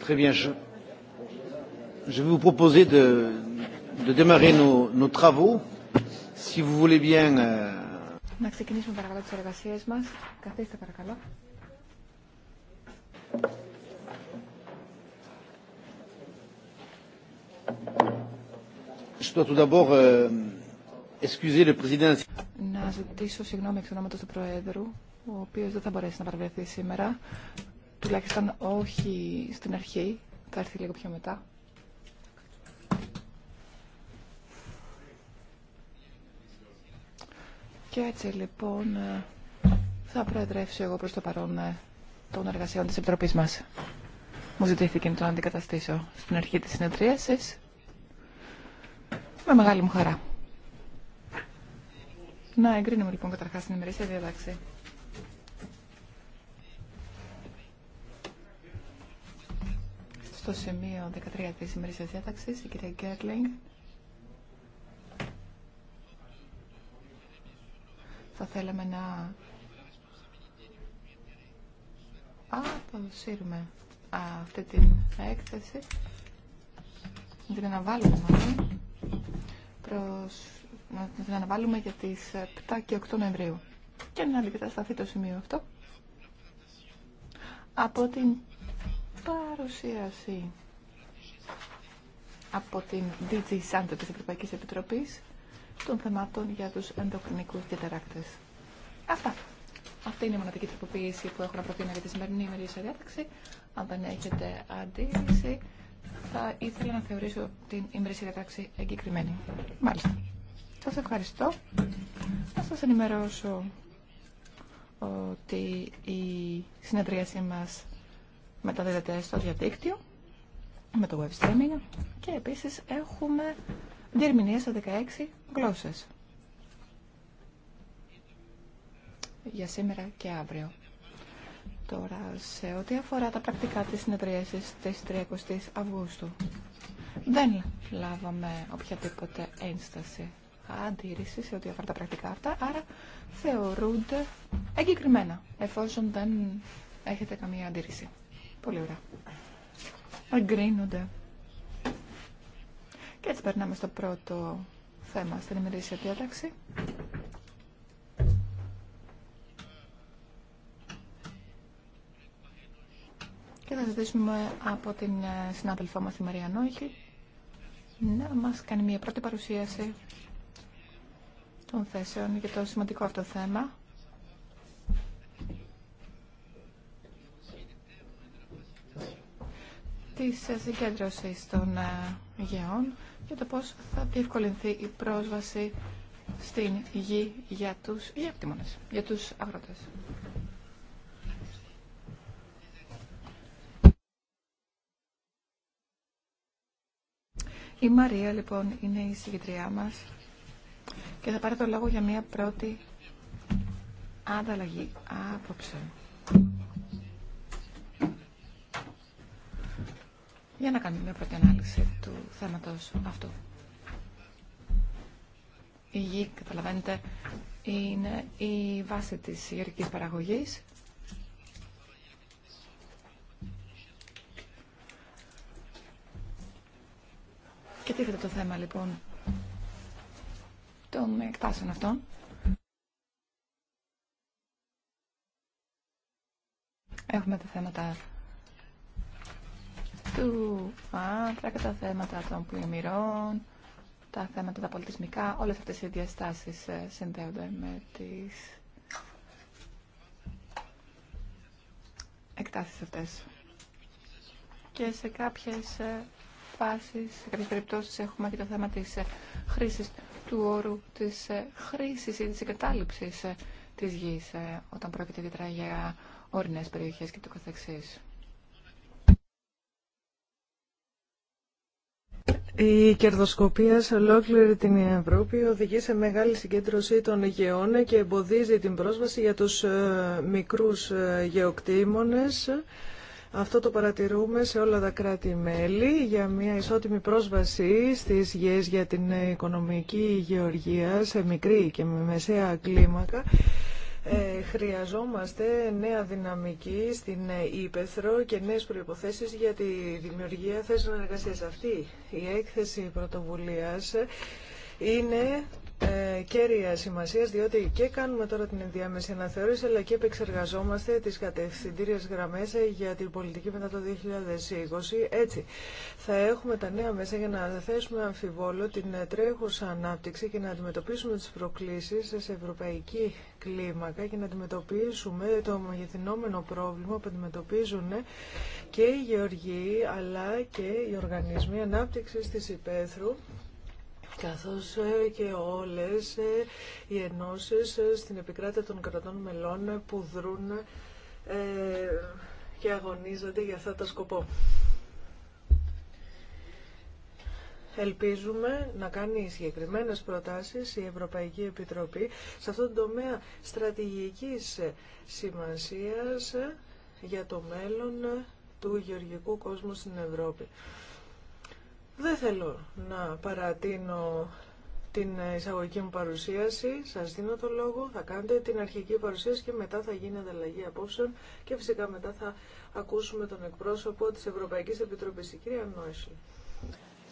Très bien. Je, je vais vous proposer de, de démarrer nos, nos travaux. Si vous voulez bien. Euh... Je dois tout d'abord euh, excuser le président. Να ζητήσω συγγνώμη εξ ονόματος του Προέδρου, ο οποίος δεν θα μπορέσει να παρευρεθεί σήμερα. Τουλάχιστον όχι στην αρχή. Θα έρθει λίγο πιο μετά. Και έτσι λοιπόν ε, θα προεδρεύσω εγώ προς το παρόν ε, των εργασιών της Επιτροπής μας. Μου ζητήθηκε να τον αντικαταστήσω στην αρχή της συνεδρίασης. Με μεγάλη μου χαρά. Να εγκρίνουμε λοιπόν καταρχάς την ημερήσια διαδάξη. στο σημείο 13 της ημερήσιας διάταξης, η κυρία Γκέρλινγκ. Θα θέλαμε να αποσύρουμε αυτή την έκθεση, να την αναβάλουμε προς, να την αναβάλουμε για τις 7 και 8 Νοεμβρίου και να αντικατασταθεί το σημείο αυτό από την παρουσίαση από την DG Santo της Ευρωπαϊκής Επιτροπής των θεμάτων για τους ενδοκρινικούς διαταράκτες. Αυτά. Αυτή είναι η μοναδική τροποποίηση που έχω να προτείνω για τη σημερινή ημερήσια διάταξη. Αν δεν έχετε αντίληση, θα ήθελα να θεωρήσω την ημερήσια διάταξη εγκεκριμένη. Μάλιστα. Σας ευχαριστώ. Θα σας ενημερώσω ότι η συνεδρίαση μας μεταδίδεται στο διαδίκτυο με το web streaming και επίσης έχουμε διερμηνία σε 16 γλώσσες για σήμερα και αύριο. Τώρα, σε ό,τι αφορά τα πρακτικά της συνεδρίασης της 30 Αυγούστου, δεν λάβαμε οποιαδήποτε ένσταση αντίρρηση σε ό,τι αφορά τα πρακτικά αυτά, άρα θεωρούνται εγκεκριμένα, εφόσον δεν έχετε καμία αντίρρηση. Πολύ ωραία. Εγκρίνονται. Και έτσι περνάμε στο πρώτο θέμα στην ημερήσια διάταξη. Και θα ζητήσουμε από την ε, συνάδελφό μας τη Μαρία Νόχη να μας κάνει μια πρώτη παρουσίαση των θέσεων για το σημαντικό αυτό θέμα της συγκέντρωσης των ε, γεών και το πώς θα διευκολυνθεί η πρόσβαση στην γη για τους γεκτήμονες, για τους αγρότες. Η Μαρία λοιπόν είναι η συγκεντριά μας και θα πάρει το λόγο για μια πρώτη ανταλλαγή άποψε. για να κάνουμε μια πρώτη ανάλυση του θέματος αυτού. Η γη, καταλαβαίνετε, είναι η βάση της γερικής παραγωγής. Και τίθεται το θέμα, λοιπόν, των εκτάσεων αυτών. Έχουμε τα θέματα του και τα θέματα των πλημμυρών, τα θέματα τα πολιτισμικά, όλες αυτές οι διαστάσεις ε, συνδέονται με τις εκτάσεις αυτές. Και σε κάποιες ε, φάσεις, σε κάποιες περιπτώσεις έχουμε και το θέμα της ε, χρήσης του όρου, της χρήσης ή της εγκατάλειψης της γης όταν πρόκειται για ορεινές περιοχές και το καθεξής. Η κερδοσκοπία σε ολόκληρη την Ευρώπη οδηγεί σε μεγάλη συγκέντρωση των γεών και εμποδίζει την πρόσβαση για τους ε, μικρούς ε, γεωκτήμονες. Αυτό το παρατηρούμε σε όλα τα κράτη-μέλη για μια ισότιμη πρόσβαση στις γης για την οικονομική γεωργία σε μικρή και μεσαία κλίμακα. Ε, χρειαζόμαστε νέα δυναμική στην Ήπεθρο και νέες προϋποθέσεις για τη δημιουργία θέσεων εργασίας. Αυτή η έκθεση πρωτοβουλίας είναι ε, κέρια σημασία, διότι και κάνουμε τώρα την ενδιάμεση αναθεώρηση, αλλά και επεξεργαζόμαστε τι κατευθυντήριε γραμμέ ε, για την πολιτική μετά το 2020. Έτσι, θα έχουμε τα νέα μέσα για να θέσουμε αμφιβόλο την ε, τρέχουσα ανάπτυξη και να αντιμετωπίσουμε τι προκλήσει σε ευρωπαϊκή κλίμακα και να αντιμετωπίσουμε το μεγεθυνόμενο πρόβλημα που αντιμετωπίζουν και οι γεωργοί αλλά και οι οργανισμοί ανάπτυξη τη υπαίθρου καθώς ε, και όλες ε, οι ενώσεις ε, στην επικράτεια των κρατών μελών που δρούν και αγωνίζονται για αυτά τα σκοπό. Ελπίζουμε να κάνει συγκεκριμένε προτάσεις η Ευρωπαϊκή Επιτροπή σε αυτόν τον τομέα στρατηγικής σημασίας για το μέλλον του γεωργικού κόσμου στην Ευρώπη. Δεν θέλω να παρατείνω την εισαγωγική μου παρουσίαση. Σας δίνω το λόγο, θα κάνετε την αρχική παρουσίαση και μετά θα γίνει ανταλλαγή απόψεων και φυσικά μετά θα ακούσουμε τον εκπρόσωπο της Ευρωπαϊκής Επιτροπής, η κυρία Νόησλη.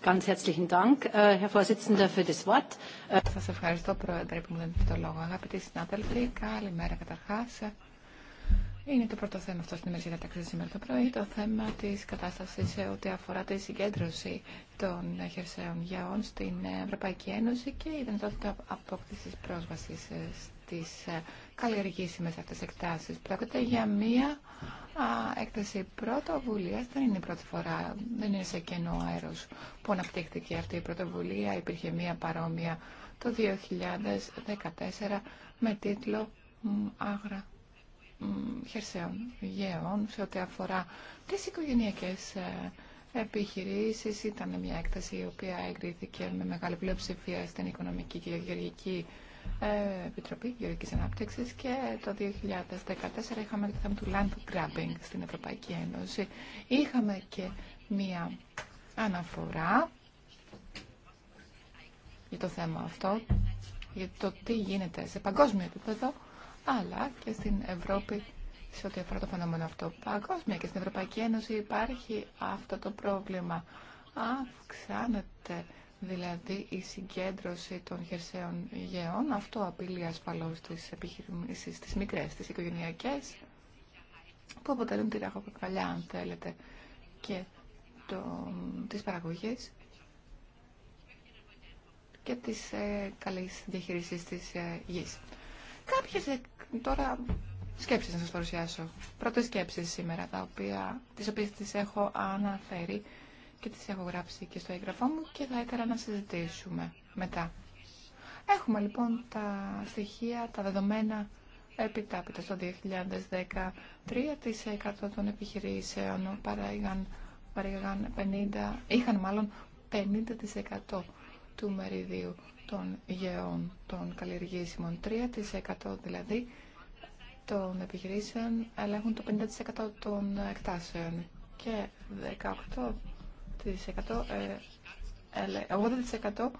Ganz herzlichen Dank, äh, Herr Vorsitzender, für das Wort. Σας ευχαριστώ, Πρόεδρε, που μου δίνετε το λόγο. Αγαπητοί συνάδελφοι, καλημέρα καταρχά. Είναι το πρώτο θέμα αυτό στην ημερήσια κατάκτηση σήμερα το πρωί, το θέμα τη κατάσταση σε ό,τι αφορά τη συγκέντρωση των χερσαίων γεών στην Ευρωπαϊκή Ένωση και η δυνατότητα απόκτηση πρόσβαση ε, στι ε, καλλιεργήσιμε αυτέ εκτάσει. Πρόκειται για μία έκθεση πρωτοβουλία, δεν είναι η πρώτη φορά, δεν είναι σε κενό αέρο που αναπτύχθηκε αυτή η πρωτοβουλία. Υπήρχε μία παρόμοια το 2014 με τίτλο Άγρα χερσαίων γέων σε ό,τι αφορά τις οικογενειακές ε, επιχειρήσεις. Ήταν μια έκταση η οποία εγκρίθηκε με μεγάλη πλειοψηφία στην Οικονομική και Γεωργική ε, Επιτροπή Γεωργικής Ανάπτυξης και το 2014 είχαμε το θέμα του land grabbing στην Ευρωπαϊκή Ένωση. Είχαμε και μια αναφορά για το θέμα αυτό, για το τι γίνεται σε παγκόσμιο επίπεδο αλλά και στην Ευρώπη σε ό,τι αφορά το φαινόμενο αυτό. Παγκόσμια και στην Ευρωπαϊκή Ένωση υπάρχει αυτό το πρόβλημα. Αυξάνεται δηλαδή η συγκέντρωση των χερσαίων γεών. Αυτό απειλεί ασφαλώς τις επιχειρήσεις, τι μικρές, τις οικογενειακές, που αποτελούν τη ραχοκοκαλιά, αν θέλετε, και το, της παραγωγής και ε, της ε, καλής διαχείρισης της γης. Κάποιες τώρα σκέψεις να σας παρουσιάσω. Πρώτες σκέψεις σήμερα, τα οποία, τις οποίες τις έχω αναφέρει και τις έχω γράψει και στο έγγραφό μου και θα ήθελα να συζητήσουμε μετά. Έχουμε λοιπόν τα στοιχεία, τα δεδομένα επιτάπητα στο 2010. 3% των επιχειρήσεων παρέγαν 50, είχαν μάλλον 50% του μεριδίου των γεών των καλλιεργήσιμων. 3% δηλαδή των επιχειρήσεων ελέγχουν το 50% των εκτάσεων και 18% 80% ε,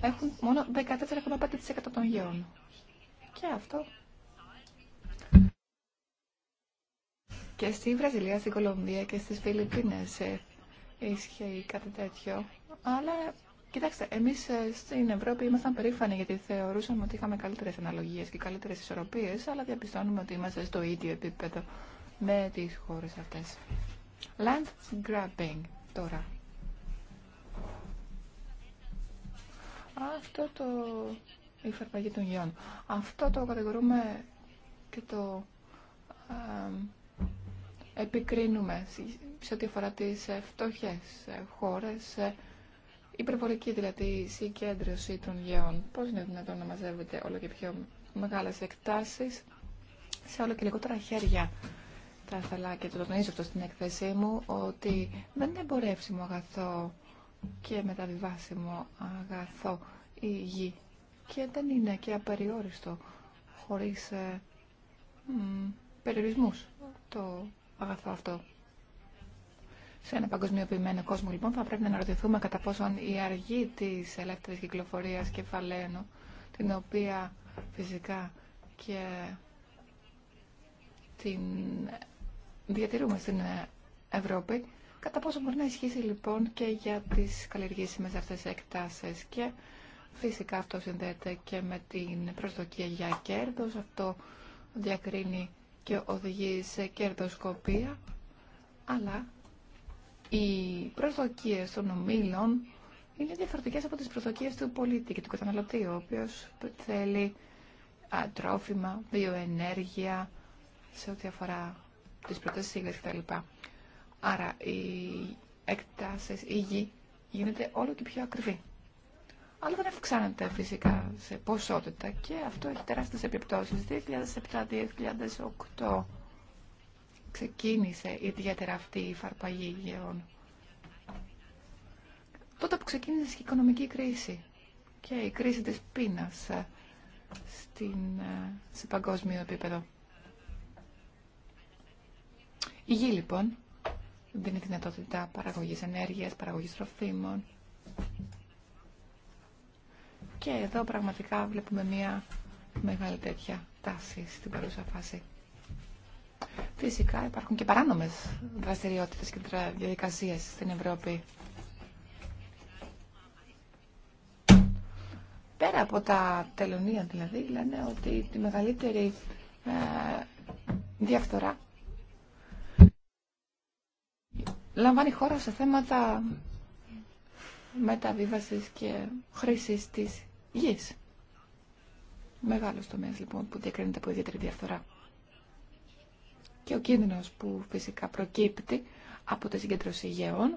έχουν μόνο 14,5% των γεών. Και αυτό. Και στη Βραζιλία, στην Κολομβία και στις Φιλιππίνες ισχύει ε, κάτι τέτοιο. Αλλά Κοιτάξτε, εμεί ε, στην Ευρώπη ήμασταν περήφανοι γιατί θεωρούσαμε ότι είχαμε καλύτερε αναλογίε και καλύτερε ισορροπίε, αλλά διαπιστώνουμε ότι είμαστε στο ίδιο επίπεδο με τι χώρε αυτέ. Land grabbing τώρα. Αυτό το. η των γιών. Αυτό το κατηγορούμε και το επικρίνουμε σε ό,τι αφορά τις ε, φτωχές ε, χώρε υπερβολική δηλαδή συγκέντρωση των γεών. πώ είναι δυνατόν να μαζεύεται όλο και πιο μεγάλες εκτάσεις σε όλο και λιγότερα χέρια. Θα ήθελα και το τονίζω αυτό στην έκθεσή μου ότι δεν είναι εμπορεύσιμο αγαθό και μεταβιβάσιμο αγαθό η γη και δεν είναι και απεριόριστο χωρίς ε, περιορισμούς το αγαθό αυτό. Σε ένα παγκοσμιοποιημένο κόσμο, λοιπόν, θα πρέπει να αναρωτηθούμε κατά πόσον η αργή τη ελεύθερη κυκλοφορία κεφαλαίου, την οποία φυσικά και την διατηρούμε στην Ευρώπη, κατά πόσο μπορεί να ισχύσει λοιπόν και για τις καλλιεργήσιμες αυτές εκτάσεις και φυσικά αυτό συνδέεται και με την προσδοκία για κέρδος, αυτό διακρίνει και οδηγεί σε κερδοσκοπία, αλλά οι προσδοκίε των ομίλων είναι διαφορετικέ από τι προσδοκίε του πολίτη και του καταναλωτή, ο οποίο θέλει α, τρόφιμα, βιοενέργεια, σε ό,τι αφορά τι πρώτε τα κτλ. Άρα οι εκτάσει η γη γίνεται όλο και πιο ακριβή. Αλλά δεν αυξάνεται φυσικά σε ποσότητα και αυτό έχει τεράστιες επιπτώσεις. 2007-2008 ξεκίνησε ιδιαίτερα αυτή η φαρπαγή γεών. Τότε που ξεκίνησε και η οικονομική κρίση και η κρίση της πείνας ε, στην, ε, σε παγκόσμιο επίπεδο. Η γη λοιπόν δίνει δυνατότητα παραγωγής ενέργειας, παραγωγής τροφίμων. Και εδώ πραγματικά βλέπουμε μια μεγάλη τέτοια τάση στην παρούσα φάση. Φυσικά υπάρχουν και παράνομε δραστηριότητε και διαδικασίες στην Ευρώπη. Πέρα από τα τελωνία δηλαδή, λένε ότι τη μεγαλύτερη ε, διαφθορά λαμβάνει χώρα σε θέματα μεταβίβασης και χρήσης της γης. Μεγάλος τομέας λοιπόν που διακρίνεται από ιδιαίτερη διαφθορά και ο κίνδυνος που φυσικά προκύπτει από τη συγκέντρωση γεών,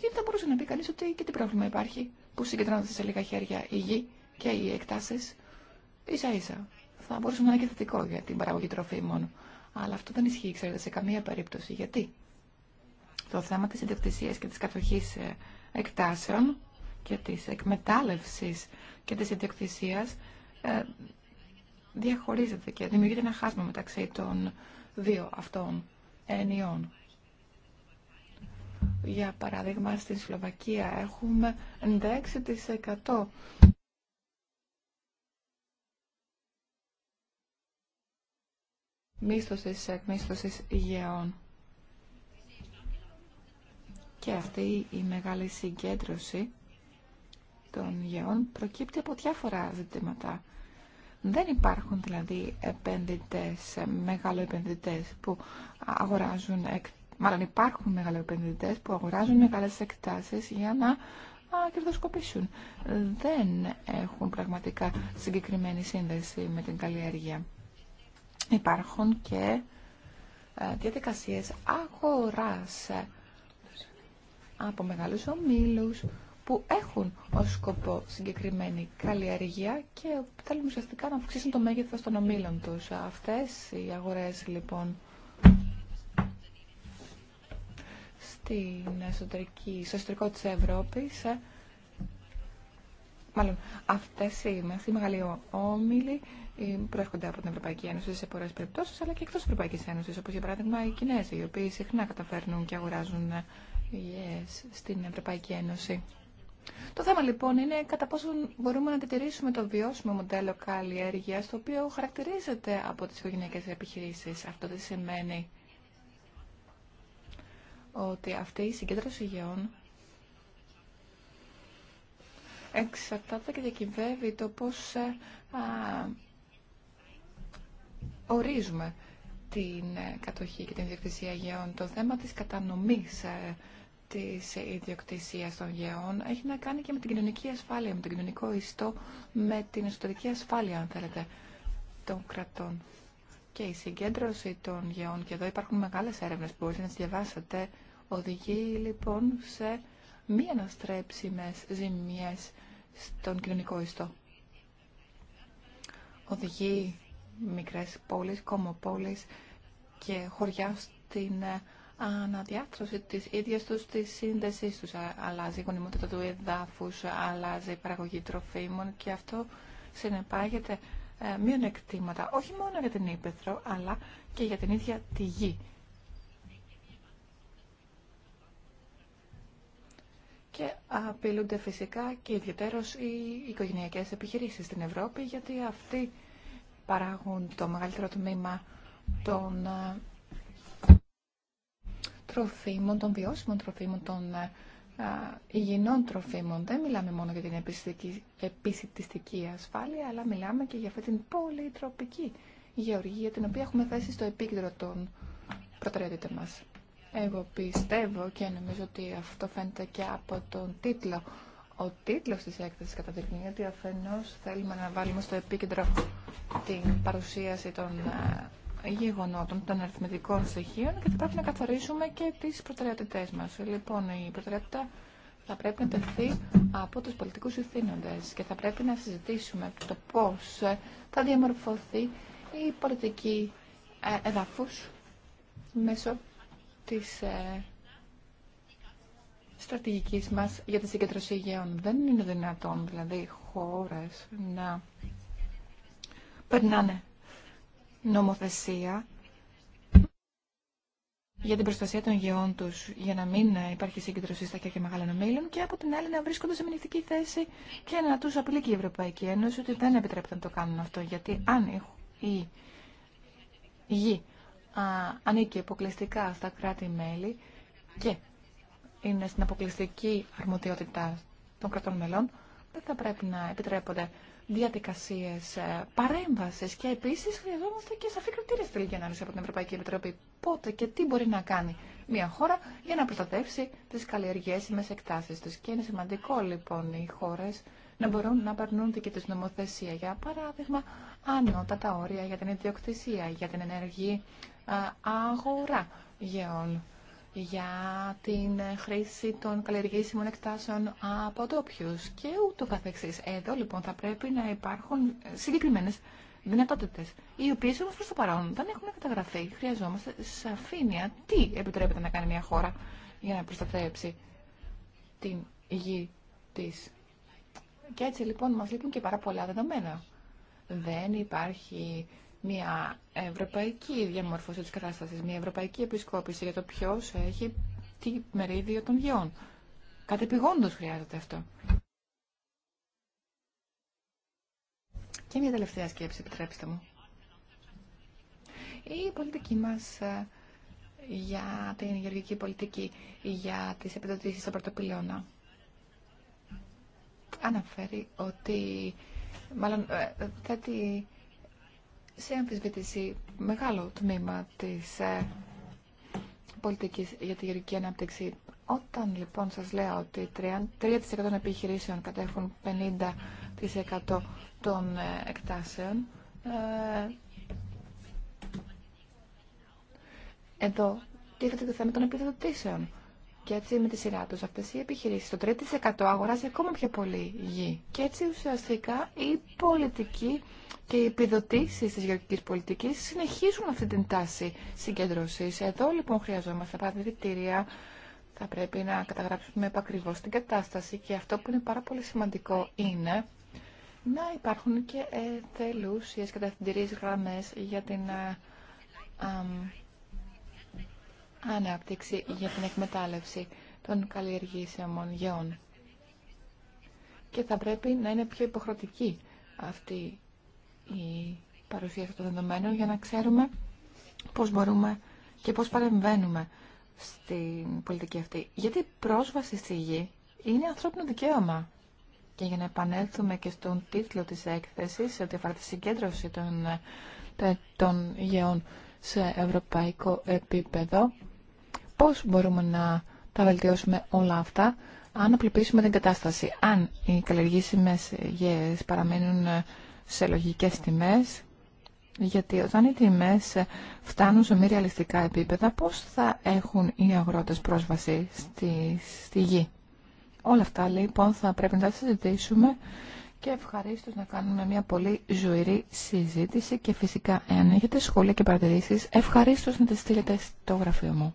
γιατί θα μπορούσε να πει κανείς ότι και τι πρόβλημα υπάρχει που συγκεντρώνονται σε λίγα χέρια η γη και οι εκτάσεις ίσα ίσα. Θα μπορούσε να είναι και θετικό για την παραγωγή τροφή μόνο. Αλλά αυτό δεν ισχύει, ξέρετε, σε καμία περίπτωση. Γιατί το θέμα της ιδιοκτησίας και της κατοχής ε, εκτάσεων και της εκμετάλλευσης και της ιδιοκτησίας ε, διαχωρίζεται και δημιουργείται ένα χάσμα μεταξύ των δύο αυτών ενιών. Για παράδειγμα, στην Σλοβακία έχουμε 96% μίσθωσης εκμίσθωσης υγεών. Και αυτή η μεγάλη συγκέντρωση των υγεών προκύπτει από διάφορα ζητήματα. Δεν υπάρχουν δηλαδή επενδυτές, επενδυτέ που αγοράζουν, μάλλον υπάρχουν μεγαλοεπενδυτές που αγοράζουν μεγάλες εκτάσεις για να κερδοσκοπήσουν. Δεν έχουν πραγματικά συγκεκριμένη σύνδεση με την καλλιέργεια. Υπάρχουν και ε, διαδικασίες αγοράς ε, από μεγάλους ομίλους που έχουν ως σκοπό συγκεκριμένη καλλιεργία και θέλουν ουσιαστικά να αυξήσουν το μέγεθος των ομήλων τους. Αυτές οι αγορές λοιπόν στην εσωτερική, στο εσωτερικό της Ευρώπης ε, μάλλον αυτέ οι, μεγάλοι όμιλοι ε, προέρχονται από την Ευρωπαϊκή Ένωση σε πολλέ περιπτώσει, αλλά και εκτό Ευρωπαϊκή Ευρωπαϊκής Ένωσης όπως για παράδειγμα οι Κινέζοι οι οποίοι συχνά καταφέρνουν και αγοράζουν yes, ε, στην Ευρωπαϊκή Ένωση. Το θέμα λοιπόν είναι κατά πόσο μπορούμε να αντιτηρήσουμε το βιώσιμο μοντέλο καλλιέργεια, το οποίο χαρακτηρίζεται από τι οικογενειακέ επιχειρήσει. Αυτό δεν σημαίνει ότι αυτή η συγκέντρωση γεών εξαρτάται και διακυβεύει το πώς ε, ορίζουμε την ε, κατοχή και την διεκτησία γεών. Το θέμα της κατανομής ε, Τη ιδιοκτησία των γεών έχει να κάνει και με την κοινωνική ασφάλεια, με τον κοινωνικό ιστό, με την εσωτερική ασφάλεια, αν θέλετε, των κρατών. Και η συγκέντρωση των γεών, και εδώ υπάρχουν μεγάλες έρευνες που μπορείτε να διαβάσετε, οδηγεί λοιπόν σε μη αναστρέψιμες ζημιές στον κοινωνικό ιστό. Οδηγεί μικρές πόλεις, κομμοπόλεις και χωριά στην αναδιάρθρωση της ίδιας τους, της σύνδεσής τους. Αλλάζει η γονιμότητα του εδάφους, αλλάζει η παραγωγή τροφίμων και αυτό συνεπάγεται ε, μειονεκτήματα, όχι μόνο για την Ήπεθρο, αλλά και για την ίδια τη γη. Και απειλούνται φυσικά και ιδιαίτερως οι οικογενειακές επιχειρήσεις στην Ευρώπη, γιατί αυτοί παράγουν το μεγαλύτερο τμήμα των ε, τροφίμων, των βιώσιμων τροφίμων, των ε, α, υγιεινών τροφίμων. Δεν μιλάμε μόνο για την επισητιστική ασφάλεια, αλλά μιλάμε και για αυτή την πολυτροπική γεωργία, την οποία έχουμε θέσει στο επίκεντρο των προτεραιότητων μας. Εγώ πιστεύω και νομίζω ότι αυτό φαίνεται και από τον τίτλο. Ο τίτλος της έκθεσης καταδεικνύει ότι αφενός θέλουμε να βάλουμε στο επίκεντρο την παρουσίαση των ε, γεγονότων, των αριθμητικών στοιχείων και θα πρέπει να καθορίσουμε και τις προτεραιότητές μας. Λοιπόν, η προτεραιότητα θα πρέπει να τεθεί από τους πολιτικούς ευθύνοντες και θα πρέπει να συζητήσουμε το πώς θα διαμορφωθεί η πολιτική ε, εδαφούς μέσω της ε, στρατηγικής μας για τη συγκέντρωση υγεών. Δεν είναι δυνατόν δηλαδή χώρες να περνάνε νομοθεσία για την προστασία των γεών του, για να μην υπάρχει συγκεντρωσή στα κέρια μεγάλων και από την άλλη να βρίσκονται σε μηνυτική θέση και να του απειλεί και η Ευρωπαϊκή Ένωση ότι δεν επιτρέπεται να το κάνουν αυτό. Γιατί αν η γη α, ανήκει αποκλειστικά στα κράτη-μέλη και είναι στην αποκλειστική αρμοδιότητα των κρατών μελών, δεν θα πρέπει να επιτρέπονται Διαδικασίε παρέμβαση και επίσης χρειαζόμαστε και σαφή κριτήρια στη τελική από την Ευρωπαϊκή Επιτροπή. Πότε και τι μπορεί να κάνει μια χώρα για να προστατεύσει τις καλλιεργέσιμε εκτάσει τη. Και είναι σημαντικό λοιπόν οι χώρες να μπορούν να περνούν και τη νομοθεσία. Για παράδειγμα, ανώτατα όρια για την ιδιοκτησία, για την ενεργή ε, αγορά γεών για την χρήση των καλλιεργήσιμων εκτάσεων από τόπιους και ούτω καθεξής. Εδώ λοιπόν θα πρέπει να υπάρχουν συγκεκριμένες δυνατότητες, οι οποίες όμως προς το παρόν δεν έχουν καταγραφεί. Χρειαζόμαστε σαφήνεια τι επιτρέπεται να κάνει μια χώρα για να προστατεύσει την γη της. Και έτσι λοιπόν μας λείπουν και πάρα πολλά δεδομένα. Δεν υπάρχει μια ευρωπαϊκή διαμόρφωση της κατάστασης, μια ευρωπαϊκή επισκόπηση για το ποιο έχει τι μερίδιο των γεών. Κατεπηγόντως χρειάζεται αυτό. Και μια τελευταία σκέψη, επιτρέψτε μου. Η πολιτική μας ε, για την γεωργική πολιτική, για τις επιδοτήσεις στα πρωτοπυλώνα. Αναφέρει ότι, μάλλον ε, θέτει σε αμφισβήτηση μεγάλο τμήμα της ε, πολιτικής για τη γεωργική ανάπτυξη. Όταν λοιπόν σας λέω ότι 3% των επιχειρήσεων κατέχουν 50% των ε, εκτάσεων, ε, εδώ τίθεται το θέμα των επιδοτήσεων. Και έτσι με τη σειρά του, αυτέ οι επιχειρήσει. το 3% αγοράζει ακόμα πιο πολύ γη. Και έτσι ουσιαστικά η πολιτική και οι επιδοτήσει τη γεωργική πολιτική συνεχίζουν αυτή την τάση συγκέντρωση. Εδώ λοιπόν χρειαζόμαστε παρατηρητήρια, θα πρέπει να καταγράψουμε επακριβώ την κατάσταση και αυτό που είναι πάρα πολύ σημαντικό είναι να υπάρχουν και θελούσιε κατευθυντηρίες γραμμές για την ε, ανάπτυξη για την εκμετάλλευση των καλλιεργήσεων γεών. Και θα πρέπει να είναι πιο υποχρεωτική αυτή η παρουσίαση των δεδομένων για να ξέρουμε πώς μπορούμε και πώς παρεμβαίνουμε στην πολιτική αυτή. Γιατί η πρόσβαση στη γη είναι ανθρώπινο δικαίωμα. Και για να επανέλθουμε και στον τίτλο της έκθεσης, σε ό,τι αφορά τη συγκέντρωση των, των γεών σε ευρωπαϊκό επίπεδο, Πώς μπορούμε να τα βελτιώσουμε όλα αυτά αν απλοποιήσουμε την κατάσταση. Αν οι καλλιεργήσιμες γέες παραμένουν σε λογικές τιμές, γιατί όταν οι τιμές φτάνουν σε μη ρεαλιστικά επίπεδα, πώς θα έχουν οι αγρότες πρόσβαση στη, στη γη. Όλα αυτά λοιπόν θα πρέπει να τα συζητήσουμε και ευχαρίστως να κάνουμε μια πολύ ζωηρή συζήτηση και φυσικά εάν έχετε σχόλια και παρατηρήσεις ευχαρίστως να τα στείλετε στο γραφείο μου.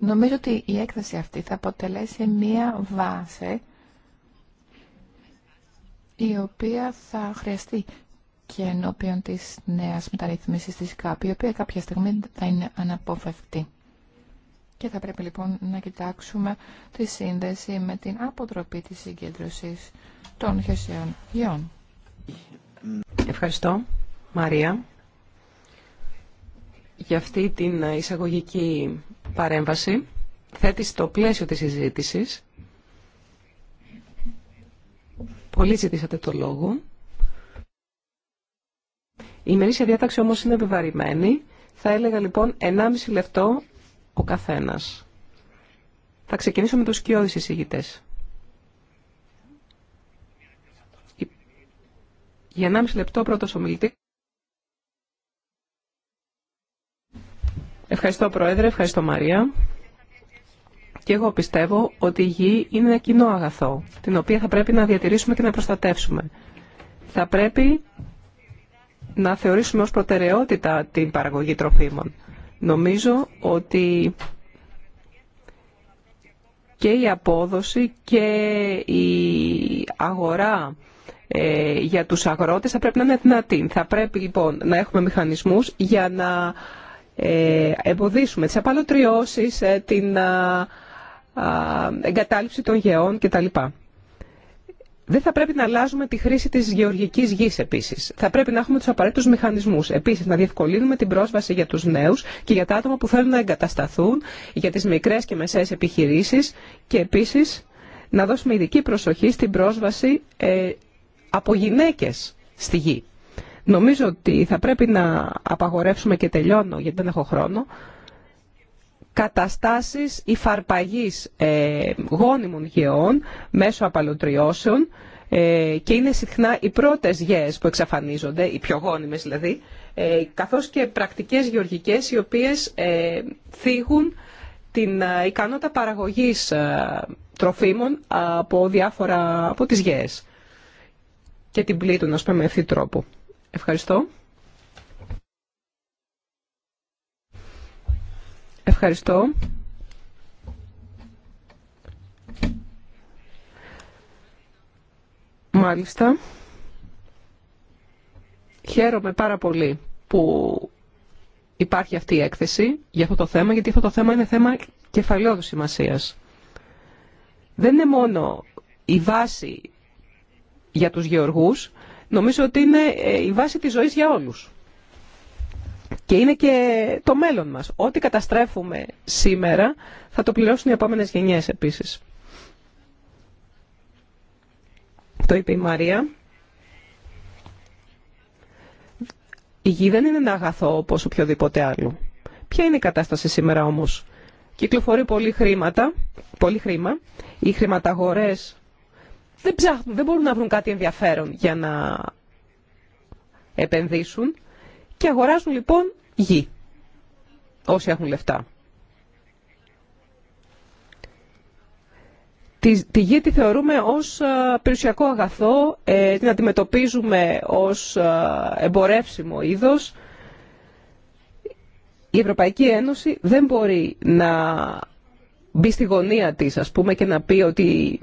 Νομίζω ότι η έκθεση αυτή θα αποτελέσει μία βάση η οποία θα χρειαστεί και ενώπιον της νέας μεταρρύθμισης της ΚΑΠ, η οποία κάποια στιγμή θα είναι αναπόφευκτη. Και θα πρέπει λοιπόν να κοιτάξουμε τη σύνδεση με την αποτροπή της συγκέντρωσης των χερσαίων γιών. Ευχαριστώ, Μαρία, για αυτή την εισαγωγική παρέμβαση θέτει στο πλαίσιο της συζήτηση. Πολύ ζητήσατε το λόγο. Η ημερήσια διάταξη όμως είναι επιβαρημένη. Θα έλεγα λοιπόν 1,5 λεπτό ο καθένας. Θα ξεκινήσω με τους κοιόδης εισηγητές. Για 1,5 λεπτό πρώτος ομιλητής. Ευχαριστώ Πρόεδρε, ευχαριστώ Μαρία. Και εγώ πιστεύω ότι η γη είναι ένα κοινό αγαθό, την οποία θα πρέπει να διατηρήσουμε και να προστατεύσουμε. Θα πρέπει να θεωρήσουμε ως προτεραιότητα την παραγωγή τροφίμων. Νομίζω ότι και η απόδοση και η αγορά ε, για τους αγρότες θα πρέπει να είναι δυνατή. Θα πρέπει λοιπόν να έχουμε μηχανισμούς για να ε, εμποδίσουμε τις απαλωτριώσεις, ε, την εγκατάλειψη των γεών κτλ. Δεν θα πρέπει να αλλάζουμε τη χρήση της γεωργικής γης επίσης. Θα πρέπει να έχουμε τους απαραίτητους μηχανισμούς. Επίσης, να διευκολύνουμε την πρόσβαση για τους νέους και για τα άτομα που θέλουν να εγκατασταθούν, για τις μικρές και μεσαίες επιχειρήσεις και επίσης να δώσουμε ειδική προσοχή στην πρόσβαση ε, από γυναίκε στη γη. Νομίζω ότι θα πρέπει να απαγορεύσουμε και τελειώνω γιατί δεν έχω χρόνο καταστάσεις υφαρπαγής ε, γόνιμων γεών μέσω απαλωτριώσεων ε, και είναι συχνά οι πρώτες γέες που εξαφανίζονται, οι πιο γόνιμες δηλαδή, ε, καθώς και πρακτικές γεωργικές οι οποίες ε, θίγουν την ε, ικανότητα παραγωγής ε, τροφίμων από διάφορα από τις γέες και την πλήττουν, ας πούμε, με τρόπο. Ευχαριστώ. Ευχαριστώ. Μάλιστα. Χαίρομαι πάρα πολύ που υπάρχει αυτή η έκθεση για αυτό το θέμα, γιατί αυτό το θέμα είναι θέμα κεφαλαιόδου σημασία. Δεν είναι μόνο η βάση για τους γεωργούς, Νομίζω ότι είναι ε, η βάση της ζωής για όλους. Και είναι και το μέλλον μας. Ό,τι καταστρέφουμε σήμερα θα το πληρώσουν οι επόμενες γενιές επίσης. Το είπε η Μαρία. Η γη δεν είναι ένα αγαθό όπως οποιοδήποτε άλλο. Ποια είναι η κατάσταση σήμερα όμως. Κυκλοφορεί πολύ χρήματα, πολύ χρήμα. Οι χρηματαγορές δεν, ψάχνουν, δεν μπορούν να βρουν κάτι ενδιαφέρον για να επενδύσουν και αγοράζουν λοιπόν γη όσοι έχουν λεφτά. Τη, τη γη τη θεωρούμε ως ε, περιουσιακό αγαθό, ε, την αντιμετωπίζουμε ως ε, εμπορεύσιμο είδος. Η Ευρωπαϊκή Ένωση δεν μπορεί να μπει στη γωνία της, ας πούμε, και να πει ότι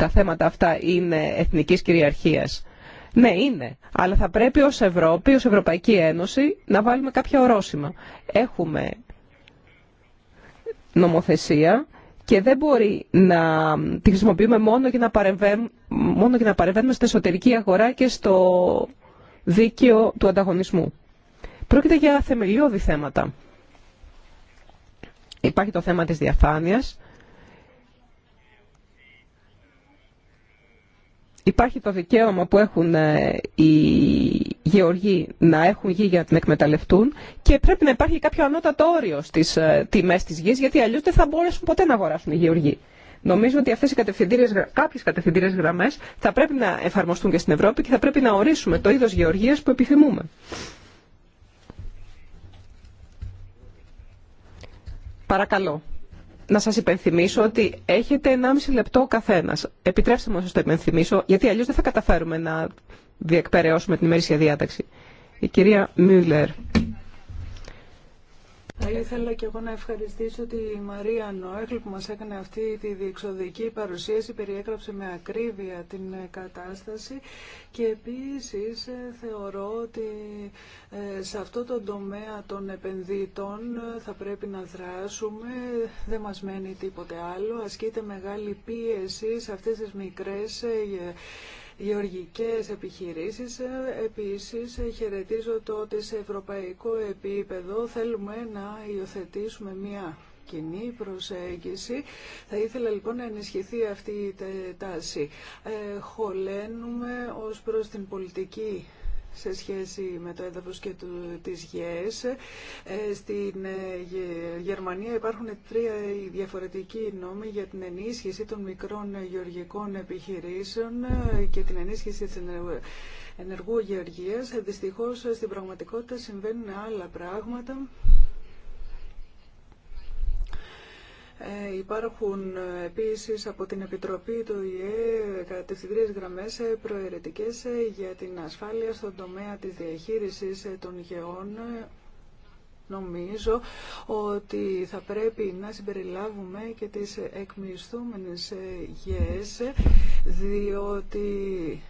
τα θέματα αυτά είναι εθνικής κυριαρχίας. Ναι, είναι. Αλλά θα πρέπει ως Ευρώπη, ως Ευρωπαϊκή Ένωση να βάλουμε κάποια ορόσημα. Έχουμε νομοθεσία και δεν μπορεί να τη χρησιμοποιούμε μόνο για να παρεμβαίνουμε, μόνο να παρεμβαίνουμε στην εσωτερική αγορά και στο δίκαιο του ανταγωνισμού. Πρόκειται για θεμελιώδη θέματα. Υπάρχει το θέμα της διαφάνειας, υπάρχει το δικαίωμα που έχουν ε, οι γεωργοί να έχουν γη για να την εκμεταλλευτούν και πρέπει να υπάρχει κάποιο ανώτατο όριο στις ε, τιμές της γης γιατί αλλιώς δεν θα μπορέσουν ποτέ να αγοράσουν οι γεωργοί. Νομίζω ότι αυτές οι κατευθυντήριες, κάποιες κατευθυντήριες γραμμές θα πρέπει να εφαρμοστούν και στην Ευρώπη και θα πρέπει να ορίσουμε το είδος γεωργίας που επιθυμούμε. Παρακαλώ να σας υπενθυμίσω ότι έχετε 1,5 λεπτό ο καθένας. Επιτρέψτε μου να σας το υπενθυμίσω, γιατί αλλιώς δεν θα καταφέρουμε να διεκπαιρεώσουμε την ημερήσια διάταξη. Η κυρία Μιούλερ. Θα ήθελα και εγώ να ευχαριστήσω τη Μαρία Νόεχλ που μας έκανε αυτή τη διεξοδική παρουσίαση, περιέγραψε με ακρίβεια την κατάσταση και επίσης ε, θεωρώ ότι ε, σε αυτό το τομέα των επενδύτων ε, θα πρέπει να δράσουμε, δεν μας μένει τίποτε άλλο, ασκείται μεγάλη πίεση σε αυτές τις μικρές γεωργικές επιχειρήσεις. Επίσης, χαιρετίζω το ότι σε ευρωπαϊκό επίπεδο θέλουμε να υιοθετήσουμε μια κοινή προσέγγιση. Θα ήθελα λοιπόν να ενισχυθεί αυτή η τάση. Ε, χωλένουμε ως προς την πολιτική σε σχέση με το έδαφος και του, της ΓΕΣ. στην ε, Γερμανία υπάρχουν τρία διαφορετικοί νόμοι για την ενίσχυση των μικρών γεωργικών επιχειρήσεων ε, και την ενίσχυση της ενεργού γεωργίας. Δυστυχώς στην πραγματικότητα συμβαίνουν άλλα πράγματα. Ε, υπάρχουν ε, επίσης από την Επιτροπή του ΙΕ ε, κατευθυντήριες γραμμές προαιρετικές για την ασφάλεια στον τομέα της διαχείρισης των γεών. Νομίζω ότι θα πρέπει να συμπεριλάβουμε και τις εκμισθούμενες γεές, διότι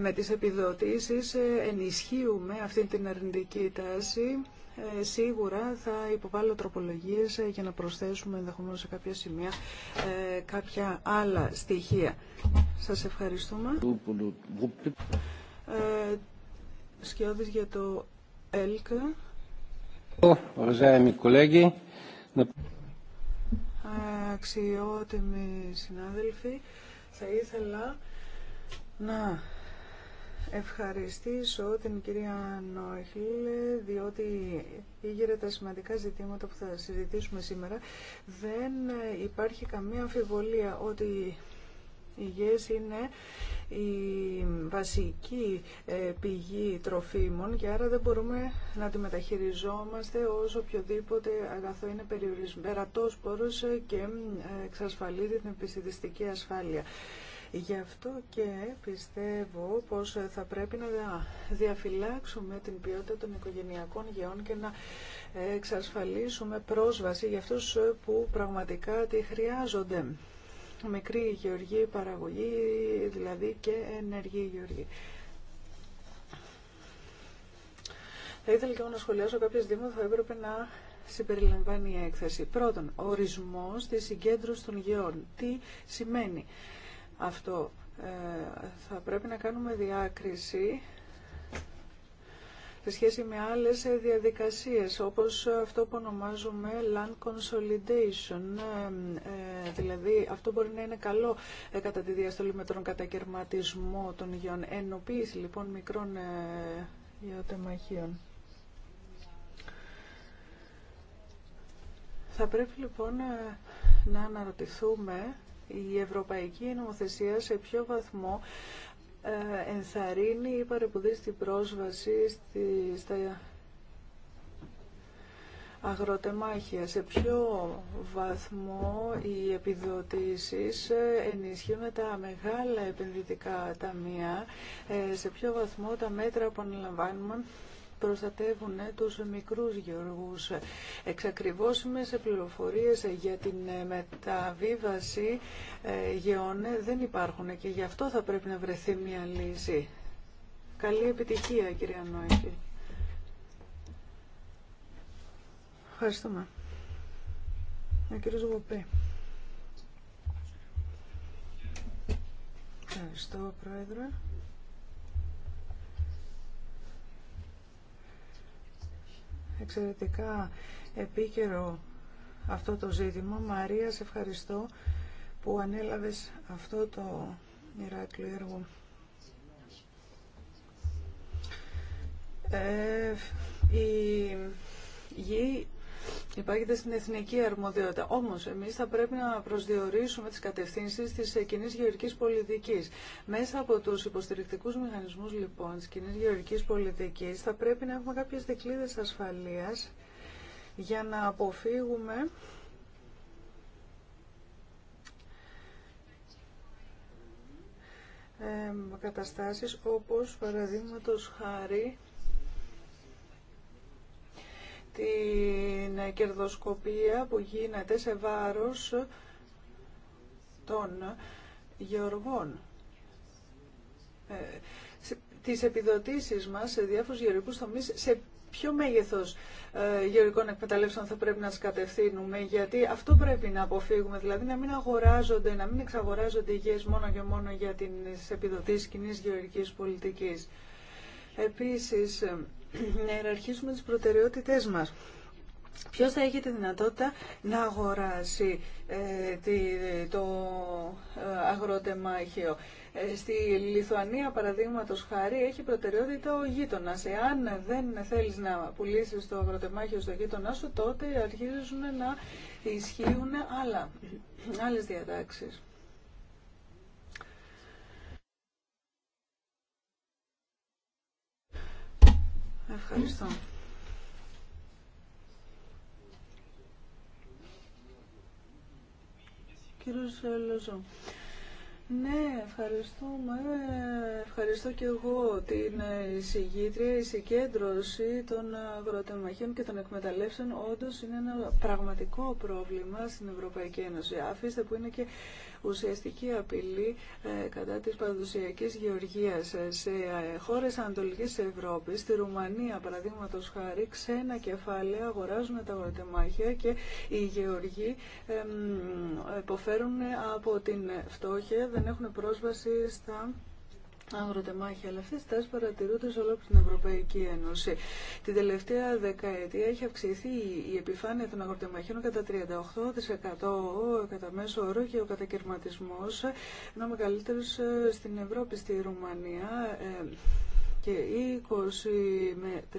με τις επιδοτήσεις ενισχύουμε αυτή την αρνητική τάση ε, σίγουρα θα υποβάλω τροπολογίες ε, για να προσθέσουμε ενδεχομένως σε κάποια σημεία ε, κάποια άλλα στοιχεία. Σας ευχαριστούμε. Ε, Σκιώδης για το ΕΛΚ. Αξιότιμοι συνάδελφοι, θα ήθελα να ευχαριστήσω την κυρία Νόχιλ, διότι ήγερε τα σημαντικά ζητήματα που θα συζητήσουμε σήμερα. Δεν υπάρχει καμία αμφιβολία ότι οι γεύσεις είναι η βασική ε, πηγή τροφίμων και άρα δεν μπορούμε να τη μεταχειριζόμαστε ως οποιοδήποτε αγαθό είναι περιορισμένο, πόρος και ε, εξασφαλίζει την επιστημιστική ασφάλεια. Γι' αυτό και πιστεύω πως θα πρέπει να διαφυλάξουμε την ποιότητα των οικογενειακών γεών και να εξασφαλίσουμε πρόσβαση για αυτούς που πραγματικά τη χρειάζονται. Μικρή γεωργή, παραγωγή, δηλαδή και ενεργή γεωργή. Θα ήθελα και εγώ να σχολιάσω κάποιε που θα έπρεπε να συμπεριλαμβάνει η έκθεση. Πρώτον, ορισμός της συγκέντρωσης των γεών. Τι σημαίνει αυτό. Ε, θα πρέπει να κάνουμε διάκριση σε σχέση με άλλες διαδικασίες, όπως αυτό που ονομάζουμε land consolidation. Ε, ε, δηλαδή, αυτό μπορεί να είναι καλό κατά τη διαστολή με τον κατακαιρματισμό των υγειών, Ενοποίηση, λοιπόν, μικρών γεωτεμαχίων. Θα πρέπει, λοιπόν, να αναρωτηθούμε η ευρωπαϊκή νομοθεσία σε ποιο βαθμό ε, ενθαρρύνει ή παρεμποδίζει την πρόσβαση στη, στα αγροτεμάχια. Σε ποιο βαθμό οι επιδοτήσεις ε, ενισχύουν τα μεγάλα επενδυτικά ταμεία, ε, σε ποιο βαθμό τα μέτρα που αναλαμβάνουμε προστατεύουν ε, τους μικρούς γεωργούς. σε πληροφορίες για την ε, μεταβίβαση ε, γεών δεν υπάρχουν και γι' αυτό θα πρέπει να βρεθεί μια λύση. Καλή επιτυχία κυρία Νόηση. Ευχαριστούμε. Ο κύριος Βοπέ. Ευχαριστώ, Πρόεδρε. εξαιρετικά επίκαιρο αυτό το ζήτημα. Μαρία, σε ευχαριστώ που ανέλαβες αυτό το μοιράκλειο έργο. Ε, η Υπάρχει στην εθνική αρμοδιότητα. Όμως εμείς θα πρέπει να προσδιορίσουμε τις κατευθύνσει τη κοινή γεωργικής πολιτική. Μέσα από του υποστηρικτικούς μηχανισμούς λοιπόν τη κοινή γεωργικής Πολιτική. θα πρέπει να έχουμε κάποιες δικλείδε ασφαλείας για να αποφύγουμε καταστάσεις όπως παραδείγματος χάρη την κερδοσκοπία που γίνεται σε βάρος των γεωργών. Ε, τις επιδοτήσεις μας σε διάφορους γεωργικούς τομείς, σε ποιο μέγεθος ε, γεωργικών εκμεταλλεύσεων θα πρέπει να τις κατευθύνουμε, γιατί αυτό πρέπει να αποφύγουμε, δηλαδή να μην αγοράζονται, να μην εξαγοράζονται υγιές μόνο και μόνο για τις επιδοτήσεις κοινή γεωργικής πολιτικής. Επίσης, ε, να ιεραρχήσουμε τις προτεραιότητές μας. Ποιος θα έχει τη δυνατότητα να αγοράσει ε, το ε, αγροτεμάχιο. Ε, στη Λιθουανία, παραδείγματος χάρη, έχει προτεραιότητα ο γείτονας. Εάν δεν θέλεις να πουλήσεις το αγροτεμάχιο στο γείτονά σου, τότε αρχίζουν να ισχύουν άλλα, άλλες διατάξεις. Ευχαριστώ. Κύριος ε, Λοζό. Ναι, ευχαριστούμε. Ευχαριστώ και εγώ την ε, εισηγήτρια. Η συγκέντρωση των αγροτεμαχίων και των εκμεταλλεύσεων όντω είναι ένα πραγματικό πρόβλημα στην Ευρωπαϊκή Ένωση. Αφήστε που είναι και ουσιαστική απειλή ε, κατά της παραδοσιακής γεωργίας ε, σε ε, χώρες Ανατολικής Ευρώπης, στη Ρουμανία παραδείγματο χάρη, ξένα κεφάλαια αγοράζουν τα αγροτεμάχια και οι γεωργοί υποφέρουν από την φτώχεια, δεν έχουν πρόσβαση στα αγροτεμάχια, αλλά αυτέ τι τάσει παρατηρούνται σε όλη την Ευρωπαϊκή Ένωση. Την τελευταία δεκαετία έχει αυξηθεί η επιφάνεια των αγροτεμαχίων κατά 38% κατά μέσο όρο και ο κατακαιρματισμό είναι ο μεγαλύτερος ε, στην Ευρώπη, στη Ρουμανία ε, και 20 με 30%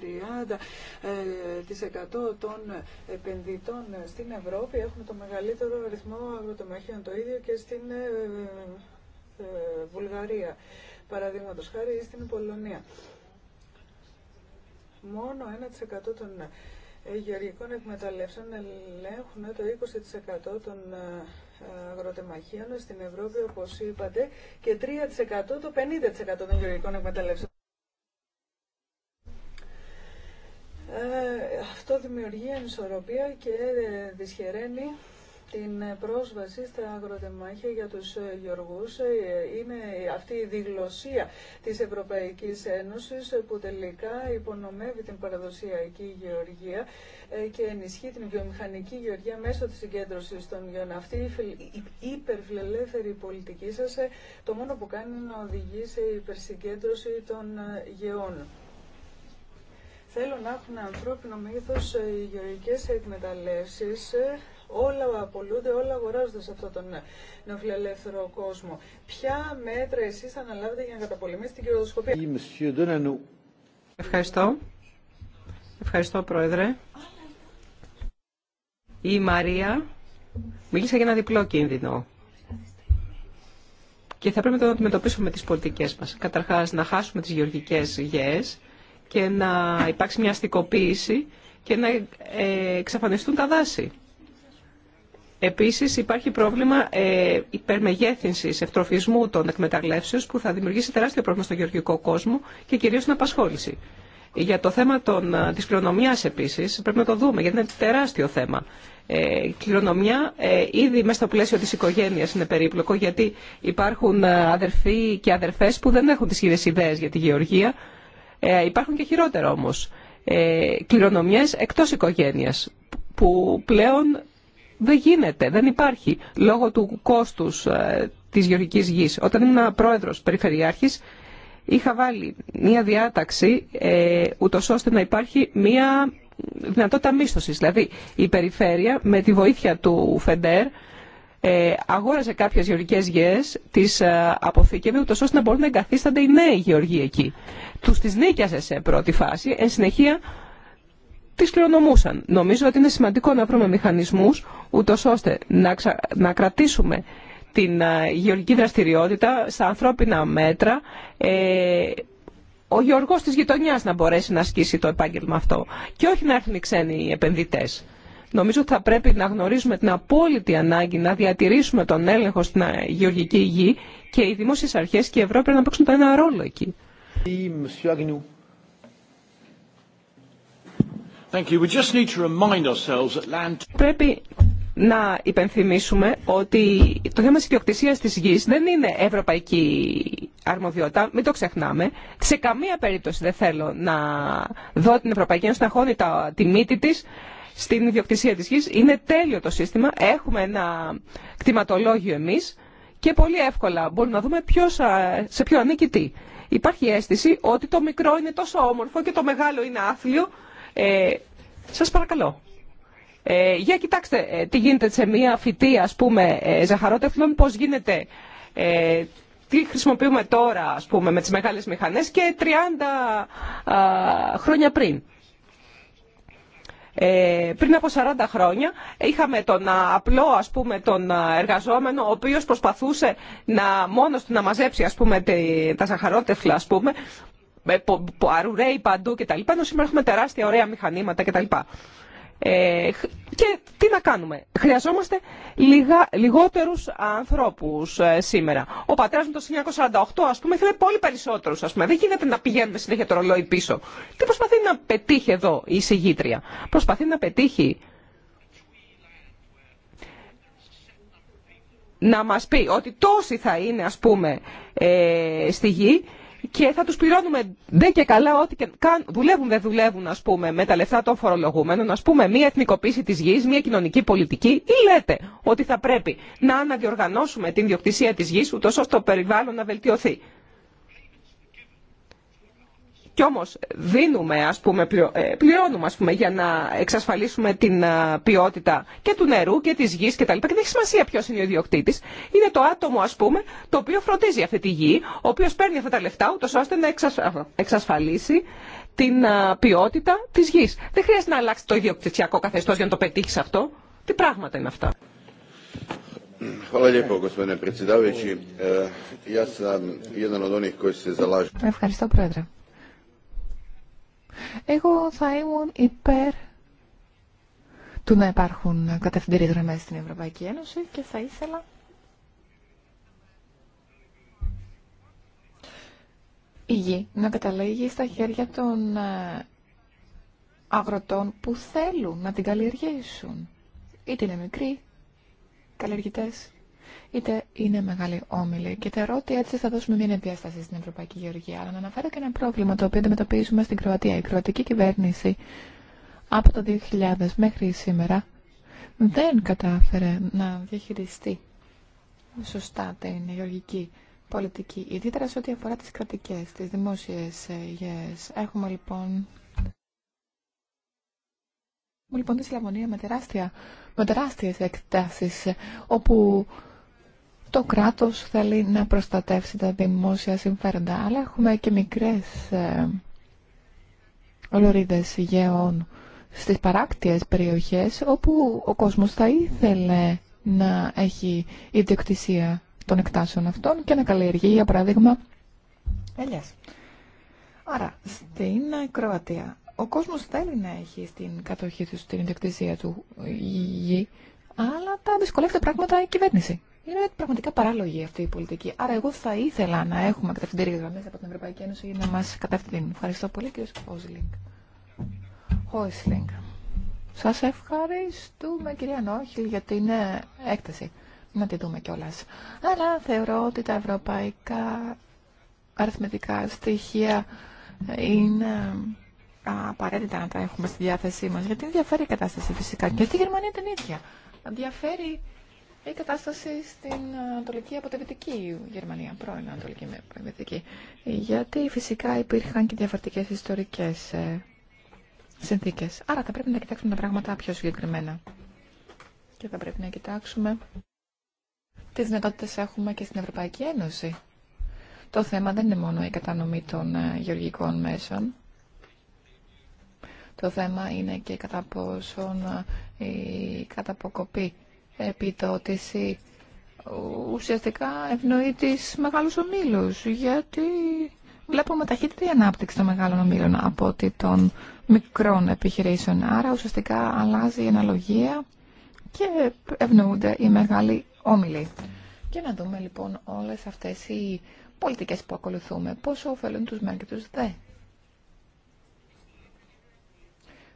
ε, των επενδυτών στην Ευρώπη έχουν το μεγαλύτερο αριθμό αγροτεμαχίων, το ίδιο και στην Βουλγαρία παραδείγματο χάρη στην Πολωνία. Μόνο 1% των ε, γεωργικών εκμεταλλεύσεων ελέγχουν το 20% των ε, αγροτεμαχίων στην Ευρώπη, όπως είπατε, και 3% το 50% των γεωργικών εκμεταλλεύσεων. Ε, αυτό δημιουργεί ανισορροπία και ε, δυσχεραίνει την πρόσβαση στα αγροτεμάχια για τους ε, γεωργούς. Ε, είναι αυτή η διγλωσία της Ευρωπαϊκής Ένωσης ε, που τελικά υπονομεύει την παραδοσιακή γεωργία και ενισχύει την βιομηχανική γεωργία μέσω της συγκέντρωσης των γεων. Αυτή η υπερφιλελεύθερη πολιτική σας το μόνο που κάνει είναι να οδηγεί σε υπερσυγκέντρωση των γεών. Θέλω να έχουν ανθρώπινο μέγεθος οι γεωργικές εκμεταλλεύσεις Όλα απολούνται, όλα αγοράζονται σε αυτόν τον νεοφιλελεύθερο κόσμο. Ποια μέτρα εσείς θα αναλάβετε για να καταπολεμήσετε την κερδοσκοπία. Ευχαριστώ. Ευχαριστώ, Πρόεδρε. Η Μαρία μίλησε για ένα διπλό κίνδυνο. Και θα πρέπει να το αντιμετωπίσουμε με τις πολιτικές μας. Καταρχάς, να χάσουμε τις γεωργικές γεές και να υπάρξει μια αστικοποίηση και να ε, εξαφανιστούν τα δάση. Επίσης υπάρχει πρόβλημα ε, υπερμεγέθυνσης, ευτροφισμού των εκμεταλλεύσεων που θα δημιουργήσει τεράστιο πρόβλημα στον γεωργικό κόσμο και κυρίως στην απασχόληση. Για το θέμα τη ε, της κληρονομιάς επίσης πρέπει να το δούμε γιατί είναι τεράστιο θέμα. Ε, κληρονομιά ε, ήδη μέσα στο πλαίσιο της οικογένειας είναι περίπλοκο γιατί υπάρχουν ε, αδερφοί και αδερφές που δεν έχουν τις ίδιες ιδέες για τη γεωργία. Ε, υπάρχουν και χειρότερα όμως. Ε, κληρονομιές εκτός οικογένειας που πλέον δεν γίνεται, δεν υπάρχει λόγω του κόστους ε, της γεωργικής γης. Όταν ήμουν πρόεδρος περιφερειάρχης είχα βάλει μία διάταξη ε, ούτως ώστε να υπάρχει μία δυνατότητα μίσθωσης. Δηλαδή η περιφέρεια με τη βοήθεια του ΦΕΝΤΕΡ ε, αγόραζε κάποιες γεωργικές γεές, τις ε, αποθήκευε ούτως ώστε να μπορούν να εγκαθίστανται οι νέοι γεωργοί εκεί. Τους τις νίκιασε σε πρώτη φάση, εν συνεχεία τις κληρονομούσαν. Νομίζω ότι είναι σημαντικό να βρούμε μηχανισμούς ούτως ώστε να, να κρατήσουμε την ε, γεωργική δραστηριότητα στα ανθρώπινα μέτρα ε, ο γεωργός της γειτονιάς να μπορέσει να ασκήσει το επάγγελμα αυτό και όχι να έρθουν οι ξένοι επενδυτές. Νομίζω ότι θα πρέπει να γνωρίζουμε την απόλυτη ανάγκη να διατηρήσουμε τον έλεγχο στην ε, γεωργική γη και οι δημόσιες αρχές και η Ευρώπη να παίξουν ένα ρόλο εκεί. Πρέπει να υπενθυμίσουμε ότι το θέμα της ιδιοκτησίας της γης δεν είναι ευρωπαϊκή αρμοδιότητα, μην το ξεχνάμε. Σε καμία περίπτωση δεν θέλω να δω την Ευρωπαϊκή Ένωση να χώνει τα, τη μύτη της στην ιδιοκτησία της γης. Είναι τέλειο το σύστημα, έχουμε ένα κτηματολόγιο εμείς και πολύ εύκολα μπορούμε να δούμε ποιος, σε ποιο ανήκει τι. Υπάρχει αίσθηση ότι το μικρό είναι τόσο όμορφο και το μεγάλο είναι άθλιο ε, σας παρακαλώ. Ε, για κοιτάξτε ε, τι γίνεται σε μια φυτή, ας πούμε, ε, πώς γίνεται, τι χρησιμοποιούμε τώρα, ας πούμε, με τις μεγάλες μηχανές και 30 α, χρόνια πριν. πριν από 40 χρόνια είχαμε τον απλό ας πούμε τον εργαζόμενο ο οποίος προσπαθούσε να μόνος του να μαζέψει ας πούμε τα ζαχαρότεφλα ας πούμε ε, που αρουρέει παντού κτλ. Ενώ σήμερα έχουμε τεράστια ωραία μηχανήματα κτλ. Ε, και τι να κάνουμε. Χρειαζόμαστε λιγα, λιγότερους ανθρώπους ε, σήμερα. Ο πατέρας μου το 1948 ας πούμε ήθελε πολύ περισσότερους ας πούμε. Δεν γίνεται να πηγαίνουμε συνέχεια το ρολόι πίσω. Τι προσπαθεί να πετύχει εδώ η συγγήτρια. Προσπαθεί να πετύχει να μας πει ότι τόσοι θα είναι ας πούμε ε, στη γη και θα τους πληρώνουμε δεν και καλά ότι και δουλεύουν δεν δουλεύουν ας πούμε με τα λεφτά των φορολογούμενων ας πούμε μια εθνικοποίηση της γης, μια κοινωνική πολιτική ή λέτε ότι θα πρέπει να αναδιοργανώσουμε την διοκτησία της γης ούτως ώστε το περιβάλλον να βελτιωθεί. Κι όμως δίνουμε, ας πούμε, ε, πληρώνουμε ας πούμε, για να εξασφαλίσουμε την ε, ποιότητα και του νερού και της γης κτλ. Και δεν έχει σημασία ποιο είναι ο ιδιοκτήτης. Είναι το άτομο ας πούμε, το οποίο φροντίζει αυτή τη γη, ο οποίος παίρνει αυτά τα λεφτά ούτως ώστε να εξασφαλίσει την ε, ποιότητα της γης. Δεν χρειάζεται να αλλάξει το ιδιοκτησιακό καθεστώς για να το πετύχει αυτό. Τι πράγματα είναι αυτά. Ευχαριστώ, Πρόεδρε. Εγώ θα ήμουν υπέρ του να υπάρχουν κατευθυντήριες γραμμές στην Ευρωπαϊκή Ένωση και θα ήθελα η γη να καταλήγει στα χέρια των ε, αγροτών που θέλουν να την καλλιεργήσουν. Είτε είναι μικροί καλλιεργητές, είτε είναι μεγάλη όμιλη. Και θεωρώ ότι έτσι θα δώσουμε μια διάσταση στην Ευρωπαϊκή Γεωργία. Αλλά να αναφέρω και ένα πρόβλημα το οποίο αντιμετωπίζουμε στην Κροατία. Η κροατική κυβέρνηση από το 2000 μέχρι σήμερα δεν κατάφερε να διαχειριστεί σωστά την γεωργική πολιτική, ιδιαίτερα σε ό,τι αφορά τις κρατικές, τις δημόσιες yes. Έχουμε λοιπόν... Έχουμε λοιπόν τη Σλαβωνία με, με τεράστιες εκτάσεις, όπου το κράτος θέλει να προστατεύσει τα δημόσια συμφέροντα, αλλά έχουμε και μικρές ε, ολορίδες γεών στις παράκτιες περιοχές όπου ο κόσμος θα ήθελε να έχει ιδιοκτησία των εκτάσεων αυτών και να καλλιεργεί, για παράδειγμα, ελιές. Άρα, στην Κροατία, ο κόσμος θέλει να έχει στην κατοχή του την ιδιοκτησία του γη, αλλά τα δυσκολεύεται πράγματα η κυβέρνηση. Είναι πραγματικά παράλογη αυτή η πολιτική. Άρα εγώ θα ήθελα να έχουμε κατευθυντήριες γραμμέ από την Ευρωπαϊκή Ένωση για να μας κατευθύνουν. Ευχαριστώ πολύ κύριε Χόισλινγκ. Χόσλινγκ. Σας ευχαριστούμε κυρία Νόχιλ για την ε, έκταση. Να τη δούμε κιόλα. Αλλά θεωρώ ότι τα ευρωπαϊκά αριθμητικά στοιχεία είναι ε, απαραίτητα να τα έχουμε στη διάθεσή μας. Γιατί ενδιαφέρει η κατάσταση φυσικά. Και στη Γερμανία την ίδια. Διαφέρει η κατάσταση στην Ανατολική Αποτεβητική Γερμανία, πρώην Ανατολική Αποτεβητική. Γιατί φυσικά υπήρχαν και διαφορετικές ιστορικές ε, συνθήκε. Άρα θα πρέπει να κοιτάξουμε τα πράγματα πιο συγκεκριμένα. Και θα πρέπει να κοιτάξουμε τι δυνατότητε έχουμε και στην Ευρωπαϊκή Ένωση. Το θέμα δεν είναι μόνο η κατανομή των ε, γεωργικών μέσων. Το θέμα είναι και κατά πόσον ε, η καταποκοπή επιδότηση ουσιαστικά ευνοεί τις μεγάλους ομίλους, γιατί βλέπουμε ταχύτερη ανάπτυξη των μεγάλων ομίλων από ότι των μικρών επιχειρήσεων. Άρα ουσιαστικά αλλάζει η αναλογία και ευνοούνται οι μεγάλοι όμιλοι. Και να δούμε λοιπόν όλες αυτές οι πολιτικές που ακολουθούμε, πόσο ωφελούν τους μεν και τους δε.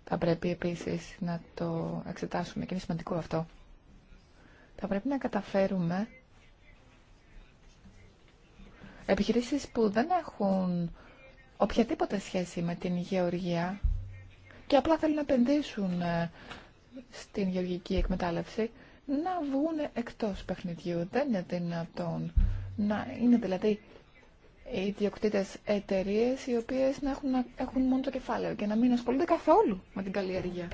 Θα πρέπει επίσης να το εξετάσουμε και είναι σημαντικό αυτό. Θα πρέπει να καταφέρουμε επιχειρήσεις που δεν έχουν οποιαδήποτε σχέση με την γεωργία και απλά θέλουν να επενδύσουν ε, στην γεωργική εκμετάλλευση να βγουν εκτός παιχνιδιού. Δεν είναι δυνατόν να είναι δηλαδή οι ιδιοκτήτε εταιρείε οι οποίε να έχουν, έχουν μόνο το κεφάλαιο και να μην ασχολούνται καθόλου με την καλλιέργεια.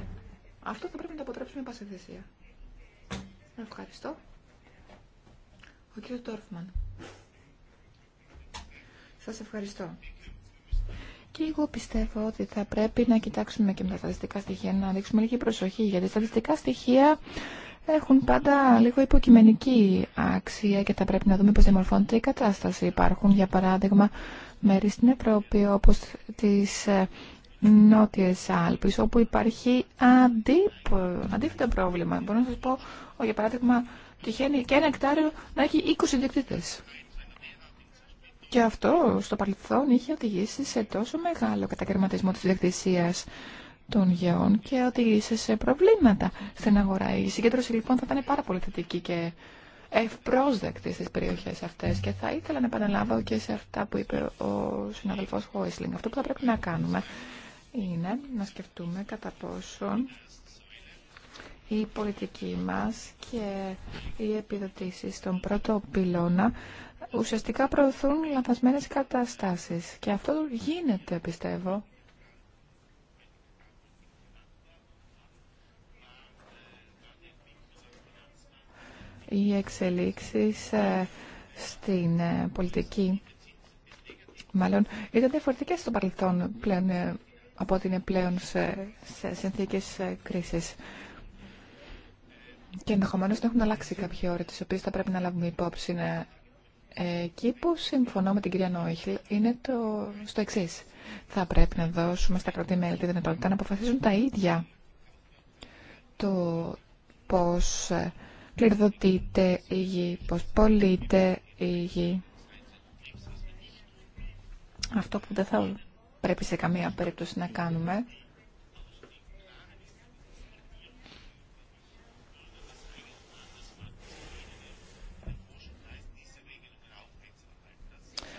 Αυτό θα πρέπει να το αποτρέψουμε πάση Ευχαριστώ. Ο κύριος τόρφμαν Σας ευχαριστώ. Και εγώ πιστεύω ότι θα πρέπει να κοιτάξουμε και με τα στατιστικά στοιχεία, να δείξουμε λίγη προσοχή, γιατί τα στατιστικά στοιχεία έχουν πάντα λίγο υποκειμενική αξία και θα πρέπει να δούμε πώς διαμορφώνεται η κατάσταση. Υπάρχουν, για παράδειγμα, μέρη στην Ευρώπη, όπως τις ε, Νότιες Άλπης όπου υπάρχει αντίθετο πρόβλημα. Μπορώ να σας πω, για παράδειγμα, τυχαίνει και ένα εκτάριο να έχει 20 διεκτήτες. Και αυτό στο παρελθόν είχε οδηγήσει σε τόσο μεγάλο κατακαιρματισμό της διεκτησίας των γεών και οδήγησε σε προβλήματα στην αγορά. Η συγκέντρωση λοιπόν θα ήταν πάρα πολύ θετική και ευπρόσδεκτη στις περιοχές αυτές και θα ήθελα να επαναλάβω και σε αυτά που είπε ο συναδελφός Χόισλινγκ. Αυτό που θα πρέπει να κάνουμε είναι να σκεφτούμε κατά πόσον η πολιτική μας και οι επιδοτήσεις στον πρώτο πυλώνα ουσιαστικά προωθούν λαθασμένες καταστάσεις. Και αυτό γίνεται, πιστεύω. Οι εξελίξεις ε, στην ε, πολιτική, μάλλον, ήταν διαφορετικές στο παρελθόν πλέον ε, από ότι είναι πλέον σε, σε συνθήκες ε, κρίσης. Και ενδεχομένω να έχουν αλλάξει κάποια ώρες τις οποίες θα πρέπει να λάβουμε υπόψη. Είναι ε, εκεί που συμφωνώ με την κυρία Νόιχλ είναι το, στο εξή. Θα πρέπει να δώσουμε στα κρατή-μέλη τη δυνατότητα να αποφασίζουν τα ίδια το πώς ε, κληροδοτείται η γη, πώ πωλείται η γη. Αυτό που δεν θα πρέπει σε καμία περίπτωση να κάνουμε.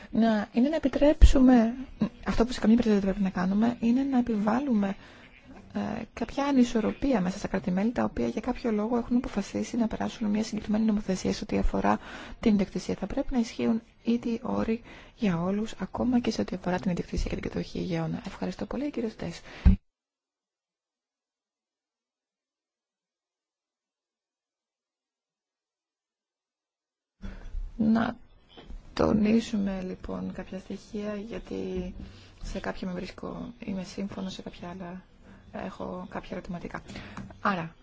Να, είναι να επιτρέψουμε, αυτό που σε καμία περίπτωση δεν πρέπει να κάνουμε, είναι να επιβάλλουμε ε, κάποια ανισορροπία μέσα στα κρατημέλη, τα οποία για κάποιο λόγο έχουν αποφασίσει να περάσουν μια συγκεκριμένη νομοθεσία σε ό,τι αφορά την ιδιοκτησία. Θα πρέπει να ισχύουν ήδη όροι για όλους, ακόμα και σε ό,τι αφορά την ιδιοκτησία και την κατοχή υγεών. Ευχαριστώ πολύ, κύριε Στές. Να τονίσουμε λοιπόν κάποια στοιχεία, γιατί σε κάποια με βρίσκω, είμαι σύμφωνο, σε κάποια άλλα έχω κάποια ερωτηματικά. Άρα,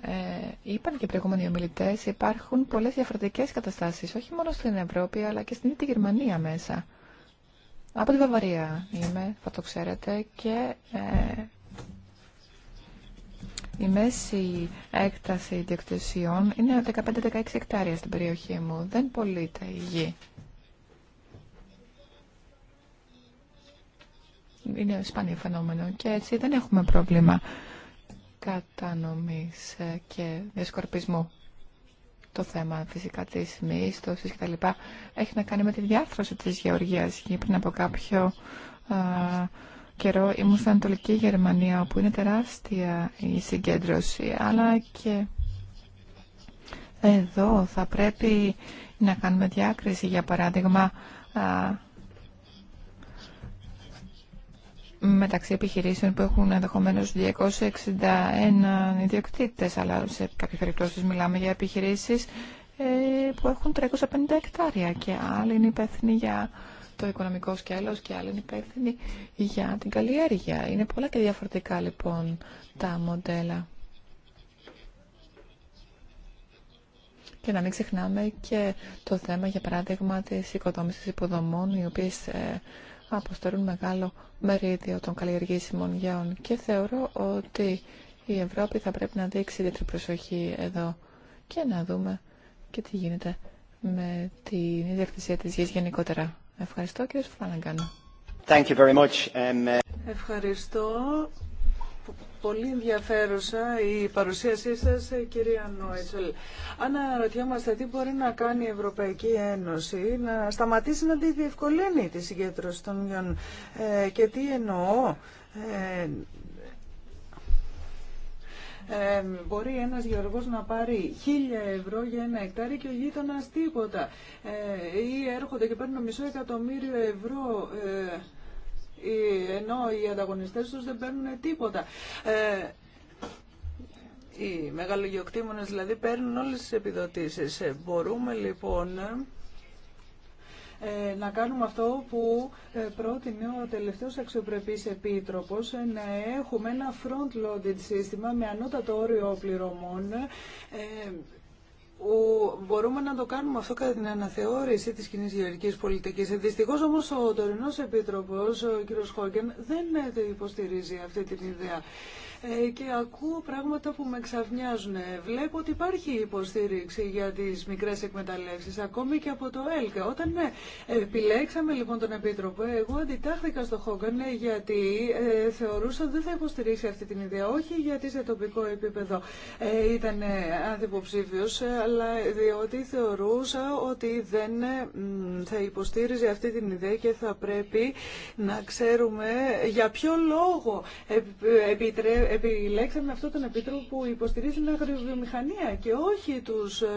ε, είπαν και οι προηγούμενοι ομιλητέ, υπάρχουν πολλέ διαφορετικέ καταστάσει, όχι μόνο στην Ευρώπη, αλλά και στην ίδια Γερμανία μέσα. Από τη Βαυαρία είμαι, θα το ξέρετε, και ε, η μέση έκταση διοκτησιών είναι 15-16 εκτάρια στην περιοχή μου. Δεν πωλείται η γη. είναι σπάνιο φαινόμενο και έτσι δεν έχουμε πρόβλημα κατανομής ε, και διασκορπισμού. Το θέμα φυσικά της μίσθωσης και τα λοιπά έχει να κάνει με τη διάρθρωση της γεωργίας. Και πριν από κάποιο α, καιρό ήμουν στην Ανατολική Γερμανία όπου είναι τεράστια η συγκέντρωση αλλά και εδώ θα πρέπει να κάνουμε διάκριση για παράδειγμα μεταξύ επιχειρήσεων που έχουν ενδεχομένω 261 ιδιοκτήτε, αλλά σε κάποιε περιπτώσει μιλάμε για επιχειρήσει ε, που έχουν 350 εκτάρια και άλλοι είναι υπεύθυνοι για το οικονομικό σκέλος και άλλοι είναι υπεύθυνοι για την καλλιέργεια. Είναι πολλά και διαφορετικά λοιπόν τα μοντέλα. Και να μην ξεχνάμε και το θέμα, για παράδειγμα, της οικοδόμησης υποδομών, οι οποίες ε, αποστερούν μεγάλο μερίδιο των καλλιεργήσιμων γεών και θεωρώ ότι η Ευρώπη θα πρέπει να δείξει ιδιαίτερη προσοχή εδώ και να δούμε και τι γίνεται με την ιδιοκτησία της γης γενικότερα. Ευχαριστώ κύριε Σουφάναγκανο. Thank um, Ευχαριστώ πολύ ενδιαφέρουσα η παρουσίασή σας, ε, κυρία Νόιτσελ. Αναρωτιόμαστε τι μπορεί να κάνει η Ευρωπαϊκή Ένωση να σταματήσει να τη διευκολύνει τη συγκέντρωση των γιών. Ε, και τι εννοώ. Ε, ε, μπορεί ένας γεωργός να πάρει χίλια ευρώ για ένα εκτάρι και ο γείτονας τίποτα. Ε, ή έρχονται και παίρνουν μισό εκατομμύριο ευρώ. Ε, ε, ενώ οι ανταγωνιστές τους δεν παίρνουν τίποτα. Ε, οι μεγαλογιοκτήμονες δηλαδή παίρνουν όλες τις επιδοτήσεις. Ε, μπορούμε λοιπόν να κάνουμε αυτό που πρότεινε ο τελευταίος αξιοπρεπής επίτροπος, να έχουμε ένα front-loaded σύστημα με ανώτατο όριο πληρωμών μπορούμε να το κάνουμε αυτό κατά την αναθεώρηση της κοινή γεωργικής πολιτικής. Δυστυχώς όμως ο τωρινός επίτροπος, ο κ. Χόγκεν, δεν υποστηρίζει αυτή την ιδέα. Ε, και ακούω πράγματα που με ξαφνιάζουν. Βλέπω ότι υπάρχει υποστήριξη για τις μικρές εκμεταλλεύσεις, ακόμη και από το ΕΛΚΑ. Όταν ναι, επιλέξαμε λοιπόν τον Επίτροπο, εγώ αντιτάχθηκα στο Χόγκαν ναι, γιατί ε, θεωρούσα ότι δεν θα υποστηρίξει αυτή την ιδέα, όχι γιατί σε τοπικό επίπεδο ε, ήταν ανθυποψήφιος, ε, αλλά διότι θεωρούσα ότι δεν θα υποστήριζε αυτή την ιδέα και θα πρέπει να ξέρουμε για ποιο λόγο επιτρέπει επιλέξαμε αυτόν τον επίτροπο που υποστηρίζει την αγριοβιομηχανία και όχι τους ε,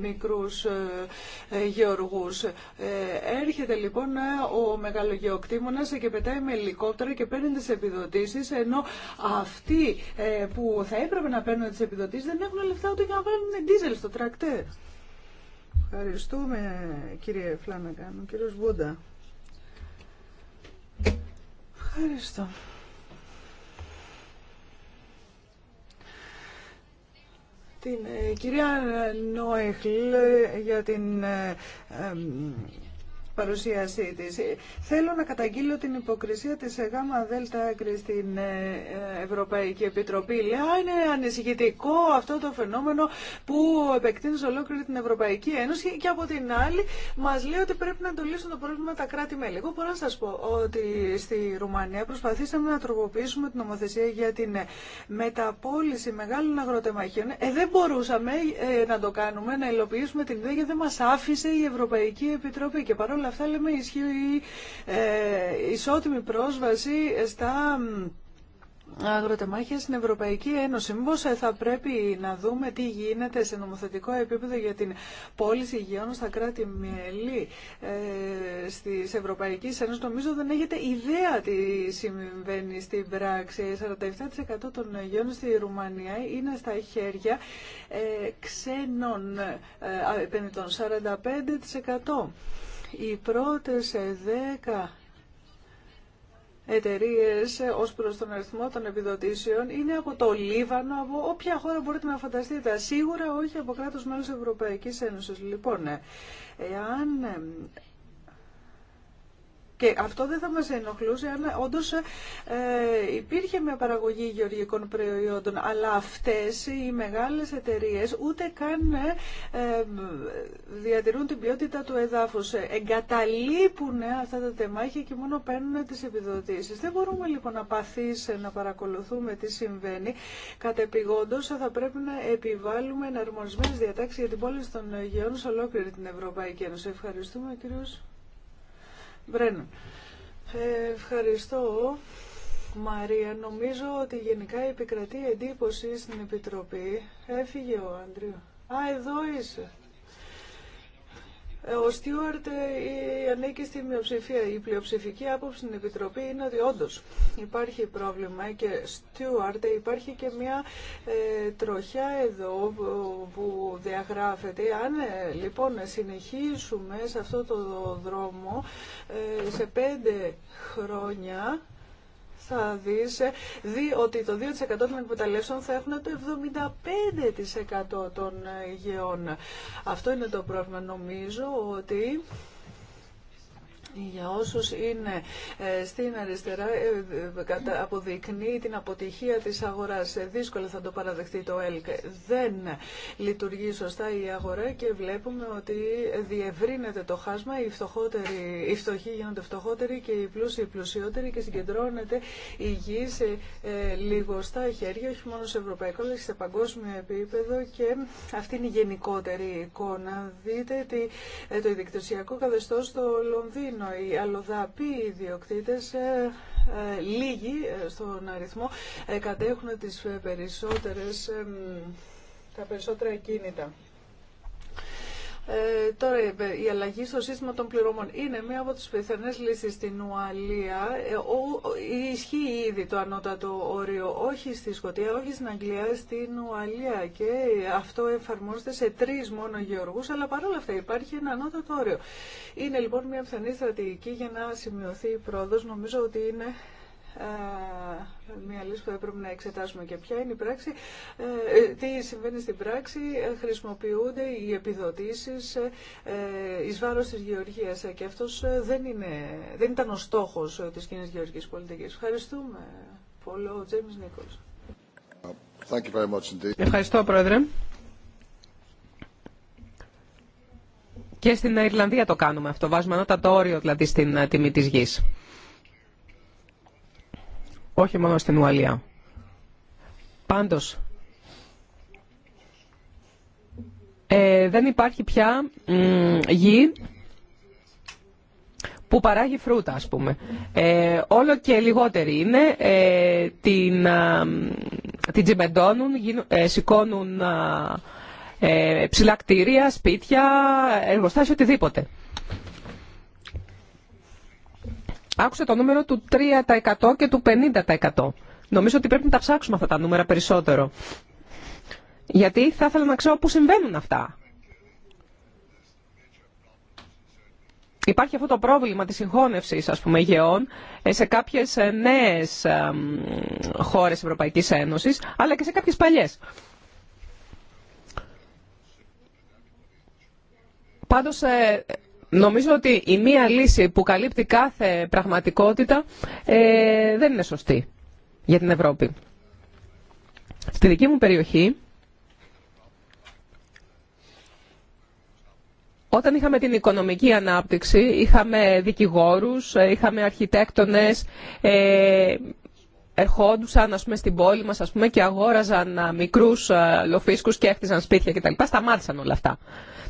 μικρούς ε, ε, γεωργούς. Έρχεται λοιπόν ο μεγαλογεωκτήμονας και πετάει με ελικόπτερα και παίρνει τις επιδοτήσεις ενώ αυτοί που θα έπρεπε να παίρνουν τις επιδοτήσεις δεν έχουν λεφτά ούτε για να βάλουν ντίζελ στο τρακτέρ. Ευχαριστούμε κύριε Φλάνακαν. Ο κύριος Βούντα. Ευχαριστώ. την ε, κυρία Νόεχλ ε, για την ε, παρουσίασή της. Θέλω να καταγγείλω την υποκρισία της ΓΑΜΑ ΔΕΛΤΑ στην ε, Ευρωπαϊκή Επιτροπή. Λέει, είναι ανησυχητικό αυτό το φαινόμενο που επεκτείνει σε ολόκληρη την Ευρωπαϊκή Ένωση και από την άλλη μας λέει ότι πρέπει να το λύσουν το πρόβλημα τα κράτη-μέλη. Εγώ μπορώ να σας πω ότι στη Ρουμανία προσπαθήσαμε να τροποποιήσουμε την νομοθεσία για την ε, μεταπόληση μεγάλων αγροτεμαχίων. Ε, δεν μπορούσαμε ε, να το κάνουμε, να υλοποιήσουμε την ιδέα γιατί δεν μας άφησε η Ευρωπαϊκή Επιτροπή και όλα αυτά λέμε ισχύει ε, ισότιμη πρόσβαση στα αγροτεμάχια στην Ευρωπαϊκή Ένωση. Μήπω ε, θα πρέπει να δούμε τι γίνεται σε νομοθετικό επίπεδο για την πώληση υγειών στα κράτη-μέλη ε, τη Ευρωπαϊκή Νομίζω δεν έχετε ιδέα τι συμβαίνει στην πράξη. 47% των υγειών στη Ρουμανία είναι στα χέρια ε, ξένων ε, επενδυτών. 45%. Οι πρώτες δέκα εταιρείε ως προς τον αριθμό των επιδοτήσεων είναι από το Λίβανο, από όποια χώρα μπορείτε να φανταστείτε. Σίγουρα όχι από κράτος μέλος Ευρωπαϊκής Ένωσης. Λοιπόν, εάν και αυτό δεν θα μας ενοχλούσε αν όντως ε, υπήρχε μια παραγωγή γεωργικών προϊόντων. Αλλά αυτές οι μεγάλες εταιρείες ούτε καν ε, ε, διατηρούν την ποιότητα του εδάφους. Εγκαταλείπουν αυτά τα τεμάχια και μόνο παίρνουν τις επιδοτήσεις. Δεν μπορούμε λοιπόν να παθήσουμε να παρακολουθούμε τι συμβαίνει. Κατεπηγόντως θα πρέπει να επιβάλλουμε εναρμονισμένες διατάξεις για την πόλη των γεών σε ολόκληρη την Ευρωπαϊκή Ένωση. Ευχαριστούμε κύριος ε, ευχαριστώ. Μαρία, νομίζω ότι γενικά επικρατεί εντύπωση στην Επιτροπή. Έφυγε ο Άντριο. Α, εδώ είσαι. Ε, ο Στιούαρτ ε, ε, ανήκει στη μειοψηφία. Η πλειοψηφική άποψη στην Επιτροπή είναι ότι όντω υπάρχει πρόβλημα και Στιούαρτ υπάρχει και μια τροχιά εδώ που διαγράφεται. Αν ε, λοιπόν συνεχίσουμε σε αυτό το δρόμο σε πέντε χρόνια θα δεις ε, δει ότι το 2% των εκμεταλλεύσεων θα έχουν το 75% των ε, γεών. Αυτό είναι το πρόβλημα. Νομίζω ότι για όσους είναι ε, στην αριστερά ε, ε, αποδεικνύει την αποτυχία της αγοράς. Δύσκολα θα το παραδεχτεί το ΕΛΚ. Δεν λειτουργεί σωστά η αγορά και βλέπουμε ότι διευρύνεται το χάσμα, οι, φτωχότεροι, οι φτωχοί γίνονται φτωχότεροι και οι πλούσιοι πλουσιότεροι και συγκεντρώνεται η γη σε λιγοστά χέρια, όχι μόνο σε ευρωπαϊκό αλλά και σε παγκόσμιο επίπεδο και αυτή είναι η γενικότερη εικόνα. Δείτε το ειδικτυσιακό καθεστώς στο Λονδίνο ενώ οι αλλοδαποί ιδιοκτήτες, ε, ε, λίγοι ε, στον αριθμό, κατέχουν τις περισσότερες, τα περισσότερα κίνητα. Ε, τώρα, ε, ε, η αλλαγή στο σύστημα των πληρωμών είναι μία από τις πιθανές λύσεις στην Ουαλία. Ε, ισχύει ήδη το ανώτατο όριο, όχι στη Σκωτία, όχι στην Αγγλία, στην Ουαλία. Και αυτό εφαρμόζεται σε τρεις μόνο γεωργούς, αλλά παρόλα αυτά υπάρχει ένα ανώτατο όριο. Είναι λοιπόν μία πιθανή στρατηγική για να σημειωθεί η πρόοδος. Νομίζω ότι είναι μια λύση που θα πρέπει να εξετάσουμε και ποια είναι η πράξη, ε, τι συμβαίνει στην πράξη, ε, χρησιμοποιούνται οι επιδοτήσεις ε, εις βάρος της γεωργίας και αυτός δεν, είναι, δεν ήταν ο στόχος της κοινής γεωργικής πολιτικής. Ευχαριστούμε πολύ, ο Τζέιμις Νίκολς. Ευχαριστώ, Πρόεδρε. Και στην Ιρλανδία το κάνουμε αυτό. Βάζουμε ανώτατο όριο δηλαδή στην τιμή της γης όχι μόνο στην Ουαλία. Πάντως, ε, δεν υπάρχει πια γη που παράγει φρούτα, ας πούμε. Ε, όλο και λιγότεροι είναι, ε, την, την τσιμεντώνουν, σηκώνουν α, ψηλά κτίρια, σπίτια, εργοστάσια, οτιδήποτε. Άκουσε το νούμερο του 3% και του 50%. Νομίζω ότι πρέπει να τα ψάξουμε αυτά τα νούμερα περισσότερο. Γιατί θα ήθελα να ξέρω πού συμβαίνουν αυτά. Υπάρχει αυτό το πρόβλημα της συγχώνευσης, ας πούμε, γεών ε, σε κάποιες ε, νέες ε, χώρες Ευρωπαϊκής Ένωσης, αλλά και σε κάποιες παλιές. Πάντως, Νομίζω ότι η μία λύση που καλύπτει κάθε πραγματικότητα ε, δεν είναι σωστή για την Ευρώπη. Στη δική μου περιοχή, όταν είχαμε την οικονομική ανάπτυξη, είχαμε δικηγόρους, ε, είχαμε αρχιτέκτονες, ε, ερχόντουσαν ας πούμε, στην πόλη μας ας πούμε, και αγόραζαν μικρούς λοφίσκους και έχτιζαν σπίτια κτλ. Σταμάτησαν όλα αυτά.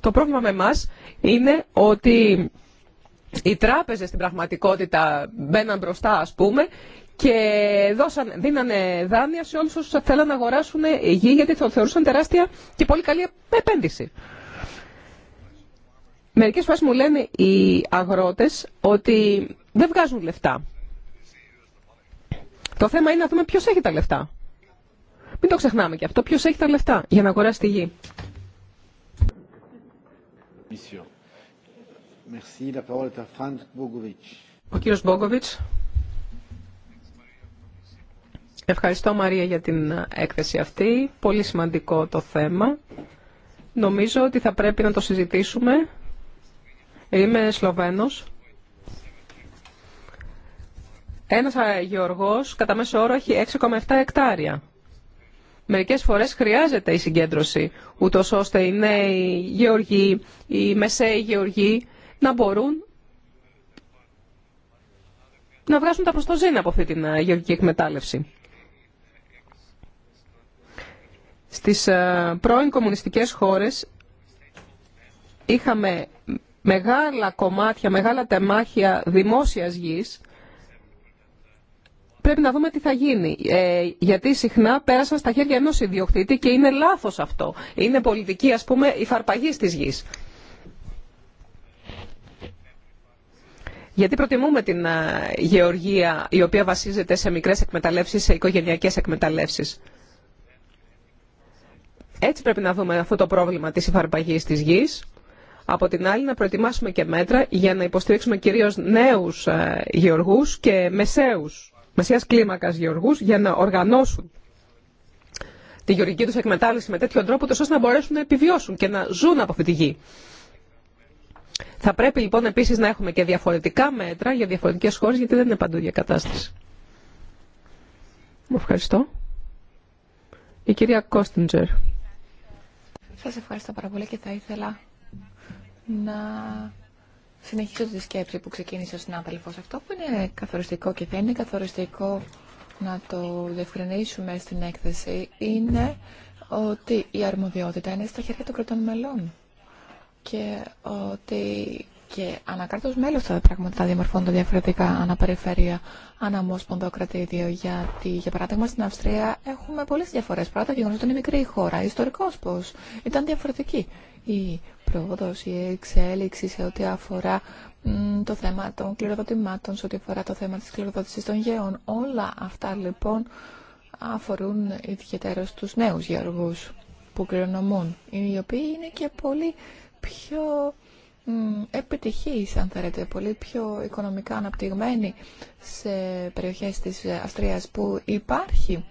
Το πρόβλημα με εμά είναι ότι οι τράπεζες στην πραγματικότητα μπαίναν μπροστά ας πούμε και δώσαν, δίνανε δάνεια σε όλους όσους θέλαν να αγοράσουν γη γιατί το θεωρούσαν τεράστια και πολύ καλή επένδυση. Μερικές φορές μου λένε οι αγρότες ότι δεν βγάζουν λεφτά. Το θέμα είναι να δούμε ποιο έχει τα λεφτά. Μην το ξεχνάμε και αυτό. Ποιο έχει τα λεφτά για να αγοράσει τη γη. Ο κύριο Μπόγκοβιτ. Ευχαριστώ Μαρία για την έκθεση αυτή. Πολύ σημαντικό το θέμα. Νομίζω ότι θα πρέπει να το συζητήσουμε. Είμαι Σλοβαίνος ένα γεωργό κατά μέσο όρο έχει 6,7 εκτάρια. Μερικές φορές χρειάζεται η συγκέντρωση, ούτω ώστε οι νέοι γεωργοί, οι μεσαίοι γεωργοί να μπορούν να βγάζουν τα προστοζήνα από αυτή την ε, γεωργική εκμετάλλευση. Στις ε, πρώην κομμουνιστικές χώρες είχαμε μεγάλα κομμάτια, μεγάλα τεμάχια δημόσιας γης, πρέπει να δούμε τι θα γίνει. Ε, γιατί συχνά πέρασαν στα χέρια ενός ιδιοκτήτη και είναι λάθος αυτό. Είναι πολιτική, ας πούμε, η φαρπαγή της γης. Γιατί προτιμούμε την ε, γεωργία η οποία βασίζεται σε μικρές εκμεταλλεύσεις, σε οικογενειακές εκμεταλλεύσεις. Έτσι πρέπει να δούμε αυτό το πρόβλημα της υφαρπαγής της γης. Από την άλλη να προετοιμάσουμε και μέτρα για να υποστηρίξουμε κυρίως νέους ε, γεωργούς και μεσαίους μεσαίας κλίμακας γεωργούς για να οργανώσουν τη γεωργική τους εκμετάλλευση με τέτοιο τρόπο, ώστε να μπορέσουν να επιβιώσουν και να ζουν από αυτή τη γη. Θα πρέπει λοιπόν επίσης να έχουμε και διαφορετικά μέτρα για διαφορετικές χώρες, γιατί δεν είναι παντού η κατάσταση. Ευχαριστώ. Η κυρία Κόστιντζερ. Σας ευχαριστώ πάρα πολύ και θα ήθελα να συνεχίζω τη σκέψη που ξεκίνησε ο συνάδελφο. Αυτό που είναι καθοριστικό και θα είναι καθοριστικό να το διευκρινίσουμε στην έκθεση είναι ότι η αρμοδιότητα είναι στα χέρια των κρατών μελών και ότι και ανακάρτω μέλος τα πράγματα διαμορφώνονται διαφορετικά αναπεριφέρεια, αναμόσπονδο κρατήδιο, γιατί για παράδειγμα στην Αυστρία έχουμε πολλέ διαφορέ. Πρώτα γεγονό ότι είναι μικρή χώρα, ιστορικός πω. ήταν διαφορετική η πρόοδος, η εξέλιξη σε ό,τι αφορά το θέμα των κληροδοτημάτων, σε ό,τι αφορά το θέμα της κληροδότησης των γεών. Όλα αυτά λοιπόν αφορούν ιδιαίτερα τους νέους γεωργούς που κληρονομούν, οι οποίοι είναι και πολύ πιο επιτυχείς, αν θέλετε, πολύ πιο οικονομικά αναπτυγμένοι σε περιοχές της Αυστρίας που υπάρχει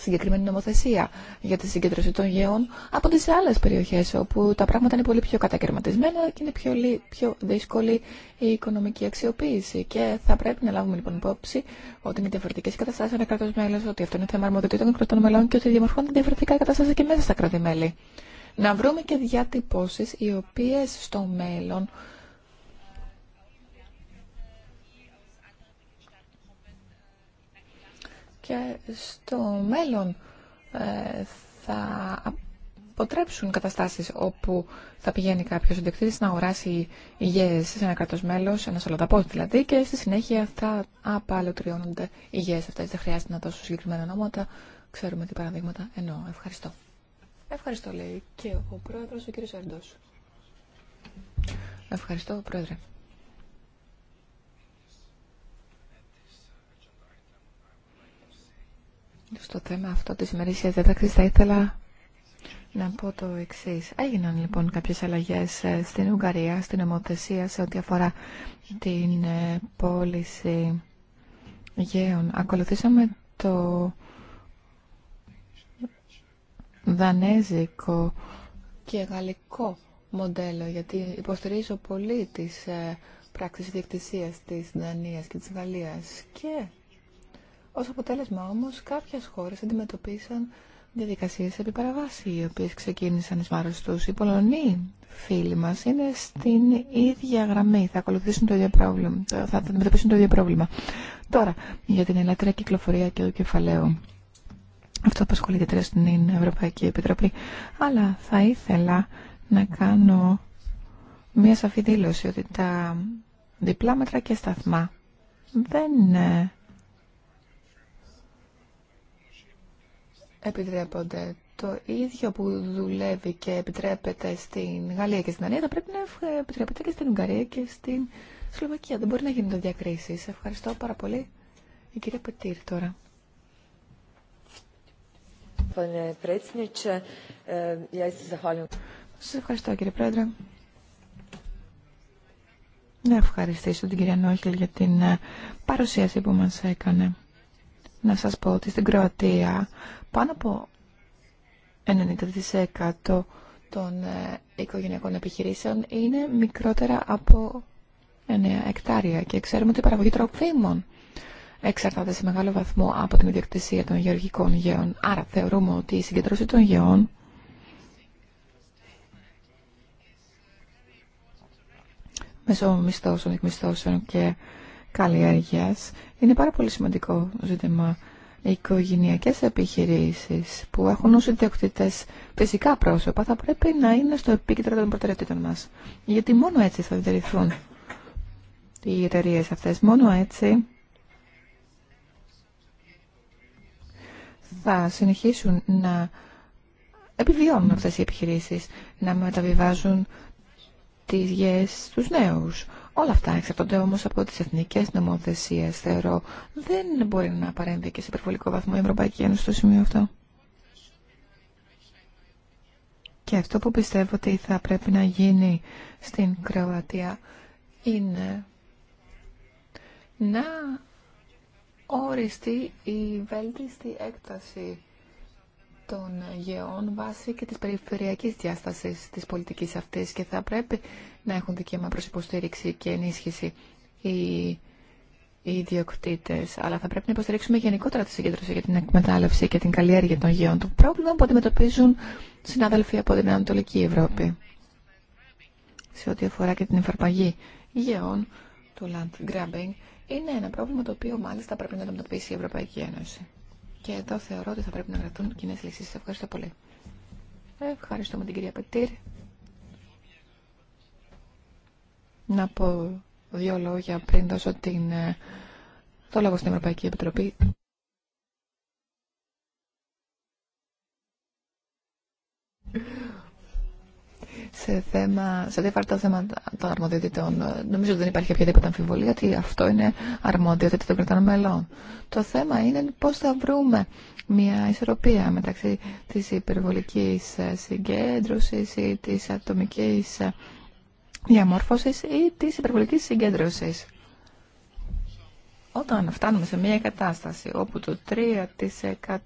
συγκεκριμένη νομοθεσία για τη συγκέντρωση των γεών από τις άλλες περιοχές όπου τα πράγματα είναι πολύ πιο κατακαιρματισμένα και είναι πιο, πιο δύσκολη η οικονομική αξιοποίηση. Και θα πρέπει να λάβουμε λοιπόν υπόψη ότι είναι διαφορετικές οι καταστάσεις ένα κράτος μέλος, ότι αυτό είναι θέμα αρμοδοτήτων των κρατών μελών και ότι διαμορφώνται διαφορετικά καταστάσεις και μέσα στα κράτη-μέλη. Να βρούμε και διατυπώσεις οι οποίες στο μέλλον και στο μέλλον ε, θα αποτρέψουν καταστάσεις όπου θα πηγαίνει κάποιος ιδιοκτήτης να αγοράσει υγιές σε ένα κράτος μέλος, ένα σολοδαπός δηλαδή, και στη συνέχεια θα απαλωτριώνονται υγιές αυτές. Δεν χρειάζεται να δώσω συγκεκριμένα ονόματα. Ξέρουμε τι παραδείγματα εννοώ. Ευχαριστώ. Ευχαριστώ λέει και ο πρόεδρος, ο κύριος Αρντός. Ευχαριστώ πρόεδρε. Στο θέμα αυτό της ημερήσιας διάταξης θα ήθελα να πω το εξή. Έγιναν λοιπόν κάποιες αλλαγές ε, στην Ουγγαρία, στην νομοθεσία σε ό,τι αφορά την ε, πώληση γέων. Ακολουθήσαμε το δανέζικο και γαλλικό μοντέλο, γιατί υποστηρίζω πολύ τις ε, πράξεις διεκτησίας της Δανίας και της Γαλλίας και ως αποτέλεσμα όμως κάποιες χώρες αντιμετωπίσαν διαδικασίες επί παραβάση, οι οποίες ξεκίνησαν εις βάρος τους. Οι Πολωνοί φίλοι μας είναι στην ίδια γραμμή, θα ακολουθήσουν το ίδιο πρόβλημα, θα αντιμετωπίσουν το ίδιο πρόβλημα. Τώρα, για την ελεύθερη κυκλοφορία και το κεφαλαίο. Αυτό απασχολεί τώρα στην Ευρωπαϊκή Επιτροπή. Αλλά θα ήθελα να κάνω μια σαφή δήλωση ότι τα διπλά μέτρα και σταθμά δεν ε, επιτρέπονται. Το ίδιο που δουλεύει και επιτρέπεται στην Γαλλία και στην Ανία θα πρέπει να επιτρέπεται και στην Ουγγαρία και στην Σλοβακία. Δεν μπορεί να γίνει το διακρίσει. Ευχαριστώ πάρα πολύ. Η κυρία Πετήρ τώρα. E, Σα ευχαριστώ κύριε Πρόεδρε. Να ευχαριστήσω την κυρία Νόχιλ για την ε, παρουσίαση που μας έκανε. Να σας πω ότι στην Κροατία πάνω από 90% των ε, οικογενειακών επιχειρήσεων είναι μικρότερα από 9 εκτάρια και ξέρουμε ότι η παραγωγή τροφίμων εξαρτάται σε μεγάλο βαθμό από την ιδιοκτησία των γεωργικών γεών. Άρα θεωρούμε ότι η συγκεντρώση των γεών μέσω μισθώσεων, εκμισθώσεων και καλλιέργειας είναι πάρα πολύ σημαντικό ζήτημα οικογενειακές επιχειρήσεις που έχουν ως ιδιοκτήτες φυσικά πρόσωπα θα πρέπει να είναι στο επίκεντρο των προτεραιοτήτων μας. Γιατί μόνο έτσι θα διατηρηθούν οι εταιρείε αυτές. Μόνο έτσι θα συνεχίσουν να επιβιώνουν αυτές οι επιχειρήσεις, να μεταβιβάζουν τις γιες τους νέους, Όλα αυτά εξαρτώνται όμω από τι εθνικέ νομοθεσίε, θεωρώ. Δεν μπορεί να παρέμβει και σε υπερβολικό βαθμό η Ευρωπαϊκή Ένωση στο σημείο αυτό. Και αυτό που πιστεύω ότι θα πρέπει να γίνει στην Κροατία είναι να οριστεί η βέλτιστη έκταση των γεών βάσει και της περιφερειακής διάστασης της πολιτικής αυτής και θα πρέπει να έχουν δικαίωμα προς υποστήριξη και ενίσχυση οι, οι ιδιοκτήτε. Αλλά θα πρέπει να υποστηρίξουμε γενικότερα τη συγκέντρωση για την εκμετάλλευση και την καλλιέργεια των γεών. Το πρόβλημα που αντιμετωπίζουν συνάδελφοι από την Ανατολική Ευρώπη σε ό,τι αφορά και την εφαρπαγή γεών, του land grabbing, είναι ένα πρόβλημα το οποίο μάλιστα πρέπει να αντιμετωπίσει η Ευρωπαϊκή Ένωση. Και εδώ θεωρώ ότι θα πρέπει να γραφτούν κοινέ λύσει. Ευχαριστώ πολύ. Ευχαριστούμε την κυρία Πετήρ. Να πω δύο λόγια πριν δώσω την, ε, το λόγο στην Ευρωπαϊκή Επιτροπή. σε θέμα, σε θέματα των αρμοδιοτήτων, νομίζω ότι δεν υπάρχει οποιαδήποτε αμφιβολία ότι αυτό είναι αρμοδιότητα των κρατών μελών. Το θέμα είναι πώ θα βρούμε μια ισορροπία μεταξύ τη υπερβολική ε, συγκέντρωση ή τη ατομική ε, διαμόρφωση ή τη υπερβολική συγκέντρωση. Όταν φτάνουμε σε μια κατάσταση όπου το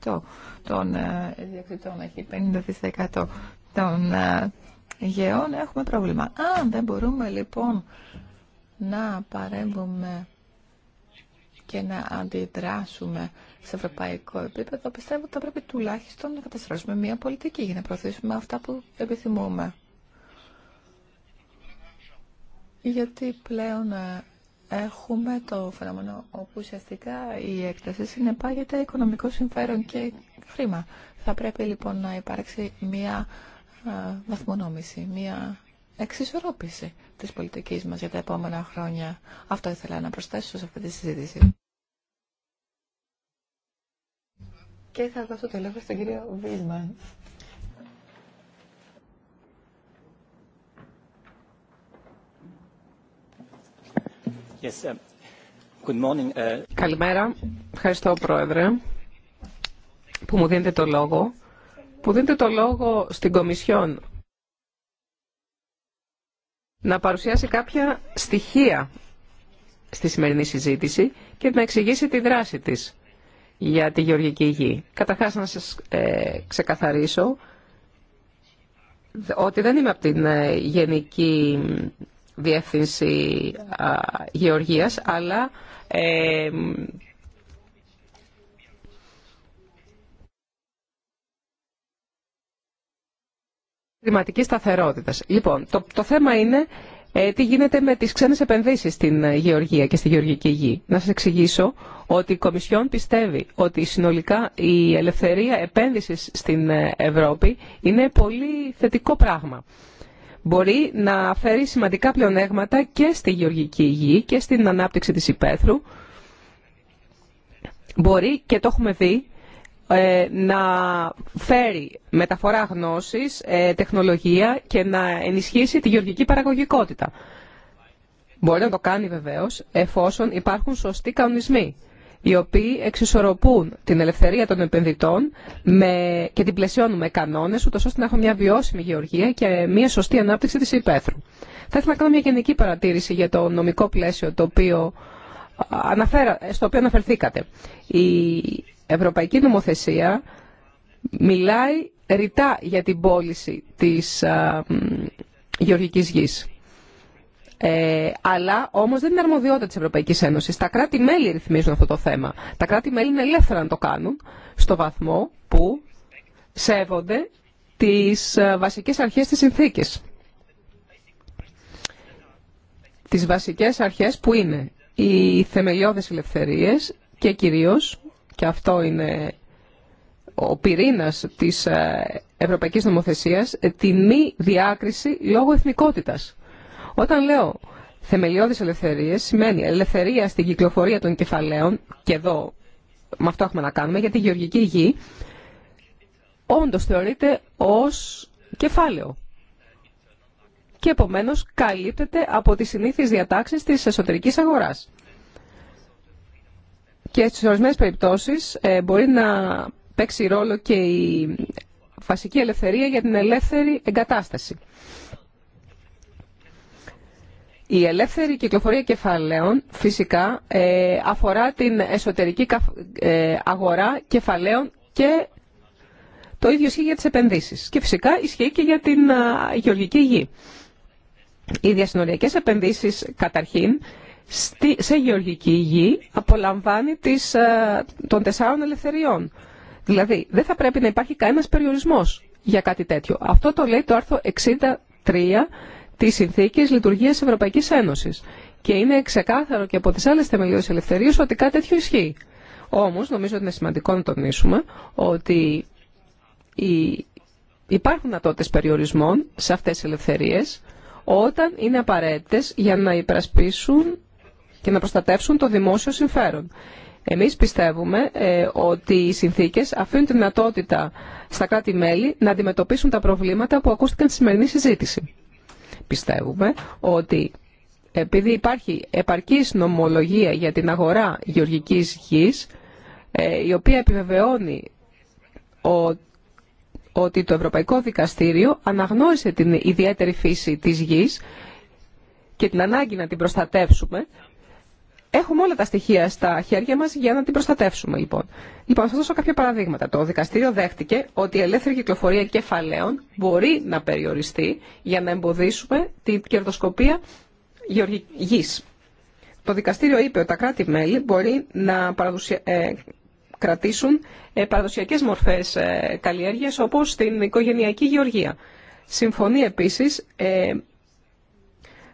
3% των ε, διακριτών έχει 50% των γεών έχουμε πρόβλημα. Αν δεν μπορούμε λοιπόν να παρέμβουμε και να αντιδράσουμε σε ευρωπαϊκό επίπεδο, πιστεύω ότι θα πρέπει τουλάχιστον να καταστρέψουμε μια πολιτική για να προωθήσουμε αυτά που επιθυμούμε. Γιατί πλέον ε, έχουμε το φαινόμενο όπου ουσιαστικά η έκταση συνεπάγεται οικονομικό συμφέρον και χρήμα. Θα πρέπει λοιπόν να υπάρξει μια βαθμονόμηση, μία εξισορρόπηση της πολιτικής μας για τα επόμενα χρόνια. Αυτό ήθελα να προσθέσω σε αυτή τη συζήτηση. Και θα δώσω το λόγο στον κύριο Βίλμαν. Yes, um, good morning, uh, Καλημέρα. Ευχαριστώ, Πρόεδρε, που μου δίνετε το λόγο που δίνετε το λόγο στην Κομισιόν να παρουσιάσει κάποια στοιχεία στη σημερινή συζήτηση και να εξηγήσει τη δράση της για τη γεωργική γη. Καταρχάς να σας ε, ξεκαθαρίσω ότι δεν είμαι από την ε, Γενική Διεύθυνση ε, Γεωργίας, αλλά ε, σταθερότητα. Λοιπόν, το, το θέμα είναι ε, τι γίνεται με τις ξένες επενδύσεις στην ε, γεωργία και στη γεωργική γη. Να σας εξηγήσω ότι η Κομισιόν πιστεύει ότι συνολικά η ελευθερία επένδυση στην ε, Ευρώπη είναι πολύ θετικό πράγμα. Μπορεί να φέρει σημαντικά πλεονέγματα και στη γεωργική γη και στην ανάπτυξη της υπαίθρου. Μπορεί, και το έχουμε δει, ε, να φέρει μεταφορά γνώσης, ε, τεχνολογία και να ενισχύσει τη γεωργική παραγωγικότητα. Μπορεί να το κάνει βεβαίως εφόσον υπάρχουν σωστοί κανονισμοί οι οποίοι εξισορροπούν την ελευθερία των επενδυτών με, και την πλαισιώνουν με κανόνες, ούτως ώστε να έχουμε μια βιώσιμη γεωργία και μια σωστή ανάπτυξη της υπαίθρου. Θα ήθελα να κάνω μια γενική παρατήρηση για το νομικό πλαίσιο το οποίο αναφέρα, στο οποίο αναφερθήκατε. Η Ευρωπαϊκή Νομοθεσία μιλάει ρητά για την πώληση της α, γεωργικής γης. Ε, αλλά όμως δεν είναι αρμοδιότητα της Ευρωπαϊκής Ένωσης. Τα κράτη-μέλη ρυθμίζουν αυτό το θέμα. Τα κράτη-μέλη είναι ελεύθερα να το κάνουν στο βαθμό που σέβονται τις βασικές αρχές της συνθήκης. Τις βασικές αρχές που είναι οι θεμελιώδες ελευθερίες και κυρίως, και αυτό είναι ο πυρήνας της ε, Ευρωπαϊκής Νομοθεσίας, ε, τη μη διάκριση λόγω εθνικότητας. Όταν λέω θεμελιώδεις ελευθερίες, σημαίνει ελευθερία στην κυκλοφορία των κεφαλαίων, και εδώ με αυτό έχουμε να κάνουμε, γιατί η γεωργική γη όντως θεωρείται ως κεφάλαιο και επομένως καλύπτεται από τις συνήθειε διατάξεις της εσωτερικής αγοράς. Και στις ορισμένες περιπτώσεις ε, μπορεί να παίξει ρόλο και η φασική ελευθερία για την ελεύθερη εγκατάσταση. Η ελεύθερη κυκλοφορία κεφαλαίων φυσικά ε, αφορά την εσωτερική ε, αγορά κεφαλαίων και το ίδιο ισχύει για τις επενδύσεις. Και φυσικά ισχύει και για την γεωργική γη. Οι διασυνοριακές επενδύσεις καταρχήν σε γεωργική γη απολαμβάνει τις, ε, των τεσσάρων ελευθεριών. Δηλαδή δεν θα πρέπει να υπάρχει κανένας περιορισμός για κάτι τέτοιο. Αυτό το λέει το άρθρο 63 της Συνθήκης Λειτουργίας Ευρωπαϊκής Ένωσης. Και είναι ξεκάθαρο και από τις άλλες θεμελιώδεις ελευθερίες ότι κάτι τέτοιο ισχύει. Όμως νομίζω ότι είναι σημαντικό να τονίσουμε ότι υπάρχουν ατότητες περιορισμών σε αυτές τις ελευθερίες όταν είναι απαραίτητες για να υπερασπίσουν και να προστατεύσουν το δημόσιο συμφέρον. Εμείς πιστεύουμε ε, ότι οι συνθήκες αφήνουν τη δυνατότητα στα κράτη-μέλη να αντιμετωπίσουν τα προβλήματα που ακούστηκαν στη σημερινή συζήτηση. Πιστεύουμε ότι επειδή υπάρχει επαρκής νομολογία για την αγορά γεωργικής γης, ε, η οποία επιβεβαιώνει ότι ότι το Ευρωπαϊκό Δικαστήριο αναγνώρισε την ιδιαίτερη φύση της γης και την ανάγκη να την προστατεύσουμε. Έχουμε όλα τα στοιχεία στα χέρια μας για να την προστατεύσουμε λοιπόν. Λοιπόν, θα δώσω κάποια παραδείγματα. Το δικαστήριο δέχτηκε ότι η ελεύθερη κυκλοφορία κεφαλαίων μπορεί να περιοριστεί για να εμποδίσουμε την κερδοσκοπία γης. Το δικαστήριο είπε ότι τα κράτη-μέλη μπορεί να Ε, κρατήσουν ε, παραδοσιακές μορφές ε, καλλιέργειας όπως την οικογενειακή γεωργία. Συμφωνεί επίσης ε,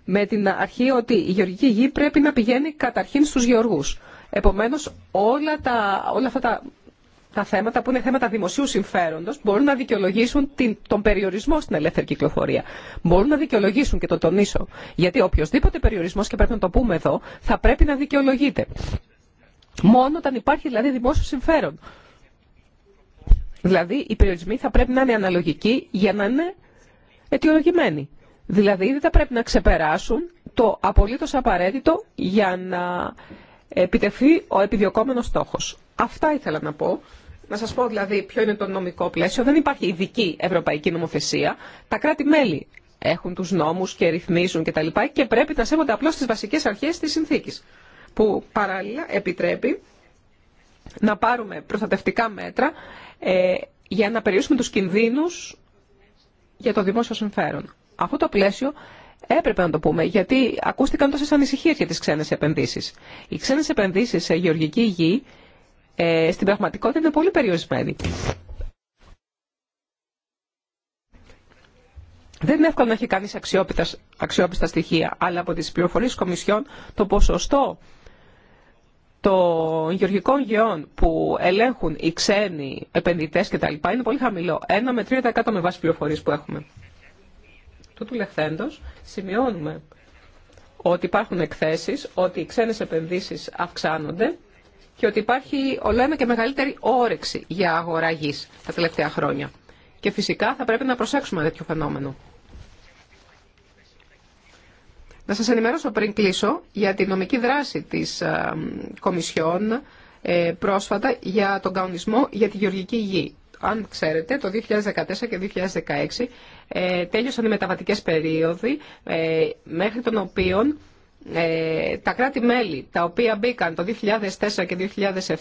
με την αρχή ότι η γεωργική γη πρέπει να πηγαίνει καταρχήν στους γεωργούς. Επομένως όλα, τα, όλα αυτά τα, θέματα που είναι θέματα δημοσίου συμφέροντος μπορούν να δικαιολογήσουν την, τον περιορισμό στην ελεύθερη κυκλοφορία. Μπορούν να δικαιολογήσουν και το τονίσω. Γιατί οποιοδήποτε περιορισμός, και πρέπει να το πούμε εδώ, θα πρέπει να δικαιολογείται. Μόνο όταν υπάρχει δηλαδή δημόσιο συμφέρον. Δηλαδή οι περιορισμοί θα πρέπει να είναι αναλογικοί για να είναι αιτιολογημένοι. Δηλαδή δεν θα πρέπει να ξεπεράσουν το απολύτως απαραίτητο για να επιτευχθεί ο επιδιωκόμενος στόχος. Αυτά ήθελα να πω. Να σας πω δηλαδή ποιο είναι το νομικό πλαίσιο. Δεν υπάρχει ειδική ευρωπαϊκή νομοθεσία. Τα κράτη-μέλη έχουν τους νόμους και ρυθμίζουν κτλ. Και, και πρέπει να σέβονται απλώς τις βασικές αρχές της συνθήκης που παράλληλα επιτρέπει να πάρουμε προστατευτικά μέτρα ε, για να περιορίσουμε τους κινδύνους για το δημόσιο συμφέρον. Αυτό το πλαίσιο έπρεπε να το πούμε, γιατί ακούστηκαν τόσες ανησυχίες για τις ξένες επενδύσεις. Οι ξένες επενδύσεις σε γεωργική γη ε, στην πραγματικότητα είναι πολύ περιορισμένοι. Δεν είναι εύκολο να έχει κανείς αξιόπιστα, αξιόπιστα στοιχεία, αλλά από τις πληροφορίες κομισιών το ποσοστό των γεωργικών γεών που ελέγχουν οι ξένοι επενδυτές κτλ. είναι πολύ χαμηλό. 1 με 3% με βάση πληροφορίες που έχουμε. του λεχθέντος σημειώνουμε ότι υπάρχουν εκθέσεις, ότι οι ξένες επενδύσεις αυξάνονται και ότι υπάρχει ολένα και μεγαλύτερη όρεξη για αγορά γης τα τελευταία χρόνια. Και φυσικά θα πρέπει να προσέξουμε τέτοιο φαινόμενο. Να σας ενημερώσω πριν κλείσω για τη νομική δράση της ε, Κομισιόν ε, πρόσφατα για τον καονισμό για τη γεωργική γη. Αν ξέρετε, το 2014 και 2016 ε, τέλειωσαν οι μεταβατικές περίοδοι μέχρι των οποίων τα κράτη-μέλη τα οποία μπήκαν το 2004 και 2007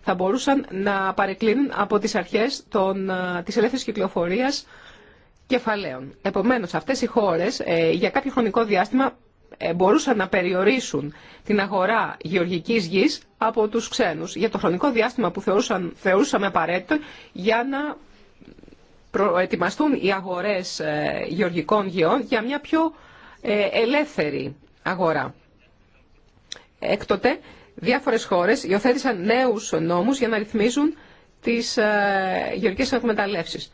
θα μπορούσαν να παρεκκλίνουν από τις αρχές των, της ελεύθερης κυκλοφορίας κεφαλαίων. Επομένως, αυτές οι χώρες για κάποιο χρονικό διάστημα ε, μπορούσαν να περιορίσουν την αγορά γεωργικής γης από τους ξένους για το χρονικό διάστημα που θεωρούσαν, θεωρούσαμε απαραίτητο για να προετοιμαστούν οι αγορές ε, γεωργικών γεών για μια πιο ε, ελεύθερη αγορά. Έκτοτε, διάφορες χώρες υιοθέτησαν νέους νόμους για να ρυθμίζουν τις γεωργικές εκμεταλλεύσεις.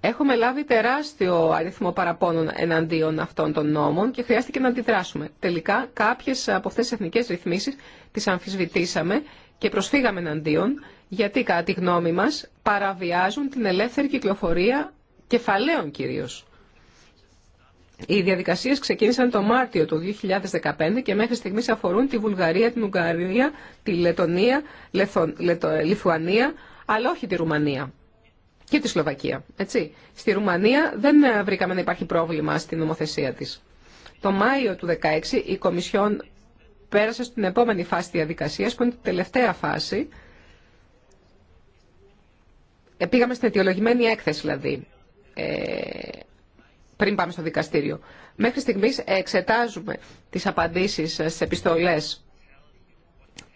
Έχουμε λάβει τεράστιο αριθμό παραπώνων εναντίον αυτών των νόμων και χρειάστηκε να αντιδράσουμε. Τελικά, κάποιε από αυτέ τι εθνικέ ρυθμίσει τι αμφισβητήσαμε και προσφύγαμε εναντίον, γιατί κατά τη γνώμη μα παραβιάζουν την ελεύθερη κυκλοφορία κεφαλαίων κυρίω. Οι διαδικασίε ξεκίνησαν το Μάρτιο του 2015 και μέχρι στιγμή αφορούν τη Βουλγαρία, την Ουγγαρία, τη Λετωνία, τη Λιθουανία, αλλά όχι τη Ρουμανία και τη Σλοβακία. Έτσι. Στη Ρουμανία δεν ε, βρήκαμε να υπάρχει πρόβλημα στην νομοθεσία της. Το Μάιο του 2016 η Κομισιόν πέρασε στην επόμενη φάση διαδικασίας που είναι η τελευταία φάση. Ε, πήγαμε στην αιτιολογημένη έκθεση δηλαδή ε, πριν πάμε στο δικαστήριο. Μέχρι στιγμής εξετάζουμε τις απαντήσεις στις επιστολές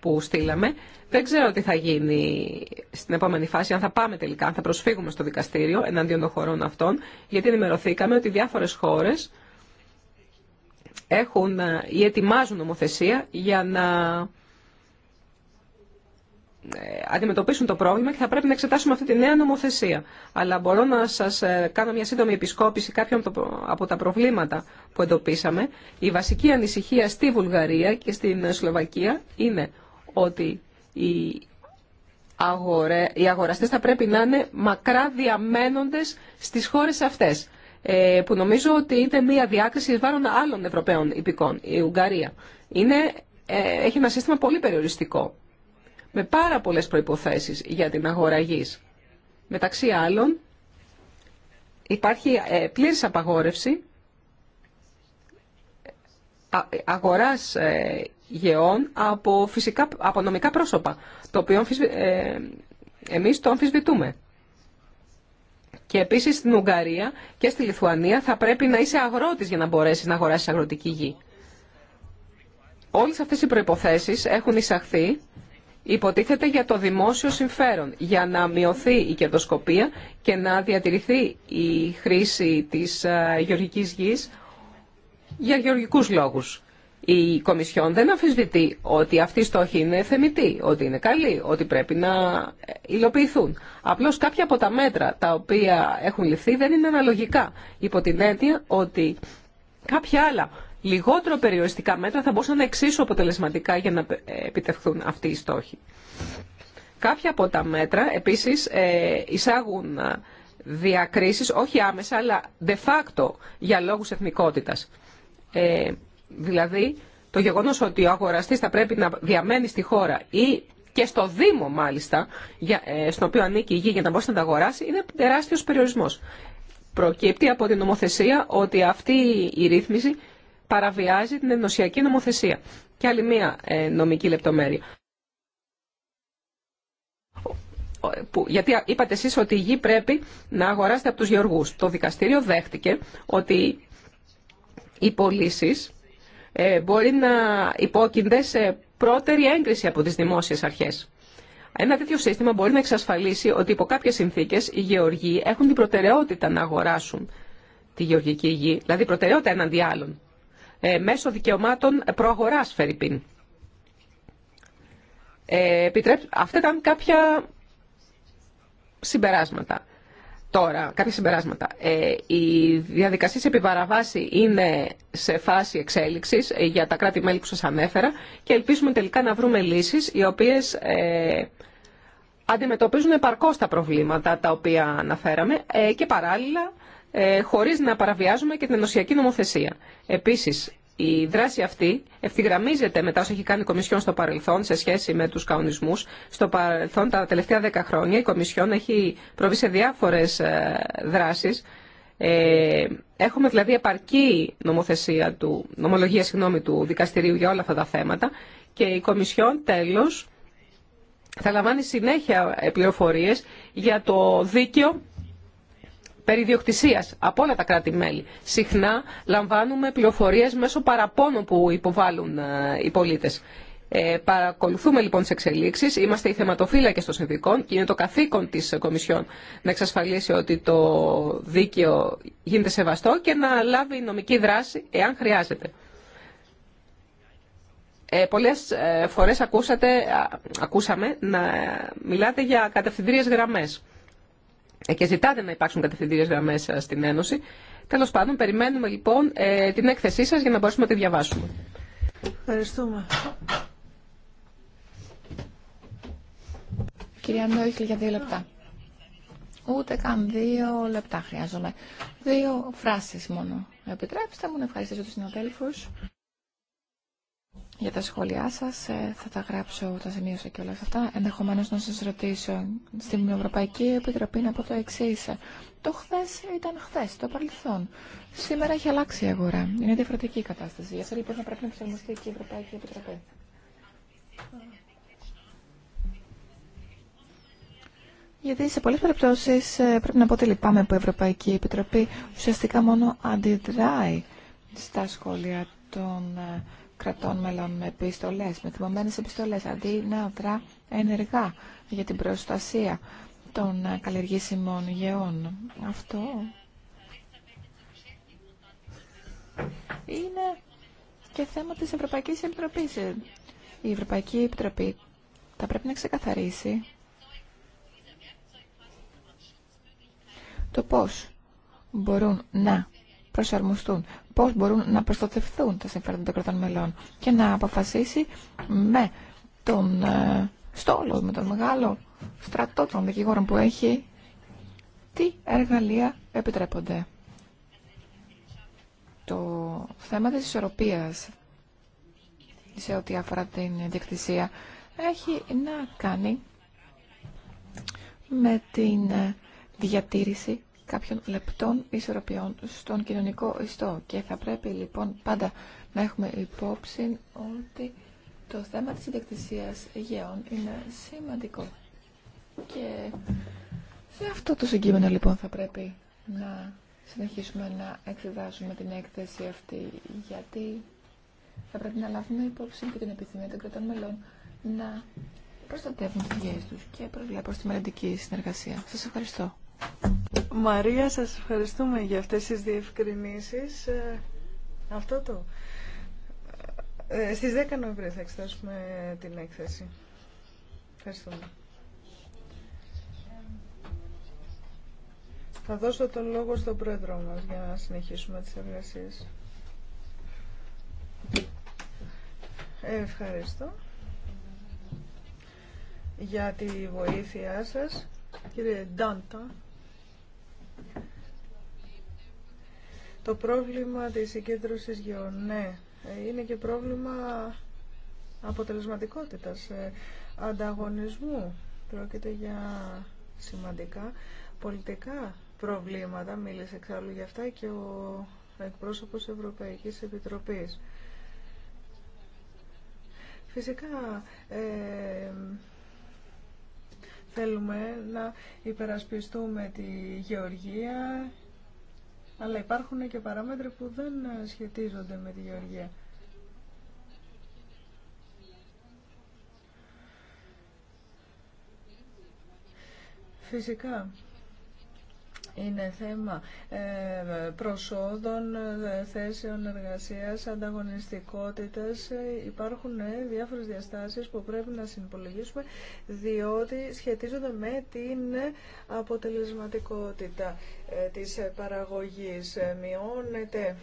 που στείλαμε δεν ξέρω τι θα γίνει στην επόμενη φάση, αν θα πάμε τελικά, αν θα προσφύγουμε στο δικαστήριο εναντίον των χωρών αυτών, γιατί ενημερωθήκαμε ότι διάφορες χώρες έχουν ε, ή ετοιμάζουν νομοθεσία για να ε, αντιμετωπίσουν το πρόβλημα και θα πρέπει να εξετάσουμε αυτή τη νέα νομοθεσία. Αλλά μπορώ να σας ε, κάνω μια σύντομη επισκόπηση κάποιων από τα προβλήματα που εντοπίσαμε. Η βασική ανησυχία στη Βουλγαρία και στην Σλοβακία είναι ότι οι, αγορε... οι αγοραστές θα πρέπει να είναι μακρά διαμένοντες στις χώρες αυτές ε, που νομίζω ότι είναι μια διάκριση βάρων άλλων Ευρωπαίων υπηκών, η Ουγγαρία. Είναι, ε, έχει ένα σύστημα πολύ περιοριστικό, με πάρα πολλές προϋποθέσεις για την αγοραγής. Μεταξύ άλλων, υπάρχει ε, πλήρης απαγόρευση αγοράς γεών από, φυσικά, από νομικά πρόσωπα, το οποίο ε, εμείς το αμφισβητούμε. Και επίσης στην Ουγγαρία και στη Λιθουανία θα πρέπει να είσαι αγρότης για να μπορέσεις να αγοράσεις αγροτική γη. Όλες αυτές οι προϋποθέσεις έχουν εισαχθεί υποτίθεται για το δημόσιο συμφέρον, για να μειωθεί η κερδοσκοπία και να διατηρηθεί η χρήση της ε, γεωργικής γης για γεωργικούς λόγους. Η Κομισιόν δεν αμφισβητεί ότι αυτοί οι στόχοι είναι θεμητοί, ότι είναι καλοί, ότι πρέπει να υλοποιηθούν. Απλώς κάποια από τα μέτρα τα οποία έχουν ληφθεί δεν είναι αναλογικά, υπό την έννοια ότι κάποια άλλα λιγότερο περιοριστικά μέτρα θα μπορούσαν να εξίσου αποτελεσματικά για να επιτευχθούν αυτοί οι στόχοι. Κάποια από τα μέτρα επίσης ε, εισάγουν ε, διακρίσεις, όχι άμεσα, αλλά de facto για λόγους εθνικότητας. Ε, Δηλαδή, το γεγονός ότι ο αγοραστής θα πρέπει να διαμένει στη χώρα ή και στο Δήμο μάλιστα, για, ε, στον οποίο ανήκει η γη για να μπορέσει να τα αγοράσει, είναι τεράστιος περιορισμός. Προκύπτει από την νομοθεσία ότι αυτή η ρύθμιση παραβιάζει την ενωσιακή νομοθεσία. Και άλλη μία ε, νομική λεπτομέρεια. Ε, γιατί είπατε εσείς ότι η γη πρέπει να αγοράσετε από τους γεωργούς. Το δικαστήριο δέχτηκε ότι οι πωλήσει ε, μπορεί να υπόκεινται σε πρώτερη έγκριση από τις δημόσιες αρχές. Ένα τέτοιο σύστημα μπορεί να εξασφαλίσει ότι υπό κάποιες συνθήκες οι γεωργοί έχουν την προτεραιότητα να αγοράσουν τη γεωργική γη, δηλαδή προτεραιότητα έναντι άλλων, ε, μέσω δικαιωμάτων προαγοράς φερρυπίν. Ε, επιτρέπ, αυτά ήταν κάποια συμπεράσματα. Τώρα, κάποια συμπεράσματα. Ε, οι σε επιβαραβάση είναι σε φάση εξέλιξης ε, για τα κράτη-μέλη που σας ανέφερα και ελπίζουμε τελικά να βρούμε λύσεις οι οποίες ε, αντιμετωπίζουν επαρκώ τα προβλήματα τα οποία αναφέραμε ε, και παράλληλα ε, χωρί να παραβιάζουμε και την ενωσιακή νομοθεσία. Επίσης, η δράση αυτή ευθυγραμμίζεται μετά όσο έχει κάνει η Κομισιόν στο παρελθόν σε σχέση με τους καονισμούς. Στο παρελθόν τα τελευταία δέκα χρόνια η Κομισιόν έχει προβεί σε διάφορες ε, δράσεις. Ε, έχουμε δηλαδή επαρκή νομοθεσία του, νομολογία συγγνώμη, του δικαστηρίου για όλα αυτά τα θέματα και η Κομισιόν τέλος θα λαμβάνει συνέχεια ε, πληροφορίες για το δίκαιο περί διοκτησίας από όλα τα κράτη-μέλη. Συχνά λαμβάνουμε πληροφορίες μέσω παραπώνων που υποβάλλουν ε, οι πολίτες. Ε, παρακολουθούμε λοιπόν τις εξελίξεις. Είμαστε οι θεματοφύλακες των συνδικών και είναι το καθήκον της Κομισιόν να εξασφαλίσει ότι το δίκαιο γίνεται σεβαστό και να λάβει νομική δράση εάν χρειάζεται. Ε, πολλές ε, φορές ακούσατε, ακούσαμε να μιλάτε για κατευθυντήριες γραμμές. Ε, και ζητάτε να υπάρξουν κατευθυντήριε γραμμέ ε, στην Ένωση. Τέλο πάντων, περιμένουμε λοιπόν ε, την έκθεσή σα για να μπορέσουμε να τη διαβάσουμε. Ευχαριστούμε. Κυρία Νόιχλη, για δύο λεπτά. Ούτε καν δύο λεπτά χρειάζομαι. Δύο φράσεις μόνο. Επιτρέψτε μου να ευχαριστήσω τους συναδέλφους για τα σχόλιά σας. Ε, θα τα γράψω, τα σημείωσα και όλα αυτά. Ενδεχομένω να σα ρωτήσω στην Ευρωπαϊκή Επιτροπή να πω το εξή. Το χθε ήταν χθε, το παρελθόν. Σήμερα έχει αλλάξει η αγορά. Είναι διαφορετική η κατάσταση. Γι' αυτό λοιπόν θα πρέπει να προσαρμοστεί και η Ευρωπαϊκή Επιτροπή. Γιατί σε πολλές περιπτώσεις ε, πρέπει να πω ότι λυπάμαι που η Ευρωπαϊκή Επιτροπή ουσιαστικά μόνο αντιδράει στα σχόλια των ε, κρατών μελών με επιστολές, με θυμωμένες επιστολές, αντί να δρά ενεργά για την προστασία των ε, καλλιεργήσιμων γεών. Αυτό είναι και θέμα της Ευρωπαϊκής Επιτροπής. Η Ευρωπαϊκή Επιτροπή θα πρέπει να ξεκαθαρίσει το πώς μπορούν να προσαρμοστούν πώς μπορούν να προστατευθούν τα συμφέροντα των κρατών μελών και να αποφασίσει με τον ε, στόλο, με τον μεγάλο στρατό των δικηγόρων που έχει, τι εργαλεία επιτρέπονται. Το θέμα της ισορροπίας σε ό,τι αφορά την διεκτησία έχει να κάνει με την ε, διατήρηση κάποιων λεπτών ισορροπιών στον κοινωνικό ιστό. Και θα πρέπει λοιπόν πάντα να έχουμε υπόψη ότι το θέμα της ιδιοκτησίας γεών είναι σημαντικό. Και σε αυτό το συγκείμενο λοιπόν θα πρέπει να συνεχίσουμε να εξετάζουμε την έκθεση αυτή, γιατί θα πρέπει να λάβουμε υπόψη και την επιθυμία των κρατών μελών να προστατεύουν τις γέες τους και προβλέπω στη μελλοντική συνεργασία. Σας ευχαριστώ. Μαρία, σας ευχαριστούμε για αυτές τις διευκρινήσεις. Ε, αυτό το... Ε, στις 10 Νοεμβρίου θα εξετάσουμε την έκθεση. Ευχαριστούμε. Θα δώσω τον λόγο στον πρόεδρό μας για να συνεχίσουμε τις εργασίες. Ευχαριστώ για τη βοήθειά σας, κύριε Ντάντα. Το πρόβλημα της συγκέντρωσης γεών, ναι, είναι και πρόβλημα αποτελεσματικότητας, ε, ανταγωνισμού. Πρόκειται για σημαντικά πολιτικά προβλήματα, μίλησε εξάλλου για αυτά και ο εκπρόσωπος Ευρωπαϊκής Επιτροπής. Φυσικά, ε, Θέλουμε να υπερασπιστούμε τη γεωργία, αλλά υπάρχουν και παράμετροι που δεν σχετίζονται με τη γεωργία. Φυσικά, είναι θέμα ε, προσόδων, ε, θέσεων εργασίας, ανταγωνιστικότητας. Ε, υπάρχουν διάφορες διαστάσεις που πρέπει να συμπολογίσουμε διότι σχετίζονται με την αποτελεσματικότητα της παραγωγής. Μειώνεται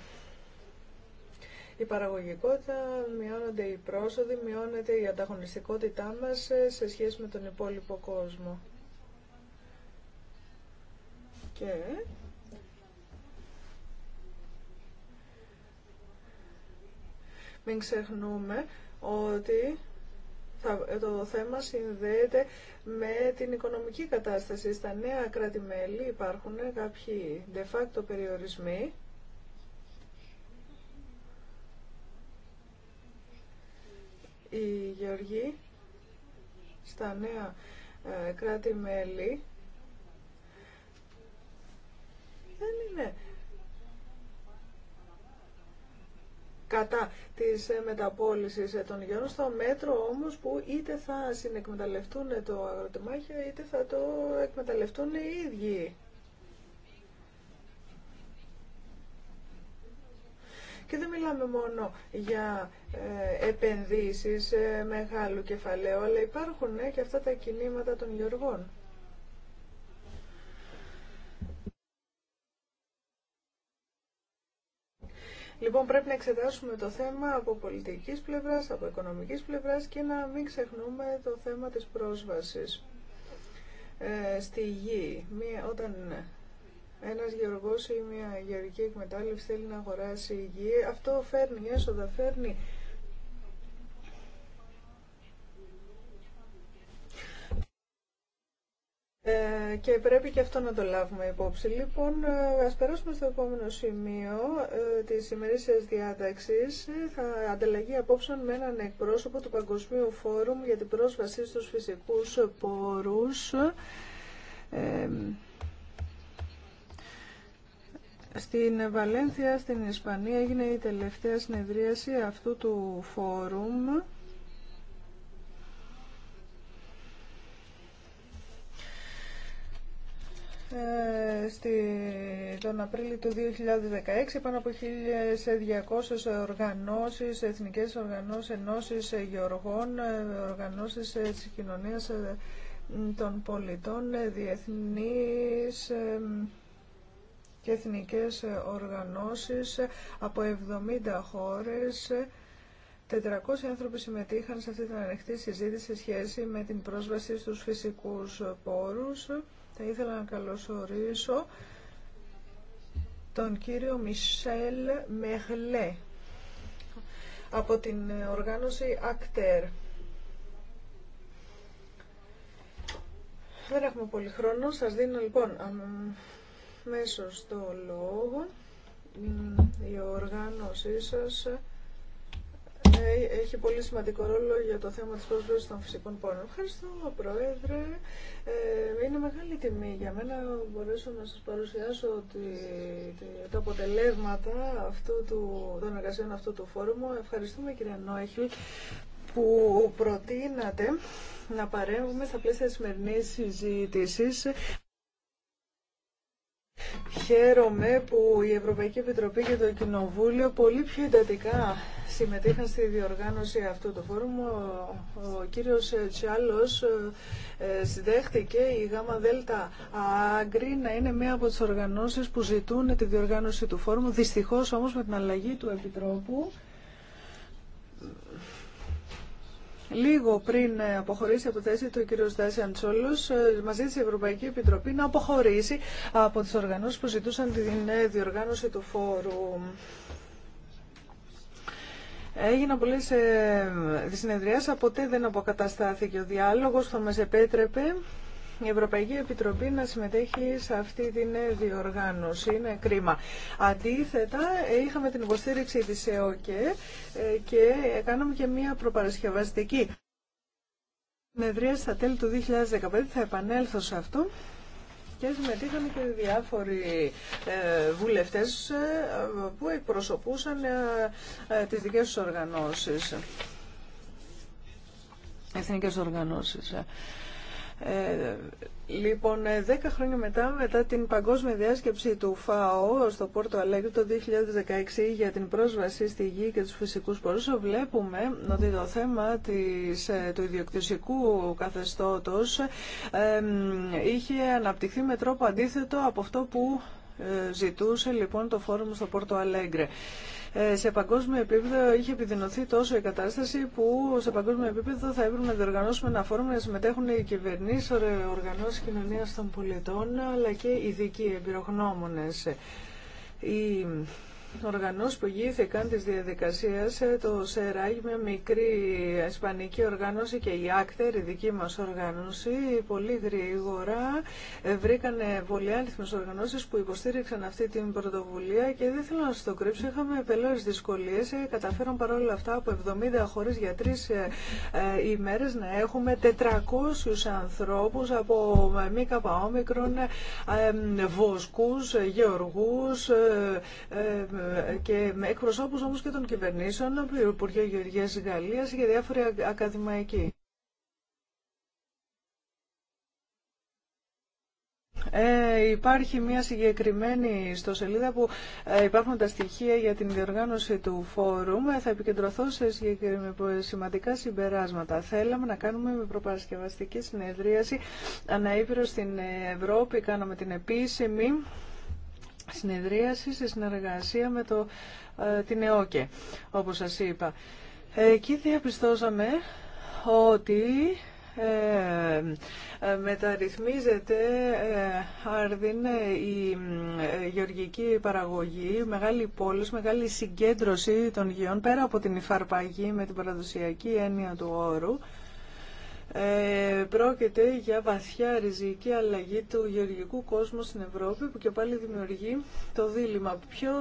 η παραγωγικότητα, μειώνονται οι πρόσοδοι, μειώνεται η ανταγωνιστικότητά μας σε σχέση με τον υπόλοιπο κόσμο. Και μην ξεχνούμε ότι το θέμα συνδέεται με την οικονομική κατάσταση. Στα νέα κράτη-μέλη υπάρχουν κάποιοι de facto περιορισμοί Η Γεωργή στα νέα ε, δεν είναι κατά της ε, μεταπόλησης ε, των γεών, στο μέτρο όμως που είτε θα συνεκμεταλλευτούν ε, το αγροτεμάχιο είτε θα το εκμεταλλευτούν οι ίδιοι. Και δεν μιλάμε μόνο για ε, επενδύσεις μεγάλου κεφαλαίου, αλλά υπάρχουν και αυτά τα κινήματα των γεωργών. Λοιπόν, πρέπει να εξετάσουμε το θέμα από πολιτικής πλευράς, από οικονομικής πλευράς και να μην ξεχνούμε το θέμα της πρόσβασης ε, στη γη. Μία, όταν ένας γεωργός ή μια γεωργική εκμετάλλευση θέλει να αγοράσει γη, αυτό φέρνει έσοδα, φέρνει Ε, και πρέπει και αυτό να το λάβουμε υπόψη. Λοιπόν, ε, ας περάσουμε στο επόμενο σημείο ε, της ημερήσιας διάταξης. Θα ανταλλαγεί απόψε με έναν εκπρόσωπο του Παγκοσμίου Φόρουμ για την πρόσβαση στους φυσικούς πόρους στην Βαλένθια, στην Ισπανία, έγινε η τελευταία συνεδρίαση αυτού του φόρουμ. Ε, στον τον Απρίλιο του 2016 πάνω από 1.200 οργανώσεις, εθνικές οργανώσεις, ενώσεις γεωργών, ε, οργανώσεις ε, της κοινωνίας των πολιτών, διεθνείς και εθνικές οργανώσεις από 70 χώρες 400 άνθρωποι συμμετείχαν σε αυτή την ανοιχτή συζήτηση σε σχέση με την πρόσβαση στους φυσικούς πόρους. Θα ήθελα να καλωσορίσω τον κύριο Μισελ Μεχλέ από την οργάνωση ΑΚΤΕΡ. Δεν έχουμε πολύ χρόνο. Σας δίνω λοιπόν μέσω το λόγο. Η οργάνωσή σας ναι, έχει πολύ σημαντικό ρόλο για το θέμα της πρόσβασης των φυσικών πόρων. Ευχαριστώ, Πρόεδρε. Ε, είναι μεγάλη τιμή για μένα να μπορέσω να σας παρουσιάσω τη, τα αποτελέσματα αυτού του, των εργασιών αυτού του φόρουμου. Ευχαριστούμε, κύριε Νόχη που προτείνατε να παρέμβουμε στα πλαίσια της σημερινής συζήτησης. Χαίρομαι που η Ευρωπαϊκή Επιτροπή και το Κοινοβούλιο πολύ πιο εντατικά συμμετείχαν στη διοργάνωση αυτού του φόρουμ. Ο, ο κύριος Τσιάλος ε, συνδέχτηκε η ΓΑΜΑ ΔΕΛΤΑ Άγκρη να είναι μία από τις οργανώσεις που ζητούν τη διοργάνωση του φόρουμ. Δυστυχώς όμως με την αλλαγή του Επιτρόπου Λίγο πριν αποχωρήσει από θέση του ο κ. Στάσιαν ε, μαζί της Ευρωπαϊκή Επιτροπή να αποχωρήσει από τις οργανώσεις που ζητούσαν τη ε, διοργάνωση του φόρουμ. Έγιναν πολλέ συνεδριάσεις, ποτέ δεν αποκαταστάθηκε ο διάλογο. Θα μα επέτρεπε η Ευρωπαϊκή Επιτροπή να συμμετέχει σε αυτή την διοργάνωση. Είναι κρίμα. Αντίθετα, ε, είχαμε την υποστήριξη της ΕΟΚΕ ε, και κάναμε και μία προπαρασκευαστική. Συνεδρία στα τέλη του 2015 θα επανέλθω σε αυτό και συμμετείχαν και διάφοροι ε, βουλευτές ε, που εκπροσωπούσαν ε, τις δικές τους οργανώσεις, εθνικές οργανώσεις. Ε, λοιπόν, ε, δέκα χρόνια μετά, μετά την παγκόσμια διάσκεψη του ΦΑΟ στο Πόρτο Αλέγκρι το 2016 για την πρόσβαση στη γη και τους φυσικούς πόρους, βλέπουμε ότι το θέμα της, ε, του ιδιοκτησικού καθεστώτος είχε αναπτυχθεί με τρόπο αντίθετο από αυτό που ζητούσε λοιπόν το φόρουμ στο Πόρτο Αλέγκρε. Ε, σε παγκόσμιο επίπεδο είχε επιδεινωθεί τόσο η κατάσταση που σε παγκόσμιο επίπεδο θα έπρεπε να διοργανώσουμε ένα φόρμα να συμμετέχουν οι κυβερνήσει, οργανώσει κοινωνία των πολιτών αλλά και ειδικοί εμπειρογνώμονε οργανώσει που γύθηκαν τη διαδικασία ε, το Σεράγι, μια μικρή ισπανική οργάνωση και η ΆΚΤΕΡ, η δική μας οργάνωση, πολύ γρήγορα ε, βρήκαν πολύ άριθμε οργανώσεις που υποστήριξαν αυτή την πρωτοβουλία και δεν θέλω να σα το κρύψω, είχαμε πελώρες δυσκολίε. Ε, καταφέραν παρόλα αυτά από 70 χωρί για τρει ημέρε να έχουμε 400 ανθρώπους από καπαόμικρον βοσκούς, γεωργούς, και με εκπροσώπους όμως και των κυβερνήσεων από το Υπουργείο Γεωργίας Γαλλίας και διάφοροι ακαδημαϊκοί. Ε, υπάρχει μια συγκεκριμένη ιστοσελίδα που ε, υπάρχουν τα στοιχεία για την διοργάνωση του φόρουμ. Ε, θα επικεντρωθώ σε σημαντικά συμπεράσματα. Θέλαμε να κάνουμε με προπαρασκευαστική συνεδρίαση αναήπειρο στην Ευρώπη. Κάναμε την επίσημη συνεδρίαση σε συνεργασία με το, ε, την ΕΟΚΕ, όπως σας είπα. Εκεί διαπιστώσαμε ότι ε, ε μεταρρυθμίζεται ε, άρδιν η γεωργική παραγωγή, μεγάλη πόλη, μεγάλη συγκέντρωση των γεών πέρα από την υφαρπαγή με την παραδοσιακή έννοια του όρου. Ε, πρόκειται για βαθιά ριζική αλλαγή του γεωργικού κόσμου στην Ευρώπη που και πάλι δημιουργεί το δίλημα ποιο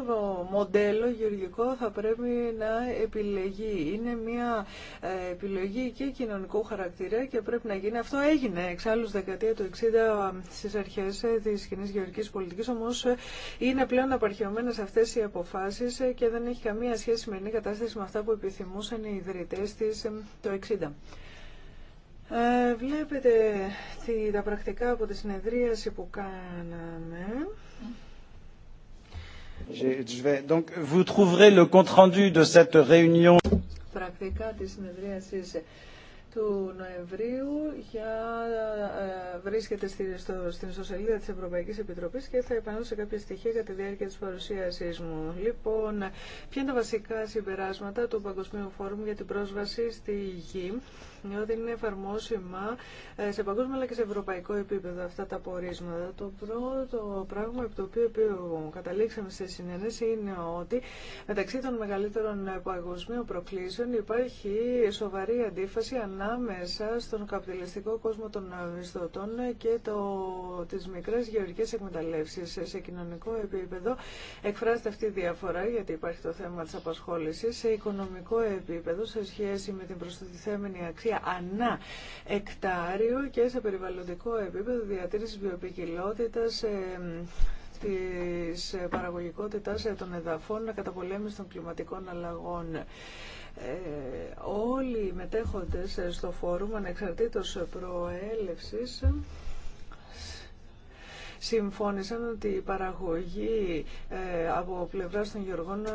μοντέλο γεωργικό θα πρέπει να επιλεγεί. Είναι μια ε, επιλογή και κοινωνικού χαρακτήρα και πρέπει να γίνει. Αυτό έγινε εξάλλου δεκαετία του 60 στις αρχές της κοινή γεωργικής πολιτικής όμως ε, είναι πλέον απαρχαιωμένες αυτές οι αποφάσεις ε, και δεν έχει καμία σχέση με την κατάσταση με αυτά που επιθυμούσαν οι ιδρυτές της το 60. Ε, βλέπετε τα πρακτικά από τη συνεδρίαση που κάναμε. Donc, vous trouverez le compte rendu de cette réunion. Πρακτικά τη συνεδρίαση του Νοεμβρίου για, ε, βρίσκεται στη, στο, στην ιστοσελίδα της Ευρωπαϊκής Επιτροπής και θα επανέλθω σε κάποια στοιχεία κατά τη διάρκεια της παρουσίασής μου. Λοιπόν, ποια είναι τα βασικά συμπεράσματα του Παγκοσμίου Φόρουμ για την πρόσβαση στη γη ότι είναι εφαρμόσιμα ε, σε παγκόσμιο αλλά και σε ευρωπαϊκό επίπεδο αυτά τα πορίσματα. Το πρώτο πράγμα από το οποίο καταλήξαμε σε συνένεση είναι ότι μεταξύ των μεγαλύτερων παγκοσμίων προκλήσεων υπάρχει σοβαρή αντίφαση ανάμεσα στον καπιταλιστικό κόσμο των μισθωτών και το, τις μικρές γεωργικές εκμεταλλεύσεις. Σε κοινωνικό επίπεδο εκφράζεται αυτή η διαφορά γιατί υπάρχει το θέμα της απασχόλησης. Σε οικονομικό επίπεδο σε σχέση με την προστιθέμενη αξία ανά εκτάριο και σε περιβαλλοντικό επίπεδο διατήρησης βιοποικιλότητας, ε, της παραγωγικότητας ε, των εδαφών, καταπολέμηση των κλιματικών αλλαγών. Ε, όλοι οι μετέχοντες στο φόρουμ, ανεξαρτήτως προέλευσης, συμφώνησαν ότι η παραγωγή ε, από πλευρά των γεωργών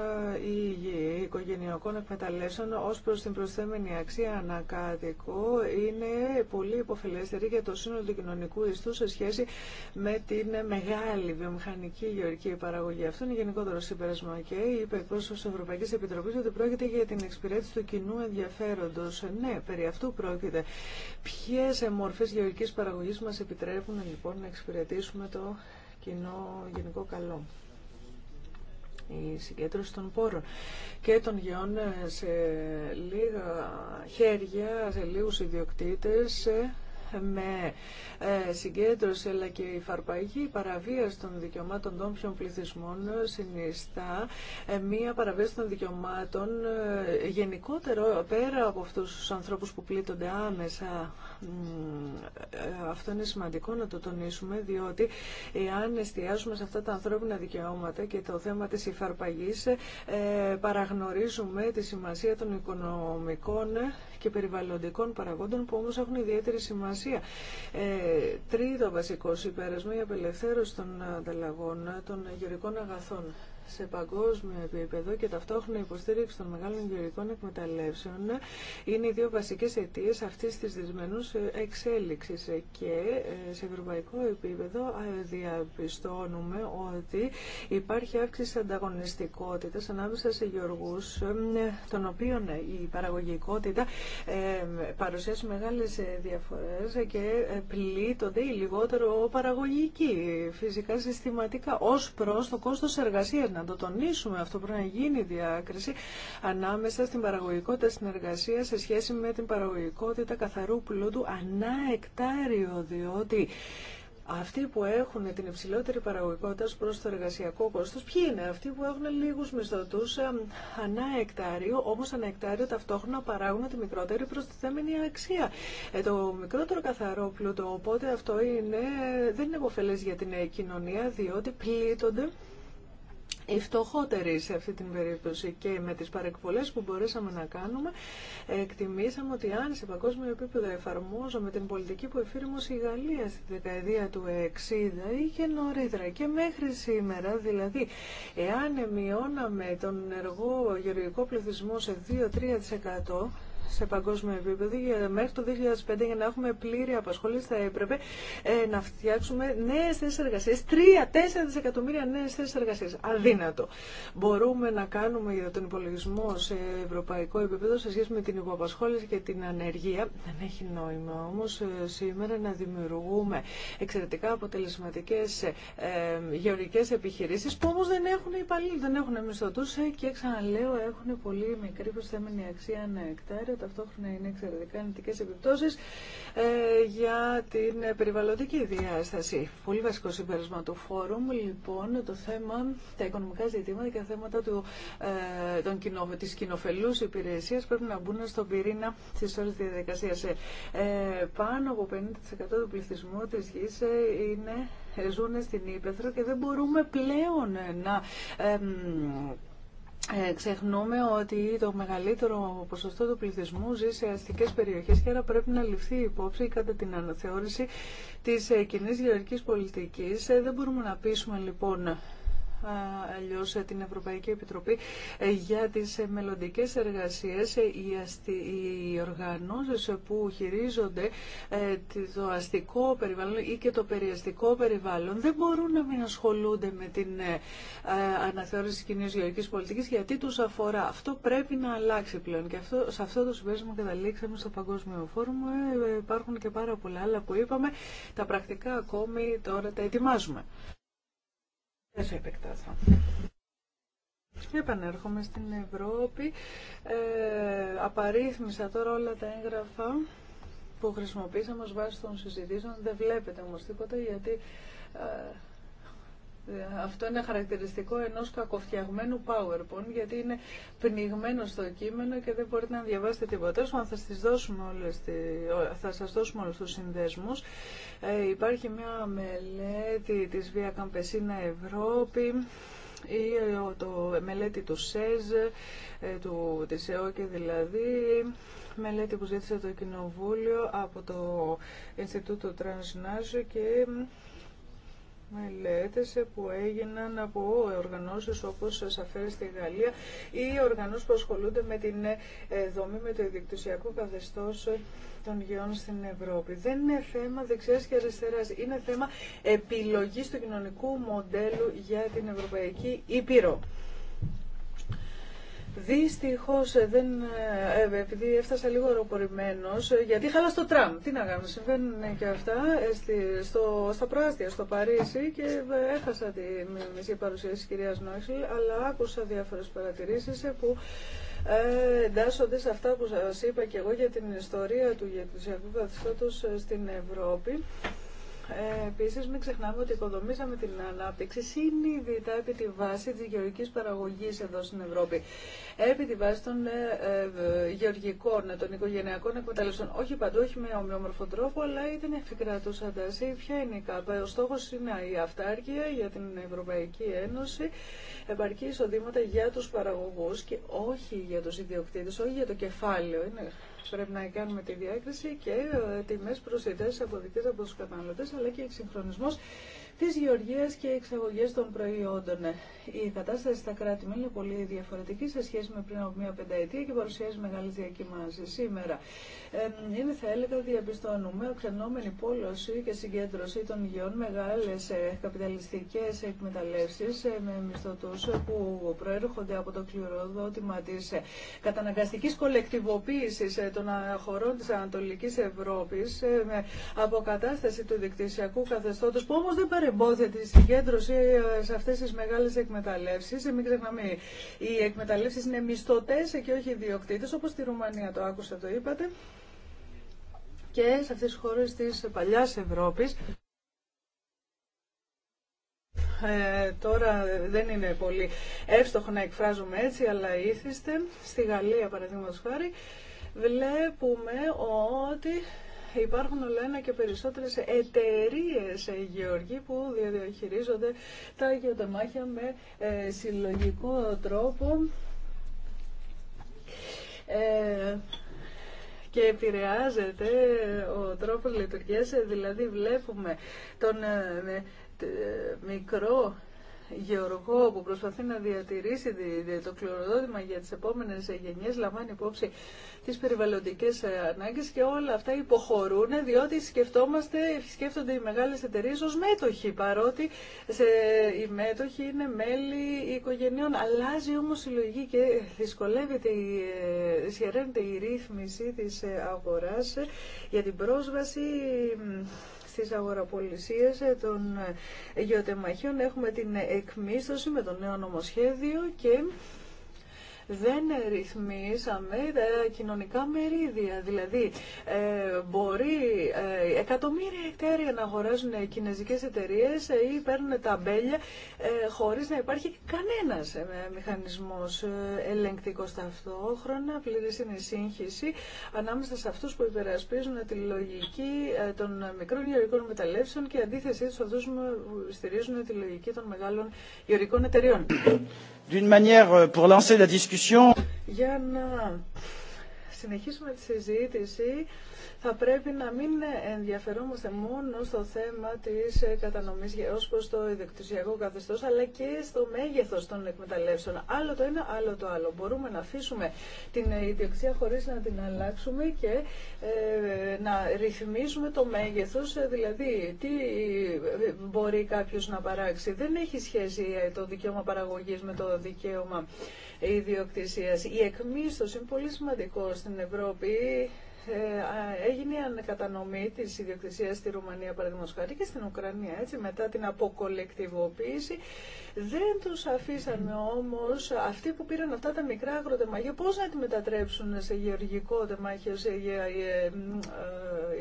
ή ε, οικογενειακών εκμεταλλεύσεων ως προς την προσθέμενη αξία ανακάτοικο είναι πολύ υποφελέστερη για το σύνολο του κοινωνικού ιστού σε σχέση με την μεγάλη βιομηχανική γεωργική παραγωγή. Αυτό είναι γενικότερο συμπέρασμα και είπε εκπρόσωπο τη Ευρωπαϊκή Επιτροπή ότι πρόκειται για την εξυπηρέτηση του κοινού ενδιαφέροντο. Ναι, περί αυτού πρόκειται. Ποιε μορφέ γεωργική παραγωγή μα επιτρέπουν λοιπόν να εξυπηρετήσουμε το κοινό γενικό καλό η συγκέντρωση των πόρων και των γεών σε λίγα χέρια, σε λίγους ιδιοκτήτες με ε, συγκέντρωση αλλά και η φαρπαγή παραβίαση των δικαιωμάτων των πιο πληθυσμών ε, συνιστά ε, μία παραβίαση των δικαιωμάτων γενικότερο πέρα από αυτούς τους ανθρώπους που πλήττονται άμεσα ε, αυτό είναι σημαντικό να το τονίσουμε, διότι εάν εστιάζουμε σε αυτά τα ανθρώπινα δικαιώματα και το θέμα της υφαρπαγής, ε, παραγνωρίζουμε τη σημασία των οικονομικών και περιβαλλοντικών παραγόντων που όμως έχουν ιδιαίτερη σημασία. Ε, τρίτο βασικό συμπέρασμα, η απελευθέρωση των ανταλλαγών των γεωρικών αγαθών σε παγκόσμιο επίπεδο και ταυτόχρονα υποστήριξη των μεγάλων γεωργικών εκμεταλλεύσεων είναι οι δύο βασικές αιτίε αυτή τη δυσμένου εξέλιξη. και ε, σε ευρωπαϊκό επίπεδο ε, διαπιστώνουμε ότι υπάρχει αύξηση ανταγωνιστικότητας ανάμεσα σε γεωργούς ε, των οποίων η παραγωγικότητα παρουσιάζει μεγάλε διαφορέ και πλήττονται οι λιγότερο παραγωγικοί φυσικά συστηματικά ω προ το κόστος εργασία να το τονίσουμε αυτό, πρέπει να γίνει διάκριση ανάμεσα στην παραγωγικότητα συνεργασία σε σχέση με την παραγωγικότητα καθαρού πλούτου ανά εκτάριο, διότι αυτοί που έχουν την υψηλότερη παραγωγικότητα προς το εργασιακό κόστος, ποιοι είναι αυτοί που έχουν λίγους μισθωτού ε, ανά εκτάριο, όμως ανά εκτάριο ταυτόχρονα παράγουν τη μικρότερη προστιθέμενη αξία. Ε, το μικρότερο καθαρό πλούτο, οπότε αυτό είναι, δεν είναι υποφελέ για την κοινωνία, διότι πλήττονται οι φτωχότεροι σε αυτή την περίπτωση και με τις παρεκβολές που μπορέσαμε να κάνουμε εκτιμήσαμε ότι αν σε παγκόσμιο επίπεδο εφαρμόζουμε την πολιτική που εφήρμοσε η Γαλλία στη δεκαετία του 60 ή και νωρίτερα και μέχρι σήμερα δηλαδή εάν μειώναμε τον ενεργό γεωργικό πληθυσμό σε 2-3% σε παγκόσμιο επίπεδο. Μέχρι το 2005 για να έχουμε πλήρη απασχόληση θα έπρεπε ε, να φτιάξουμε νέες θέσεις εργασίας. 3-4 δισεκατομμύρια νέες θέσεις εργασίας. Αδύνατο. Μπορούμε να κάνουμε για τον υπολογισμό σε ευρωπαϊκό επίπεδο σε σχέση με την υποαπασχόληση και την ανεργία. Δεν έχει νόημα όμως ε, σήμερα να δημιουργούμε εξαιρετικά αποτελεσματικές ε, γεωργικές επιχειρήσεις που όμως δεν έχουν υπαλλήλου, δεν έχουν μισθωτούς ε, και ξαναλέω έχουν πολύ μικρή προσθέμενη αξία ανά ταυτόχρονα είναι εξαιρετικά ενετικές επιπτώσεις ε, για την περιβαλλοντική διάσταση. Πολύ βασικό συμπέρασμα του φόρουμ, λοιπόν, το θέμα, τα οικονομικά ζητήματα και τα θέματα του, ε, των της κοινοφελούς υπηρεσίας πρέπει να μπουν στον πυρήνα της όλης της διαδικασίας. Ε, πάνω από 50% του πληθυσμού της γης ε, είναι, ζουν στην Ήπεθρο και δεν μπορούμε πλέον να... Ε, ε, ξεχνούμε ότι το μεγαλύτερο ποσοστό του πληθυσμού ζει σε αστικές περιοχές και άρα πρέπει να ληφθεί υπόψη κατά την αναθεώρηση της ε, κοινή γεωργικής πολιτικής. Ε, δεν μπορούμε να πείσουμε λοιπόν Αλλιώ ε, την Ευρωπαϊκή Επιτροπή ε, για τις ε, μελλοντικέ εργασίες οι, αστι... οι οργανώσεις που χειρίζονται το αστικό περιβάλλον ή και το περιαστικό περιβάλλον δεν μπορούν να μην ασχολούνται με την αναθεώρηση της κοινής γεωργικής πολιτικής γιατί του αφορά. Αυτό πρέπει να αλλάξει πλέον και αυτό, σε αυτό το συμπέρασμα καταλήξαμε στο Παγκόσμιο Φόρουμ. υπάρχουν και πάρα πολλά άλλα που είπαμε. Τα πρακτικά ακόμη τώρα τα ετοιμάζουμε. Δεν σε επεκτάθω. Επανέρχομαι στην Ευρώπη. Ε, απαρίθμησα τώρα όλα τα έγγραφα που χρησιμοποίησαμε ως βάση των συζητήσεων. Δεν βλέπετε όμως τίποτα γιατί ε, ε, αυτό είναι χαρακτηριστικό ενός κακοφτιαγμένου PowerPoint, γιατί είναι πνιγμένο στο κείμενο και δεν μπορείτε να διαβάσετε τίποτα. Αν θα, σας δώσουμε θα σας δώσουμε όλους τους συνδέσμους. Ε, υπάρχει μια μελέτη της Via Campesina Ευρώπη, ή το μελέτη του ΣΕΖ, ε, του, της ΕΟΚΕ δηλαδή, μελέτη που ζήτησε το Κοινοβούλιο από το Ινστιτούτο Τρανσνάζ και μελέτες που έγιναν από οργανώσεις όπως σας αφέρει στη Γαλλία ή οργανώσεις που ασχολούνται με την ε, δομή, με το ειδικτυσιακό καθεστώς των γεών στην Ευρώπη. Δεν είναι θέμα δεξιάς και αριστεράς, είναι θέμα επιλογής του κοινωνικού μοντέλου για την Ευρωπαϊκή Ήπειρο. Δυστυχώ ε, δεν, ε, επειδή έφτασα λίγο αεροπορημένο, ε, γιατί είχα το τραμ. Τι να κάνω, συμβαίνουν και αυτά στο, στα πράστια, στο Παρίσι και έχασα τη μισή παρουσίαση της κυρίας Νόξιλ, αλλά άκουσα διάφορες παρατηρήσεις που ε, εντάσσονται σε αυτά που σας είπα και εγώ για την ιστορία του για τους στην Ευρώπη. Ε, επίσης, μην ξεχνάμε ότι οικοδομήσαμε την ανάπτυξη συνειδητά επί τη βάση της γεωργικής παραγωγής εδώ στην Ευρώπη. Επί τη βάση των ε, ε, γεωργικών, ε, των οικογενειακών εκμεταλλευτών. Όχι παντού, όχι με ομοιόμορφο τρόπο, αλλά δεν επικρατούσαν τα Ποια είναι η ΚΑΠΑ. Ο στοχο είναι η αυτάρκεια για την Ευρωπαϊκή Ένωση, επαρκή εισοδήματα για του παραγωγού και όχι για του ιδιοκτήτες, όχι για το κεφάλαιο. Είναι Πρέπει να κάνουμε τη διάκριση και ε, τιμές προσιτές δικές από τους καταναλωτές, αλλά και εξυγχρονισμός Τη γεωργίας και εξαγωγές των προϊόντων. Ε, η κατάσταση στα κράτη είναι πολύ διαφορετική σε σχέση με πριν από μία πενταετία και παρουσιάζει μεγάλες διακοιμάνσεις σήμερα. Ε, είναι, θα έλεγα, διαπιστώνουμε ξενόμενη πόλωση και συγκέντρωση των γεών μεγάλε καπιταλιστικέ ε, καπιταλιστικές εκμεταλλεύσεις ε, με μισθωτούς που προέρχονται από το κληροδότημα της ε, καταναγκαστικής κολεκτιβοποίησης των χωρών της Ανατολικής Ευρώπης με αποκατάσταση του δικτυσιακού καθεστώτος που όμως δεν εμπόδια τη συγκέντρωση ε, σε αυτέ τι μεγάλε εκμεταλλεύσει. Ε, μην ξεχνάμε, οι εκμεταλλεύσει είναι μισθωτέ ε, και όχι ιδιοκτήτε, όπω στη Ρουμανία το άκουσα, το είπατε. Και σε αυτέ τι χώρε τη παλιά Ευρώπη. Ε, τώρα δεν είναι πολύ εύστοχο να εκφράζουμε έτσι, αλλά ήθιστε. Στη Γαλλία, παραδείγματο χάρη, βλέπουμε ότι υπάρχουν όλο ένα και περισσότερες εταιρείε ε, γεωργοί που διαχειρίζονται τα γεωτεμάχια με ε, συλλογικό τρόπο ε, και επηρεάζεται ο τρόπος λειτουργίας, δηλαδή βλέπουμε τον μικρό γεωργό που προσπαθεί να διατηρήσει το κληροδότημα για τις επόμενες γενιές λαμβάνει υπόψη τις περιβαλλοντικές ε, ανάγκες και όλα αυτά υποχωρούν διότι σκεφτόμαστε, σκέφτονται οι μεγάλες εταιρείες ως μέτοχοι παρότι σε, οι μέτοχοι είναι μέλη οικογενειών. Αλλάζει όμως η λογική και δυσκολεύεται, δυσχεραίνεται ε, η ρύθμιση της ε, αγοράς για την πρόσβαση στις αγοραπολισίες των γεωτεμαχίων. Έχουμε την εκμίσθωση με το νέο νομοσχέδιο και δεν ρυθμίσαμε τα κοινωνικά μερίδια. Δηλαδή, ε, μπορεί ε, εκατομμύρια εκτέρια να αγοράζουν κινέζικες εταιρείες ε, ή παίρνουν ταμπέλια χωρίς να υπάρχει κανένας μηχανισμός ελεγκτικός ταυτόχρονα. Πλήρης είναι η σύγχυση ελεγκτικος ταυτοχρονα πλήρη ειναι η συγχυση αναμεσα σε αυτούς που υπερασπίζουν τη λογική των μικρών γεωρικών μεταλλεύσεων και αντίθεσή του αυτούς που στηρίζουν τη λογική των μεγάλων γεωρικών εταιρείων d'une manière pour lancer la discussion συνεχίσουμε τη συζήτηση θα πρέπει να μην ενδιαφερόμαστε μόνο στο θέμα της κατανομής ως προς το ιδιοκτησιακό καθεστώς αλλά και στο μέγεθος των εκμεταλλεύσεων. Άλλο το ένα, άλλο το άλλο. Μπορούμε να αφήσουμε την ιδιοκτησία χωρίς να την αλλάξουμε και ε, να ρυθμίζουμε το μέγεθος, ε, δηλαδή τι μπορεί κάποιος να παράξει. Δεν έχει σχέση ε, το δικαίωμα παραγωγής με το δικαίωμα ιδιοκτησίας. Η εκμίσθωση είναι πολύ σημαντικό στην Ευρώπη ε, έγινε η ανακατανομή τη ιδιοκτησία στη Ρουμανία παραδείγματο χάρη και στην Ουκρανία έτσι μετά την αποκολεκτιβοποίηση δεν του αφήσαμε όμω, αυτοί που πήραν αυτά τα μικρά αγροτεμάχια Πώ να τη μετατρέψουν σε γεωργικό τεμάχιο, σε ε, ε, ε,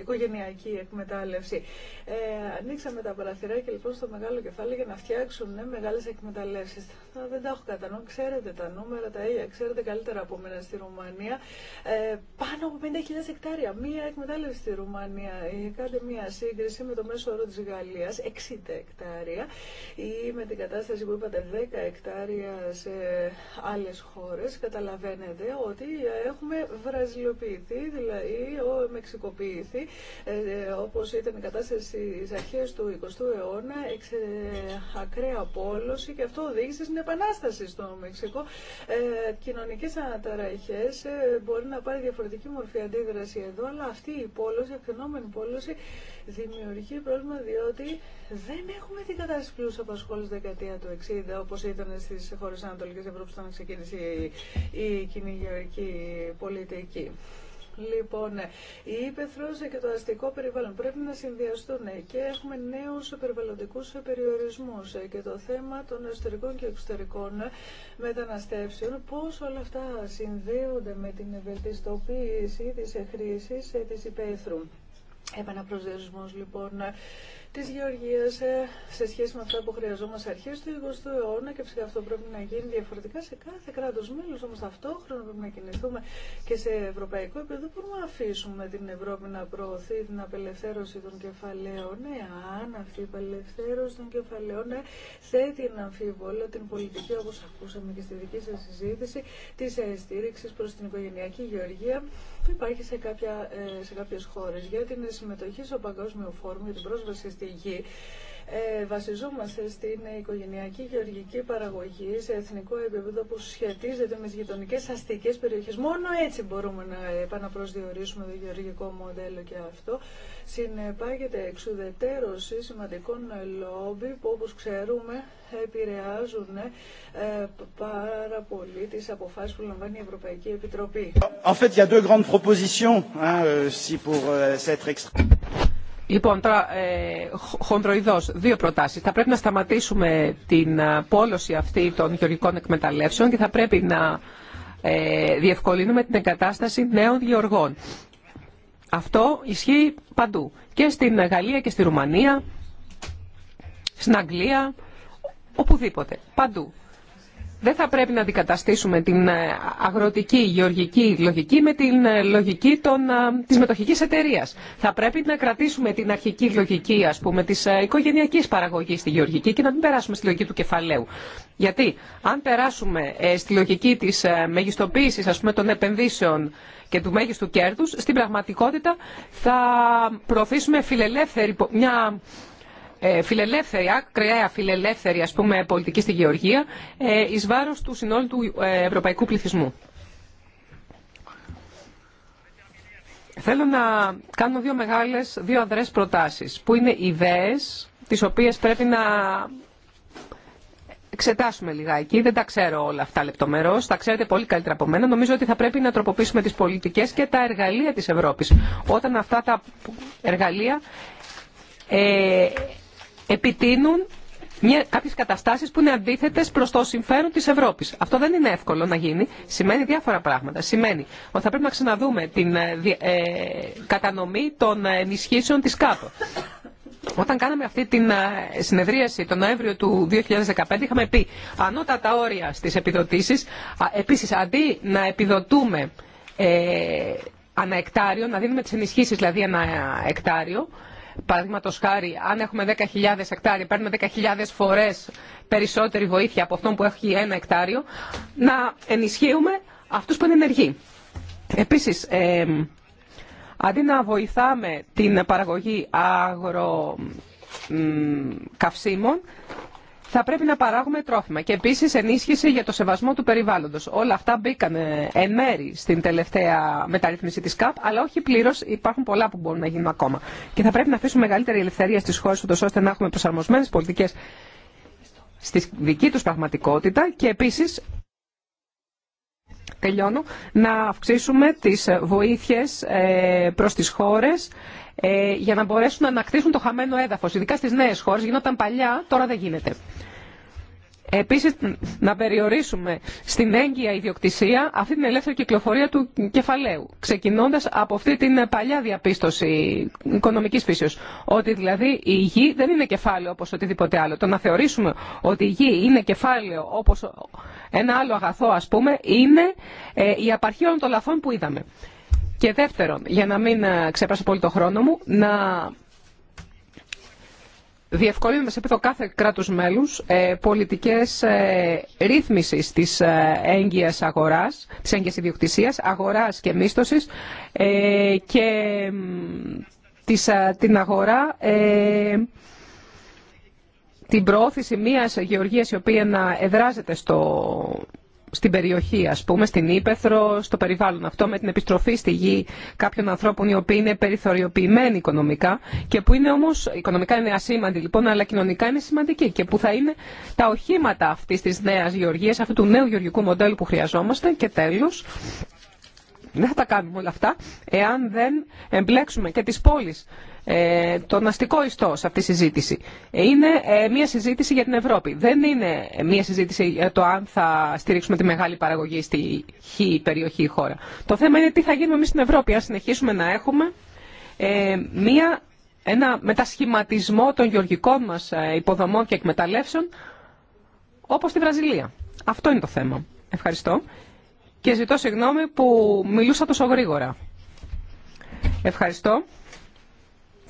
οικογενειακή εκμετάλλευση. Ε, ανοίξαμε τα παραθυράκια λοιπόν στο μεγάλο κεφάλαιο για να φτιάξουν μεγάλε μεγάλες εκμεταλλεύσεις. δεν τα έχω κατά ξέρετε τα νούμερα, τα ίδια, ξέρετε καλύτερα από μένα στη Ρουμανία. Ε, πάνω από 50.000 εκτάρια, μία εκμετάλλευση στη Ρουμανία. Κάντε μία σύγκριση με το μέσο όρο τη Γαλλία, 60 εκτάρια ή με την κατάσταση είπατε 10 εκτάρια σε άλλες χώρες, καταλαβαίνετε ότι έχουμε βραζιλοποιηθεί, δηλαδή ο μεξικοποιηθεί, ε, όπως ήταν η κατάσταση στις αρχές του 20ου αιώνα, εξε, ακραία πόλωση και αυτό οδήγησε στην επανάσταση στο Μεξικό. Ε, κοινωνικές αναταραχές ε, μπορεί να πάρει διαφορετική μορφή αντίδραση εδώ, αλλά αυτή η πόλωση, η φαινόμενη πόλωση, δημιουργεί πρόβλημα διότι δεν έχουμε την κατάσταση πλήρους απασχόλησης δεκαετία του 60, όπως ήταν στις χώρες Ανατολικής Ευρώπης όταν ξεκίνησε η, η γεωργική πολιτική. Λοιπόν, η ύπεθρο και το αστικό περιβάλλον πρέπει να συνδυαστούν και έχουμε νέου περιβαλλοντικού περιορισμού και το θέμα των εσωτερικών και εξωτερικών μεταναστεύσεων. Πώ όλα αυτά συνδέονται με την βελτιστοποίηση τη χρήση τη υπαίθρου. Επαναπροσδιορισμό λοιπόν της γεωργίας ε, σε σχέση με αυτά που χρειαζόμαστε αρχές του 20ου αιώνα και φυσικά αυτό πρέπει να γίνει διαφορετικά σε κάθε κράτος μέλος, όμως ταυτόχρονα πρέπει να κινηθούμε και σε ευρωπαϊκό επίπεδο μπορούμε να αφήσουμε την Ευρώπη να προωθεί την απελευθέρωση των κεφαλαίων, εάν ναι, αυτή η απελευθέρωση των κεφαλαίων ναι, θέτει να αμφίβολο την πολιτική, όπως ακούσαμε και στη δική σας συζήτηση, της ε, στήριξης προς την οικογενειακή γεωργία που υπάρχει σε, κάποια, ε, σε κάποιες χώρες για την συμμετοχή στο Παγκόσμιο φόρμα για την πρόσβαση στη ε, βασιζόμαστε στην οικογενειακή γεωργική παραγωγή σε εθνικό επίπεδο που σχετίζεται με τι γειτονικέ αστικέ περιοχέ. Μόνο έτσι μπορούμε να επαναπροσδιορίσουμε το γεωργικό μοντέλο και αυτό. Συνεπάγεται εξουδετερώση σημαντικών λόμπι που όπω ξέρουμε επηρεάζουν ε, πάρα πολύ τι αποφάσει που λαμβάνει η Ευρωπαϊκή Επιτροπή. En fait, il y Λοιπόν, τώρα ε, χοντροειδώς, δύο προτάσεις. Θα πρέπει να σταματήσουμε την ε, πόλωση αυτή των γεωργικών εκμεταλλεύσεων και θα πρέπει να ε, διευκολύνουμε την εγκατάσταση νέων γεωργών. Αυτό ισχύει παντού. Και στην Γαλλία και στη Ρουμανία, στην Αγγλία, οπουδήποτε. Παντού. Δεν θα πρέπει να αντικαταστήσουμε την ε, αγροτική γεωργική λογική με την ε, λογική των, ε, της μετοχικής εταιρεία. Θα πρέπει να κρατήσουμε την αρχική λογική ας πούμε, της οικογενειακής παραγωγής στη γεωργική και να μην περάσουμε στη λογική του κεφαλαίου. Γιατί αν περάσουμε στη λογική της μεγιστοποίησης ας πούμε, των επενδύσεων και του μέγιστου κέρδους, στην πραγματικότητα θα προωθήσουμε φιλελεύθερη, μια ε, φιλελεύθερη, ακραία φιλελεύθερη ας πούμε, πολιτική στη Γεωργία ε, εις βάρος του συνόλου του ε, ευρωπαϊκού πληθυσμού. Θέλω να κάνω δύο μεγάλες, δύο αδρές προτάσεις, που είναι ιδέες, τις οποίες πρέπει να εξετάσουμε λιγάκι. Δεν τα ξέρω όλα αυτά λεπτομερώς. Τα ξέρετε πολύ καλύτερα από μένα. Νομίζω ότι θα πρέπει να τροποποιήσουμε τις πολιτικές και τα εργαλεία της Ευρώπης. Όταν αυτά τα εργαλεία ε, επιτείνουν μια, κάποιες καταστάσεις που είναι αντίθετες προς το συμφέρον της Ευρώπης. Αυτό δεν είναι εύκολο να γίνει. Σημαίνει διάφορα πράγματα. Σημαίνει ότι θα πρέπει να ξαναδούμε την ε, ε, κατανομή των ενισχύσεων της κάτω. Όταν κάναμε αυτή την ε, συνεδρίαση τον Νοέμβριο του 2015 είχαμε πει ανώτατα όρια στις επιδοτήσεις. Επίσης αντί να επιδοτούμε ε, αναεκτάριο, να δίνουμε τις ενισχύσεις δηλαδή εκτάριο, Παραδείγματο χάρη, αν έχουμε 10.000 εκτάρια, παίρνουμε 10.000 φορέ περισσότερη βοήθεια από αυτόν που έχει ένα εκτάριο, να ενισχύουμε αυτού που είναι ενεργοί. Επίση, αντί να βοηθάμε την παραγωγή αγροκαυσίμων, θα πρέπει να παράγουμε τρόφιμα και επίσης ενίσχυση για το σεβασμό του περιβάλλοντος. Όλα αυτά μπήκαν ε, εν μέρη στην τελευταία μεταρρύθμιση της ΚΑΠ, αλλά όχι πλήρω υπάρχουν πολλά που μπορούν να γίνουν ακόμα. Και θα πρέπει να αφήσουμε μεγαλύτερη ελευθερία στις χώρες ώστε να έχουμε προσαρμοσμένε πολιτικέ στη δική του πραγματικότητα και επίση, τελειώνω, να αυξήσουμε τις βοήθειες ε, προς τις χώρες ε, για να μπορέσουν να ανακτήσουν το χαμένο έδαφος. Ειδικά στις νέες χώρες γινόταν παλιά, τώρα δεν γίνεται. Επίσης, να περιορίσουμε στην έγκυα ιδιοκτησία αυτή την ελεύθερη κυκλοφορία του κεφαλαίου, ξεκινώντας από αυτή την παλιά διαπίστωση οικονομικής φύσεως, ότι δηλαδή η γη δεν είναι κεφάλαιο όπως οτιδήποτε άλλο. Το να θεωρήσουμε ότι η γη είναι κεφάλαιο όπως ένα άλλο αγαθό, ας πούμε, είναι ε, η απαρχή όλων των λαθών που είδαμε. Και δεύτερον, για να μην ε, ξεπεράσω πολύ το χρόνο μου, να διευκολύνουμε σε επίπεδο κάθε κράτους μέλους ε, πολιτικές ε, ρύθμισης της ε, έγκυας αγοράς, της έγκυας ιδιοκτησίας, αγοράς και μίστοσης ε, και της, την αγορά, την προώθηση μιας γεωργίας η οποία να εδράζεται στο, στην περιοχή, ας πούμε, στην Ήπεθρο, στο περιβάλλον αυτό, με την επιστροφή στη γη κάποιων ανθρώπων οι οποίοι είναι περιθωριοποιημένοι οικονομικά και που είναι όμως, οικονομικά είναι ασήμαντοι λοιπόν, αλλά κοινωνικά είναι σημαντικοί και που θα είναι τα οχήματα αυτή τη νέα γεωργία, αυτού του νέου γεωργικού μοντέλου που χρειαζόμαστε και τέλο, Δεν θα τα κάνουμε όλα αυτά εάν δεν εμπλέξουμε και τις πόλεις ε, το αστικό ιστό σε αυτή τη συζήτηση. Ε, είναι ε, μια συζήτηση για την Ευρώπη. Δεν είναι μια συζήτηση για το αν θα στηρίξουμε τη μεγάλη παραγωγή στη χή περιοχή ή χώρα. Το θέμα είναι τι θα γίνουμε εμεί στην Ευρώπη, αν συνεχίσουμε να έχουμε μια, ένα μετασχηματισμό των γεωργικών μας υποδομών και εκμεταλλεύσεων όπως στη Βραζιλία. Αυτό είναι το θέμα. Ευχαριστώ. Και ζητώ συγγνώμη που μιλούσα τόσο γρήγορα. Ευχαριστώ.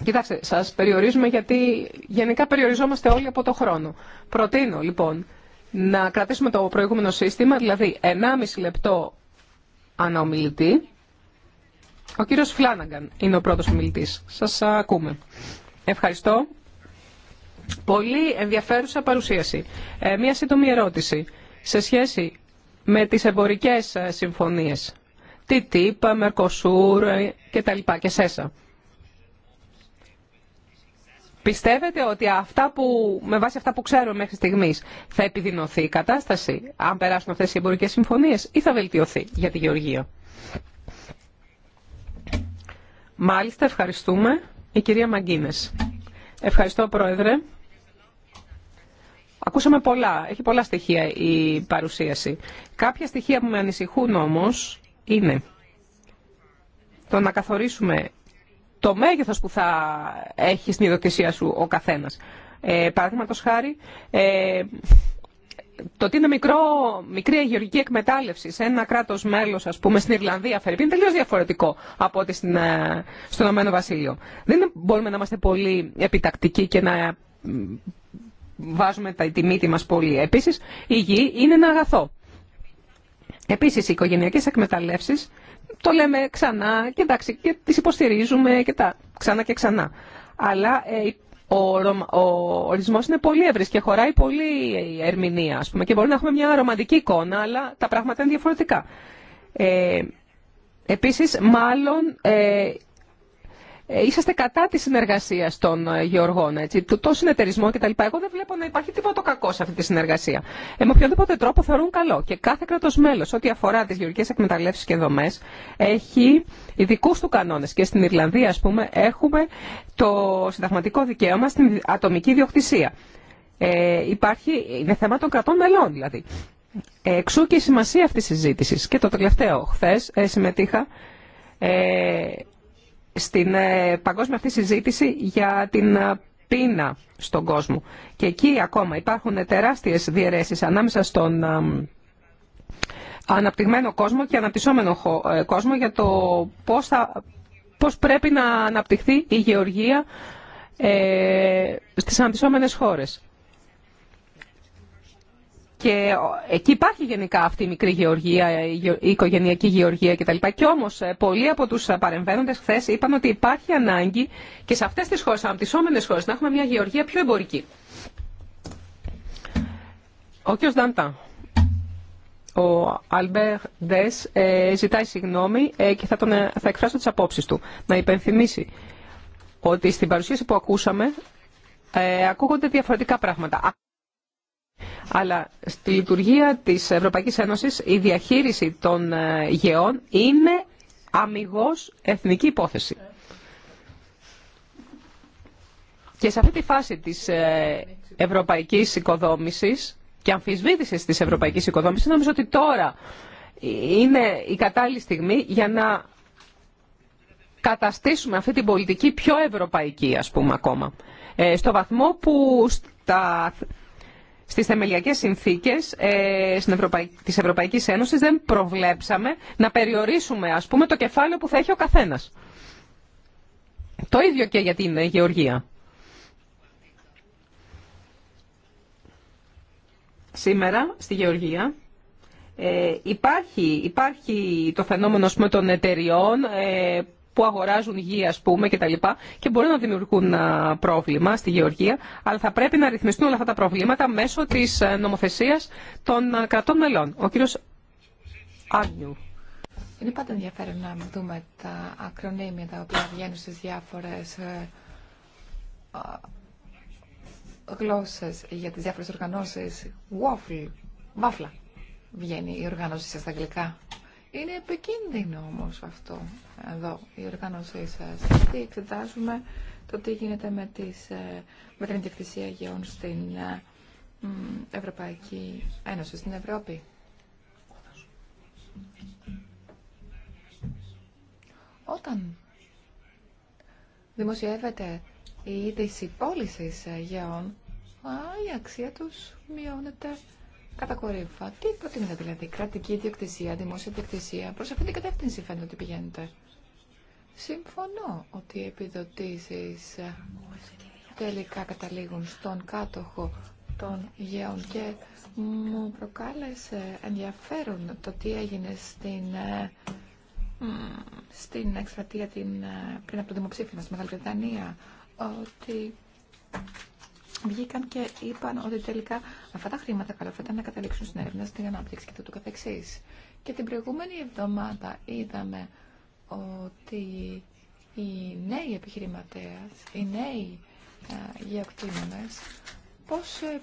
Κοιτάξτε, σας περιορίζουμε γιατί γενικά περιοριζόμαστε όλοι από το χρόνο. Προτείνω λοιπόν να κρατήσουμε το προηγούμενο σύστημα, δηλαδή 1,5 λεπτό αναομιλητή. Ο κύριος Φλάναγκαν είναι ο πρώτος ομιλητή. Σας ακούμε. Ευχαριστώ. Πολύ ενδιαφέρουσα παρουσίαση. Ε, μία σύντομη ερώτηση σε σχέση με τις εμπορικές ε, συμφωνίες. Τι τύπα, Μερκοσούρ ε, και τα λοιπά και ΣΕΣΑ. Πιστεύετε ότι αυτά που, με βάση αυτά που ξέρουμε μέχρι στιγμή θα επιδεινωθεί η κατάσταση αν περάσουν αυτέ οι εμπορικέ συμφωνίε ή θα βελτιωθεί για τη Γεωργία. Μάλιστα, ευχαριστούμε. Η κυρία Μαγκίνε. Ευχαριστώ, Πρόεδρε. Ακούσαμε πολλά. Έχει πολλά στοιχεία η παρουσίαση. Κάποια στοιχεία που με ανησυχούν όμω είναι το να καθορίσουμε το μέγεθος που θα έχει στην ιδιοκτησία σου ο καθένας. Ε, Παραδείγματο χάρη, ε, το ότι είναι μικρό, μικρή αγιοργική εκμετάλλευση σε ένα κράτος μέλος, ας πούμε, στην Ιρλανδία, Φερρυπή, είναι τελείως διαφορετικό από ότι στην, ε, στον Ηνωμένο Βασίλειο. Δεν μπορούμε να είμαστε πολύ επιτακτικοί και να βάζουμε τα, τη μύτη μα πολύ. Επίση, η γη είναι ένα αγαθό. Επίση, οι οικογενειακές εκμεταλλεύσεις το λέμε ξανά και εντάξει και τις υποστηρίζουμε και τα ξανά και ξανά. Αλλά ε, ο, ο ορισμός είναι πολύ ευρύς και χωράει πολύ η ερμηνεία ας πούμε και μπορεί να έχουμε μια ρομαντική εικόνα αλλά τα πράγματα είναι διαφορετικά. Ε, επίσης μάλλον ε, ε, είσαστε κατά τη συνεργασία των ε, γεωργών, έτσι, των συνεταιρισμών κτλ. Εγώ δεν βλέπω να υπάρχει τίποτα κακό σε αυτή τη συνεργασία. Ε, με οποιοδήποτε τρόπο θεωρούν καλό. Και κάθε κράτο μέλο, ό,τι αφορά τι γεωργικέ εκμεταλλεύσει και δομέ, έχει ειδικού του κανόνε. Και στην Ιρλανδία, α πούμε, έχουμε το συνταγματικό δικαίωμα στην ατομική διοκτησία. Ε, υπάρχει, είναι θέμα των κρατών μελών δηλαδή. Εξού και η σημασία αυτής της συζήτηση Και το τελευταίο, χθες ε, συμμετείχα ε, στην ε, παγκόσμια αυτή συζήτηση για την ε, πείνα στον κόσμο. Και εκεί ακόμα υπάρχουν τεράστιες διαιρέσεις ανάμεσα στον ε, αναπτυγμένο κόσμο και αναπτυσσόμενο κόσμο για το πώς, θα, πρέπει να αναπτυχθεί η γεωργία ε, στις αναπτυσσόμενες χώρες. Και εκεί υπάρχει γενικά αυτή η μικρή γεωργία, η οικογενειακή γεωργία κτλ. Και όμω ε, πολλοί από του παρεμβαίνοντε χθε είπαν ότι υπάρχει ανάγκη και σε αυτέ τι χώρε, αναπτυσσόμενε χώρε, να έχουμε μια γεωργία πιο εμπορική. Ο κ. Νταντά, ο Αλμπέρ Ντε, ε, ζητάει συγγνώμη ε, και θα, τον, θα εκφράσω τι απόψει του. Να υπενθυμίσει ότι στην παρουσίαση που ακούσαμε ακούγονται διαφορετικά πράγματα. Αλλά στη λειτουργία της Ευρωπαϊκής Ένωσης η διαχείριση των ε, γεών είναι αμυγός εθνική υπόθεση. Και σε αυτή τη φάση της ε, ευρωπαϊκής οικοδόμησης και αμφισβήτησης της ευρωπαϊκής οικοδόμησης νομίζω ότι τώρα είναι η κατάλληλη στιγμή για να καταστήσουμε αυτή την πολιτική πιο ευρωπαϊκή ας πούμε ακόμα. Ε, στο βαθμό που στις θεμελιακές συνθήκες ε, στην Ευρωπαϊ... της Ευρωπαϊκής Ένωσης δεν προβλέψαμε να περιορίσουμε ας πούμε το κεφάλαιο που θα έχει ο καθένας. Το ίδιο και για την ε, Γεωργία. Σήμερα στη Γεωργία ε, υπάρχει, το φαινόμενο πούμε, των εταιριών ε, που αγοράζουν γη, α πούμε, κτλ. Και, τα λοιπά, και μπορεί να δημιουργούν πρόβλημα στη γεωργία, αλλά θα πρέπει να ρυθμιστούν όλα αυτά τα προβλήματα μέσω τη ε, νομοθεσία των ε, κρατών μελών. Ο κύριο Άγνιου. Είναι πάντα ενδιαφέρον να δούμε τα ακρονίμια τα οποία βγαίνουν στι διάφορε ε, γλώσσε για τι διάφορε οργανώσει. Waffle, βάφλα. Βγαίνει η οργάνωση στα αγγλικά. Είναι επικίνδυνο όμως αυτό εδώ, η οργάνωσή σας. Γιατί εξετάζουμε το τι γίνεται με, τις, ε, με την ιδιοκτησία αγιών στην ε, Ευρωπαϊκή Ένωση, στην Ευρώπη. Όταν δημοσιεύεται η είδηση πώληση ε, γεών, η αξία τους μειώνεται κατακορύφα. Τι προτείνετε δηλαδή, κρατική διοκτησία, δημόσια διοκτησία, προ αυτήν την κατεύθυνση φαίνεται ότι πηγαίνετε. Συμφωνώ ότι οι επιδοτήσει τελικά καταλήγουν στον κάτοχο των γεών και μου προκάλεσε ενδιαφέρον το τι έγινε στην, ε, στην εκστρατεία την, ε, πριν από το δημοψήφισμα στη Μεγάλη Βρετανία ότι βγήκαν και είπαν ότι τελικά αυτά τα χρήματα καλό θα ήταν να καταλήξουν στην έρευνα, στην ανάπτυξη και το καθεξής. Και την προηγούμενη εβδομάδα είδαμε ότι οι νέοι επιχειρηματές, οι νέοι γεωκτήμονες, πώς ε,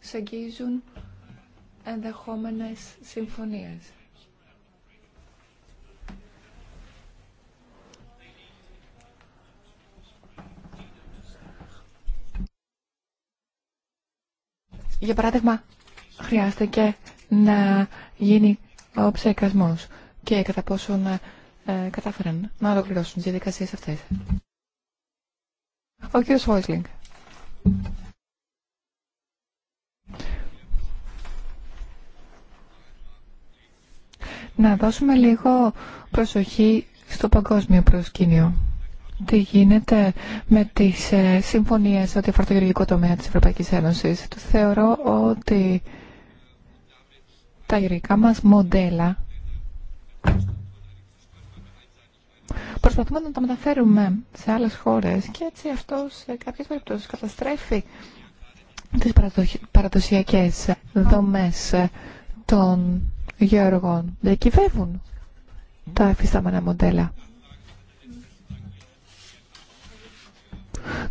προσεγγίζουν ενδεχόμενες συμφωνίες. Για παράδειγμα, χρειάστηκε να γίνει ο ψεκασμός και κατά πόσον ε, κατάφεραν να ολοκληρώσουν τις διαδικασίε αυτές. Ο κ. Να δώσουμε λίγο προσοχή στο παγκόσμιο προσκήνιο τι γίνεται με τις ε, συμφωνίες ότι αφορά το γεωργικό τομέα της Ευρωπαϊκής Ένωσης. Το θεωρώ ότι τα γεωργικά μας μοντέλα προσπαθούμε να τα μεταφέρουμε σε άλλες χώρες και έτσι αυτό σε κάποιες περιπτώσεις καταστρέφει τις παραδοσιακές δομές των γεωργών. Διακυβεύουν τα εφιστάμενα μοντέλα.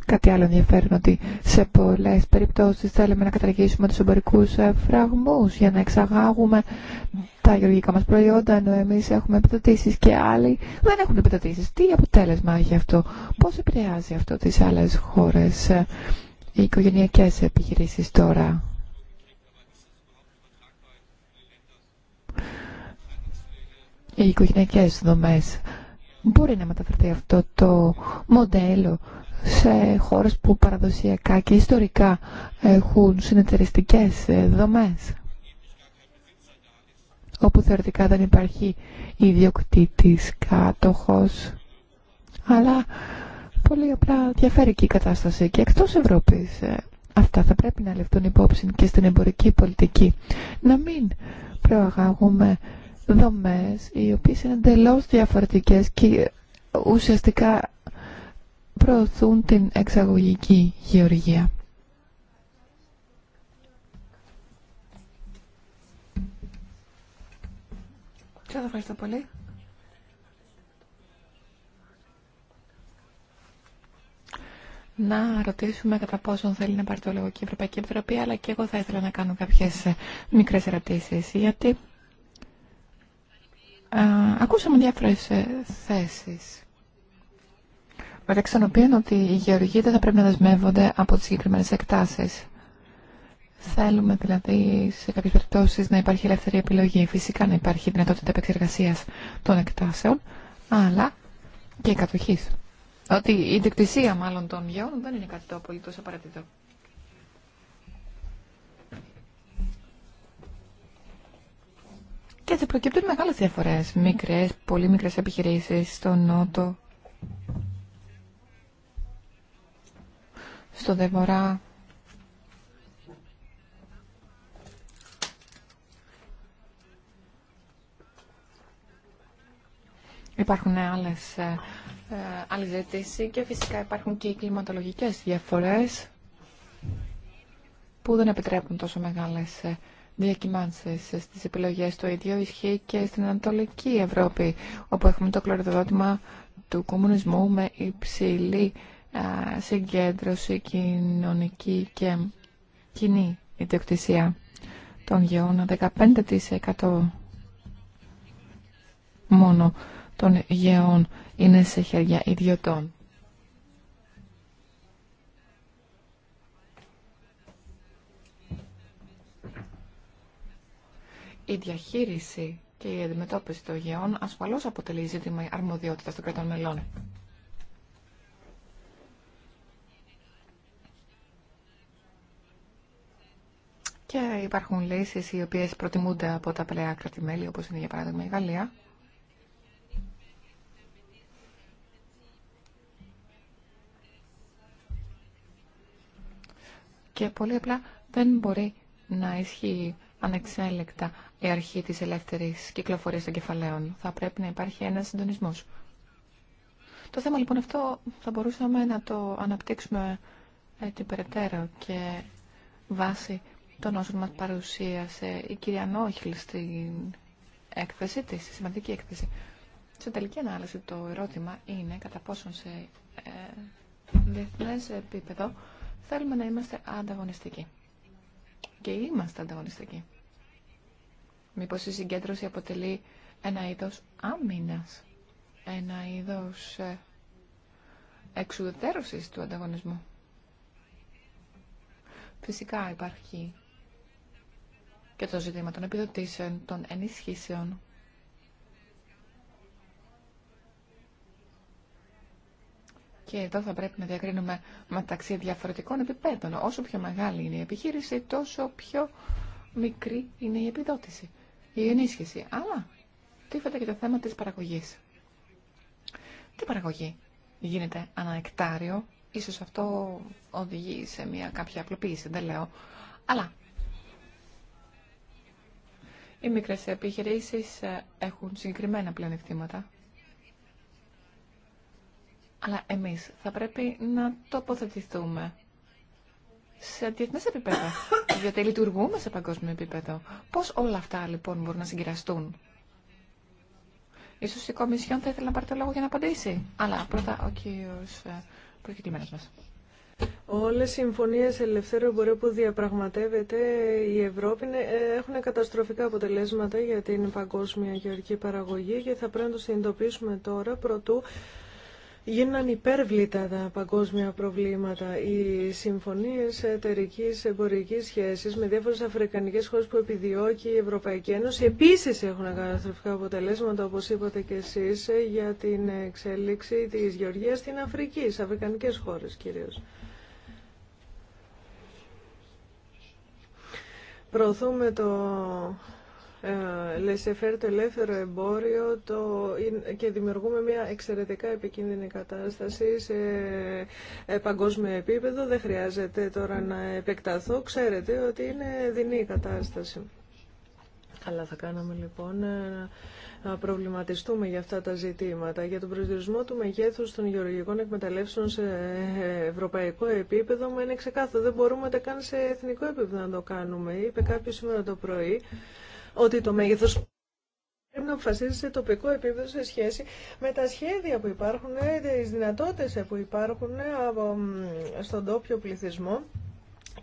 Κάτι άλλο ενδιαφέρον ότι σε πολλές περιπτώσεις θέλουμε να καταργήσουμε τους εμπορικούς ε, φραγμούς για να εξαγάγουμε τα γεωργικά μας προϊόντα ενώ εμείς έχουμε επιδοτήσει και άλλοι δεν έχουν επιδοτήσει. Τι αποτέλεσμα έχει αυτό, πώς επηρεάζει αυτό τις άλλες χώρες, ε, οι οικογενειακές επιχειρήσεις τώρα. Οι οικογενειακές δομές μπορεί να μεταφερθεί αυτό το μοντέλο σε χώρες που παραδοσιακά και ιστορικά έχουν συνεταιριστικές ε, δομές όπου θεωρητικά δεν υπάρχει ιδιοκτήτης κάτοχος αλλά πολύ απλά διαφέρει και η κατάσταση και εκτός Ευρώπης ε, αυτά θα πρέπει να λεφτούν υπόψη και στην εμπορική πολιτική να μην προαγάγουμε δομές οι οποίες είναι εντελώ διαφορετικές και ουσιαστικά προωθούν την εξαγωγική γεωργία. Σας ευχαριστώ πολύ. να ρωτήσουμε κατά πόσον θέλει να πάρει το λόγο και η Ευρωπαϊκή Επιτροπή, αλλά και εγώ θα ήθελα να κάνω κάποιες ε, μικρές ερωτήσεις, γιατί ακούσαμε διάφορες ε, θέσεις μεταξύ των οποίων ότι οι γεωργοί δεν θα πρέπει να δεσμεύονται από τις συγκεκριμένε εκτάσεις. Θέλουμε δηλαδή σε κάποιες περιπτώσεις να υπάρχει ελεύθερη επιλογή. Φυσικά να υπάρχει δυνατότητα επεξεργασία των εκτάσεων, αλλά και κατοχή. Ότι η ιδιοκτησία μάλλον των γεών δεν είναι κάτι το απολύτως απαραίτητο. Και έτσι προκύπτουν μεγάλες διαφορές, μικρές, πολύ μικρές επιχειρήσεις στον νότο στο Δεβορά Υπάρχουν άλλες, ε, ε και φυσικά υπάρχουν και οι κλιματολογικές διαφορές που δεν επιτρέπουν τόσο μεγάλες ε, διακυμάνσεις στις επιλογές. του ίδιο ισχύει και στην Ανατολική Ευρώπη, όπου έχουμε το κλωριδοδότημα του κομμουνισμού με υψηλή συγκέντρωση κοινωνική και κοινή ιδιοκτησία των γεών 15% μόνο των γεών είναι σε χέρια ιδιωτών. Η διαχείριση και η αντιμετώπιση των γεών ασφαλώς αποτελεί ζήτημα αρμοδιότητας των κρατών μελών. Και υπάρχουν λύσεις οι οποίες προτιμούνται από τα παλαιά κρατημέλη, όπως είναι για παράδειγμα η Γαλλία. Και πολύ απλά δεν μπορεί να ισχύει ανεξέλεκτα η αρχή της ελεύθερης κυκλοφορίας των κεφαλαίων. Θα πρέπει να υπάρχει ένας συντονισμός. Το θέμα λοιπόν αυτό θα μπορούσαμε να το αναπτύξουμε την περαιτέρω και βάσει τον όσο μας παρουσίασε η κυρία Νόχιλ στην έκθεση της, σημαντική έκθεση. Σε τελική ανάλυση το ερώτημα είναι κατά πόσον σε ε, επίπεδο θέλουμε να είμαστε ανταγωνιστικοί. Και είμαστε ανταγωνιστικοί. Μήπως η συγκέντρωση αποτελεί ένα είδος άμυνας, ένα είδος ε, εξουδετερώσης του ανταγωνισμού. Φυσικά υπάρχει και το ζήτημα των επιδοτήσεων, των ενισχύσεων. Και εδώ θα πρέπει να διακρίνουμε μεταξύ διαφορετικών επιπέδων. Όσο πιο μεγάλη είναι η επιχείρηση, τόσο πιο μικρή είναι η επιδότηση, η ενίσχυση. Αλλά τίθεται και το θέμα της παραγωγής. Τι παραγωγή γίνεται ανά εκτάριο, ίσως αυτό οδηγεί σε μια κάποια απλοποίηση, δεν λέω. Αλλά οι μικρέ επιχειρήσεις ε, έχουν συγκεκριμένα πλεονεκτήματα. Αλλά εμεί θα πρέπει να τοποθετηθούμε σε διεθνέ επίπεδα. γιατί λειτουργούμε σε παγκόσμιο επίπεδο. Πώς όλα αυτά λοιπόν μπορούν να συγκυραστούν. Ίσως η Κομισιόν θα ήθελε να πάρει το λόγο για να απαντήσει. Αλλά πρώτα ο κύριος ε, μας. Όλες οι συμφωνίες ελευθέρου εμπορίου που διαπραγματεύεται η Ευρώπη ε, έχουν καταστροφικά αποτελέσματα για την παγκόσμια γεωργική παραγωγή και θα πρέπει να το συνειδητοποιήσουμε τώρα προτού γίναν υπέρβλητα τα παγκόσμια προβλήματα. Οι συμφωνίε εταιρική εμπορική σχέση με διάφορε αφρικανικέ χώρε που επιδιώκει η Ευρωπαϊκή Ένωση επίση έχουν καταστροφικά αποτελέσματα, όπω είπατε και εσεί, για την εξέλιξη τη γεωργία στην Αφρική, σε αφρικανικέ χώρε κυρίω. προωθούμε το λεσεφέρ το ελεύθερο εμπόριο το, ε, και δημιουργούμε μια εξαιρετικά επικίνδυνη κατάσταση σε ε, παγκόσμιο επίπεδο. Δεν χρειάζεται τώρα να επεκταθώ. Ξέρετε ότι είναι δεινή η κατάσταση. Αλλά θα κάναμε λοιπόν ε, να προβληματιστούμε για αυτά τα ζητήματα. Για τον προσδιορισμό του μεγέθου των γεωργικών εκμεταλλεύσεων σε ευρωπαϊκό επίπεδο, μου είναι ξεκάθαρο. Δεν μπορούμε ούτε καν σε εθνικό επίπεδο να το κάνουμε. Είπε κάποιο σήμερα το πρωί ότι το μέγεθο πρέπει να αποφασίζει σε τοπικό επίπεδο σε σχέση με τα σχέδια που υπάρχουν, ε, τι δυνατότητε που υπάρχουν ε, στον τόπιο πληθυσμό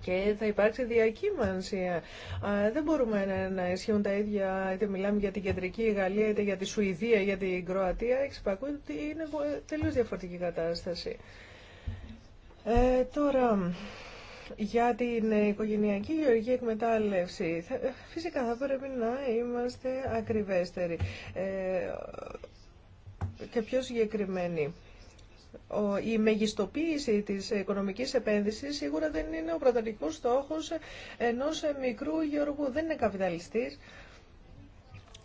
και θα υπάρξει διακύμανση. Δεν μπορούμε να ισχύουν τα ίδια, είτε μιλάμε για την κεντρική Γαλλία, είτε για τη Σουηδία, για την Κροατία. Εξυπακούν ότι είναι τελείως διαφορετική κατάσταση. Ε, τώρα, για την οικογενειακή γεωργική εκμετάλλευση, φυσικά θα πρέπει να είμαστε ακριβέστεροι ε, και πιο συγκεκριμένοι η μεγιστοποίηση της οικονομικής επένδυσης σίγουρα δεν είναι ο πρωταρχικός στόχος ενός μικρού γεωργού. Δεν είναι καπιταλιστής.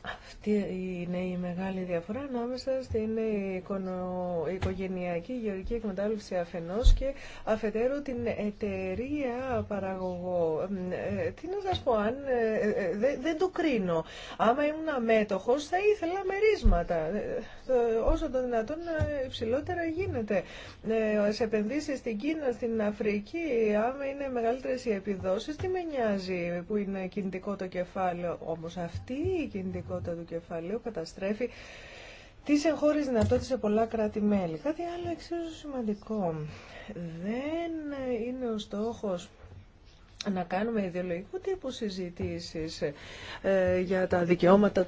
Αυτή είναι η μεγάλη διαφορά ανάμεσα στην οικογενειακή γεωργική εκμετάλλευση αφενός και αφετέρου την εταιρεία παραγωγό. Ε, τι να σας πω, αν ε, ε, δεν το κρίνω. Άμα ήμουν αμέτωχος θα ήθελα μερίσματα, όσο το δυνατόν υψηλότερα γίνεται. Σε επενδύσεις στην Κίνα, στην Αφρική, άμα είναι μεγαλύτερες οι επιδόσεις, τι με νοιάζει που είναι κινητικό το κεφάλαιο. Όμως αυτή η κινητικότητα του κεφαλαίου καταστρέφει τι εγχώρες δυνατότητες σε πολλά κράτη-μέλη. Κάτι άλλο εξίσου σημαντικό. Δεν είναι ο στόχο να κάνουμε ιδεολογικού τύπου συζητήσει ε, για τα δικαιώματα,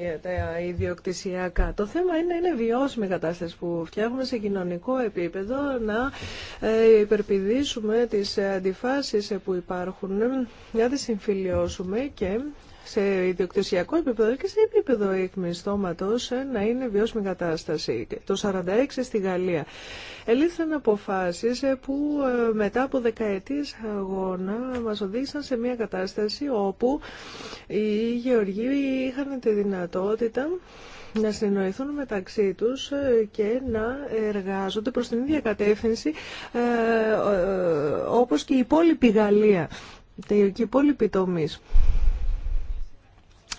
για τα ιδιοκτησιακά. Το θέμα είναι να είναι βιώσιμη κατάσταση που φτιάχνουμε σε κοινωνικό επίπεδο, να ε, υπερπηδήσουμε τις αντιφάσεις που υπάρχουν, να τι συμφιλειώσουμε και σε ιδιοκτησιακό επίπεδο και σε επίπεδο εκμισθώματος ε, να είναι βιώσιμη κατάσταση. Το 46 στη Γαλλία ελήφθησαν αποφάσεις ε, που ε, μετά από δεκαετίες αγώνα μας οδήγησαν σε μια κατάσταση όπου οι γεωργοί είχαν τη δυνατότητα να συνοηθούν μεταξύ τους και να εργάζονται προς την ίδια κατεύθυνση όπως και η υπόλοιπη Γαλλία, οι υπόλοιποι τομείς.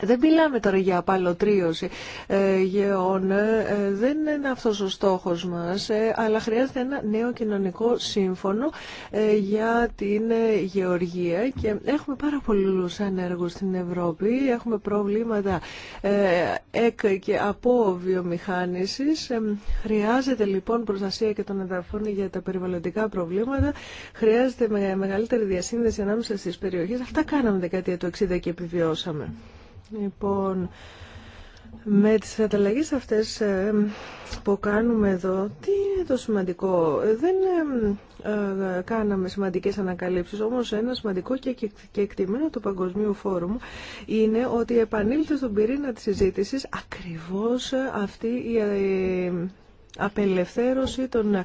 Δεν μιλάμε τώρα για απαλωτρίωση ε, γεών, ε, δεν είναι αυτός ο στόχος μας, ε, αλλά χρειάζεται ένα νέο κοινωνικό σύμφωνο για την γεωργία και έχουμε πάρα πολλούς ανέργους στην Ευρώπη, έχουμε προβλήματα εκ και από βιομηχάνησης. Χρειάζεται λοιπόν προστασία και των εδαφών για τα περιβαλλοντικά προβλήματα, χρειάζεται μεγαλύτερη διασύνδεση ανάμεσα στις περιοχές. Αυτά κάναμε δεκαετία του 60 και επιβιώσαμε. Λοιπόν, με τις ανταλλαγές αυτές ε, που κάνουμε εδώ, τι είναι το σημαντικό. Ε, δεν ε, κάναμε σημαντικές ανακαλύψεις, όμως ένα σημαντικό και εκτιμένο του Παγκοσμίου Φόρουμ είναι ότι επανήλθε στον πυρήνα της συζήτησης ακριβώς αυτή η απελευθέρωση των ε,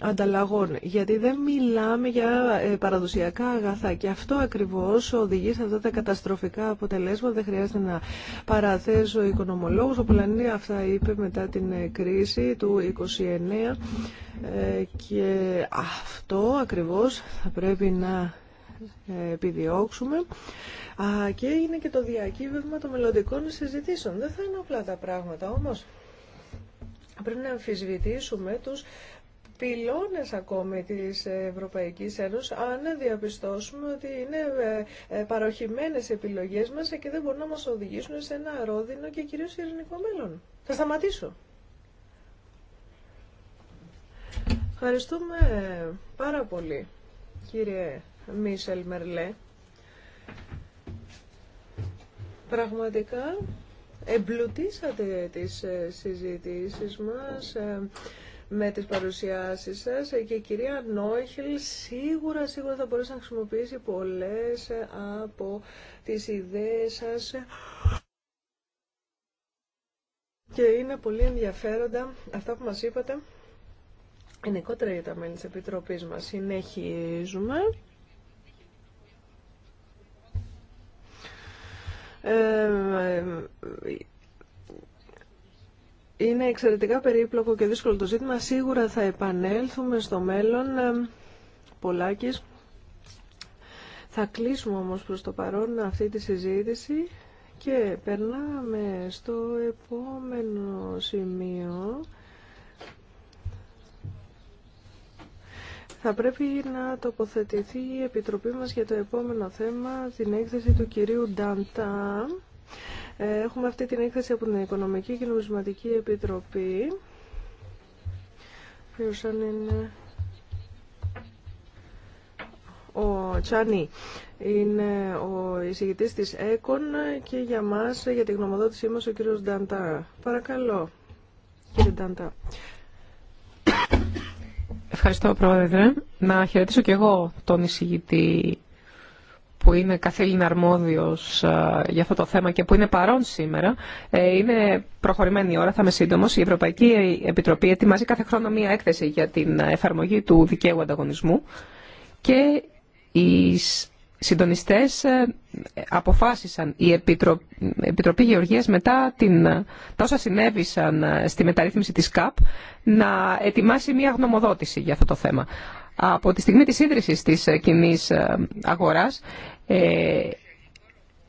ανταλλαγών. Γιατί δεν μιλάμε για ε, παραδοσιακά αγαθά και αυτό ακριβώς οδηγεί σε αυτά τα καταστροφικά αποτελέσματα. Δεν χρειάζεται να παραθέσω οικονομολόγους. Ο Πουλανί αυτά είπε μετά την ε, κρίση του 1929 και αυτό ακριβώς θα πρέπει να επιδιώξουμε και είναι και το διακύβευμα των μελλοντικών συζητήσεων. Δεν θα είναι απλά τα πράγματα όμως. Πρέπει να αμφισβητήσουμε τους πυλώνες ακόμη της Ευρωπαϊκής Ένωσης αν διαπιστώσουμε ότι είναι ε, ε, παροχημένες οι επιλογές μας και δεν μπορούν να μας οδηγήσουν σε ένα αρρώδινο και κυρίως ειρηνικό μέλλον. Θα σταματήσω. Ευχαριστούμε πάρα πολύ κύριε Μίσελ Μερλέ. Πραγματικά εμπλουτίσατε τις ε, συζητήσεις μας ε, με τις παρουσιάσεις σας ε, και η κυρία Νόιχελ σίγουρα σίγουρα θα μπορέσει να χρησιμοποιήσει πολλές από τις ιδέες σας και είναι πολύ ενδιαφέροντα αυτά που μας είπατε γενικότερα για τα μέλη της Επιτροπής μας συνεχίζουμε Ε, ε, ε, είναι εξαιρετικά περίπλοκο και δύσκολο το ζήτημα. Σίγουρα θα επανέλθουμε στο μέλλον. Πολάκης. Θα κλείσουμε όμως προς το παρόν αυτή τη συζήτηση και περνάμε στο επόμενο σημείο. Θα πρέπει να τοποθετηθεί η Επιτροπή μας για το επόμενο θέμα, την έκθεση του κυρίου Νταντά. Ε, έχουμε αυτή την έκθεση από την Οικονομική και Νομισματική Επιτροπή. είναι... Ο Τσάνι είναι ο εισηγητής της ΕΚΟΝ και για μας, για την γνωμοδότησή μας, ο κύριος Νταντά. Παρακαλώ, κύριε Νταντά. Ευχαριστώ, Πρόεδρε. Να χαιρετήσω και εγώ τον εισηγητή που είναι καθήλυνα αρμόδιος ε, για αυτό το θέμα και που είναι παρόν σήμερα. Ε, είναι προχωρημένη η ώρα, θα είμαι σύντομο. Η Ευρωπαϊκή Επιτροπή ετοιμάζει κάθε χρόνο μία έκθεση για την εφαρμογή του δικαίου ανταγωνισμού και η συντονιστές ε, αποφάσισαν η Επιτροπή Γεωργίας μετά την, τα όσα συνέβησαν ε, στη μεταρρύθμιση της ΚΑΠ να ετοιμάσει μια γνωμοδότηση για αυτό το θέμα. Από τη στιγμή της ίδρυσης της ε, κοινή αγοράς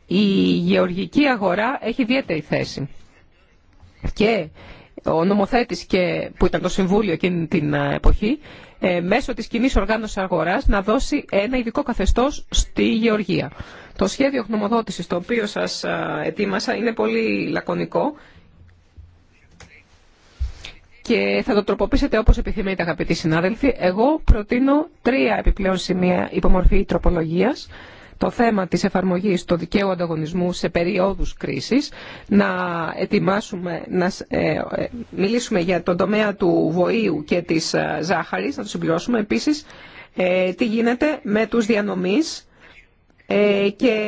η γεωργική αγορά έχει ιδιαίτερη θέση και ο νομοθέτης και, που ήταν το Συμβούλιο εκείνη την εποχή ε, μέσω της κοινή οργάνωσης αγοράς να δώσει ένα ειδικό καθεστώς στη γεωργία. Το σχέδιο γνωμοδότησης το οποίο σας ετοίμασα είναι πολύ λακωνικό και θα το τροποποιήσετε όπως επιθυμείτε αγαπητοί συνάδελφοι. Εγώ προτείνω τρία επιπλέον σημεία υπομορφή τροπολογίας το θέμα της εφαρμογής του δικαίου ανταγωνισμού σε περίοδους κρίσης, να ετοιμάσουμε, να ε, ε, μιλήσουμε για τον τομέα του βοήου και της ε, ζάχαρης, να το συμπληρώσουμε επίσης, τι γίνεται με τους διανομείς, και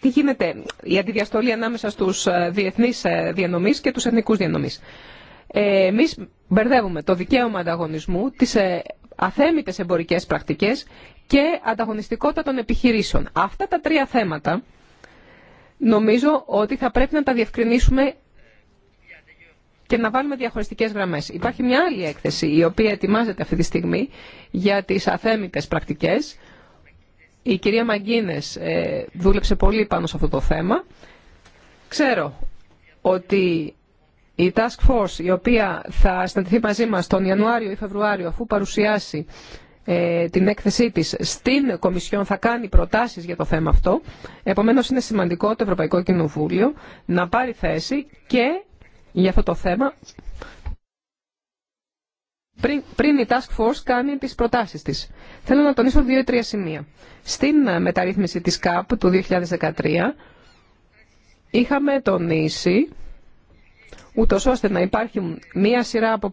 τι γίνεται η αντιδιαστολή ανάμεσα στους διεθνείς διανομείς και τους εθνικούς διανομείς; Ε, εμείς μπερδεύουμε το δικαίωμα ανταγωνισμού, τις αθέμητες εμπορικές πρακτικές και ανταγωνιστικότητα των επιχειρήσεων. Αυτά τα τρία θέματα νομίζω ότι θα πρέπει να τα διευκρινίσουμε και να βάλουμε διαχωριστικές γραμμές. Υπάρχει μια άλλη έκθεση η οποία ετοιμάζεται αυτή τη στιγμή για τις αθέμητες πρακτικές. Η κυρία Μαγκίνες ε, δούλεψε πολύ πάνω σε αυτό το θέμα. Ξέρω ότι η Task Force η οποία θα συναντηθεί μαζί μας τον Ιανουάριο ή Φεβρουάριο αφού παρουσιάσει ε, την έκθεσή της στην Κομισιόν θα κάνει προτάσεις για το θέμα αυτό. Επομένως είναι σημαντικό το Ευρωπαϊκό Κοινοβούλιο να πάρει θέση και για αυτό το θέμα πριν, η Task Force κάνει τις προτάσεις της. Θέλω να τονίσω δύο ή τρία σημεία. Στην μεταρρύθμιση της ΚΑΠ του 2013 είχαμε τονίσει ούτω ώστε να υπάρχουν μία σειρά από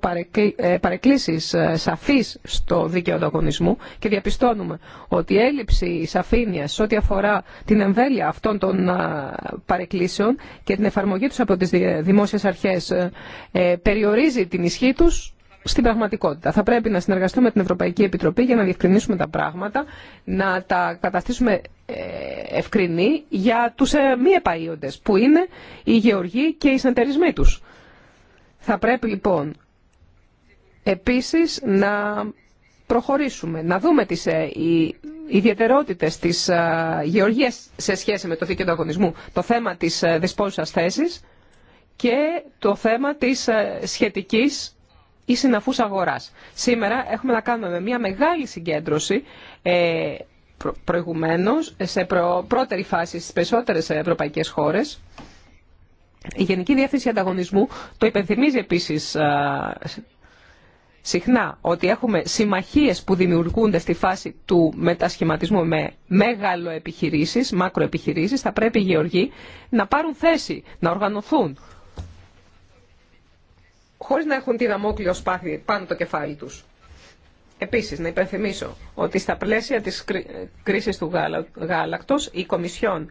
ε, παρεκκλήσεις ε, σαφείς στο δίκαιο ανταγωνισμού και διαπιστώνουμε ότι η έλλειψη σε ό,τι αφορά την εμβέλεια αυτών των ε, παρεκκλήσεων και την εφαρμογή τους από τις δημόσιες αρχές περιορίζει την ισχύ τους στην πραγματικότητα. Θα πρέπει να συνεργαστούμε με την Ευρωπαϊκή Επιτροπή για να διευκρινίσουμε τα πράγματα, να τα καταστήσουμε ευκρινή για τους μη επαΐοντες που είναι οι γεωργοί και οι συνεταιρισμοί τους. Θα πρέπει λοιπόν επίσης να προχωρήσουμε, να δούμε τις ε, οι ιδιαιτερότητες της ε, γεωργίας σε σχέση με το δίκαιο του αγωνισμού, το θέμα της ε, δυσπόλουσας θέσης και το θέμα της σχετικής ή συναφούς αγοράς. Σήμερα έχουμε να κάνουμε μια μεγάλη συγκέντρωση ε, προηγουμένως σε πρώτερη φάση στις περισσότερες ευρωπαϊκές χώρες η Γενική Διεύθυνση Ανταγωνισμού το υπενθυμίζει επίσης συχνά ότι έχουμε συμμαχίες που δημιουργούνται στη φάση του μετασχηματισμού με μεγάλο επιχειρήσεις, μακροεπιχειρήσεις, θα πρέπει οι γεωργοί να πάρουν θέση, να οργανωθούν χωρίς να έχουν τη δαμόκλειο σπάθη πάνω το κεφάλι τους. Επίσης, να υπενθυμίσω ότι στα πλαίσια της κρίσης του γάλακτος, η Κομισιόν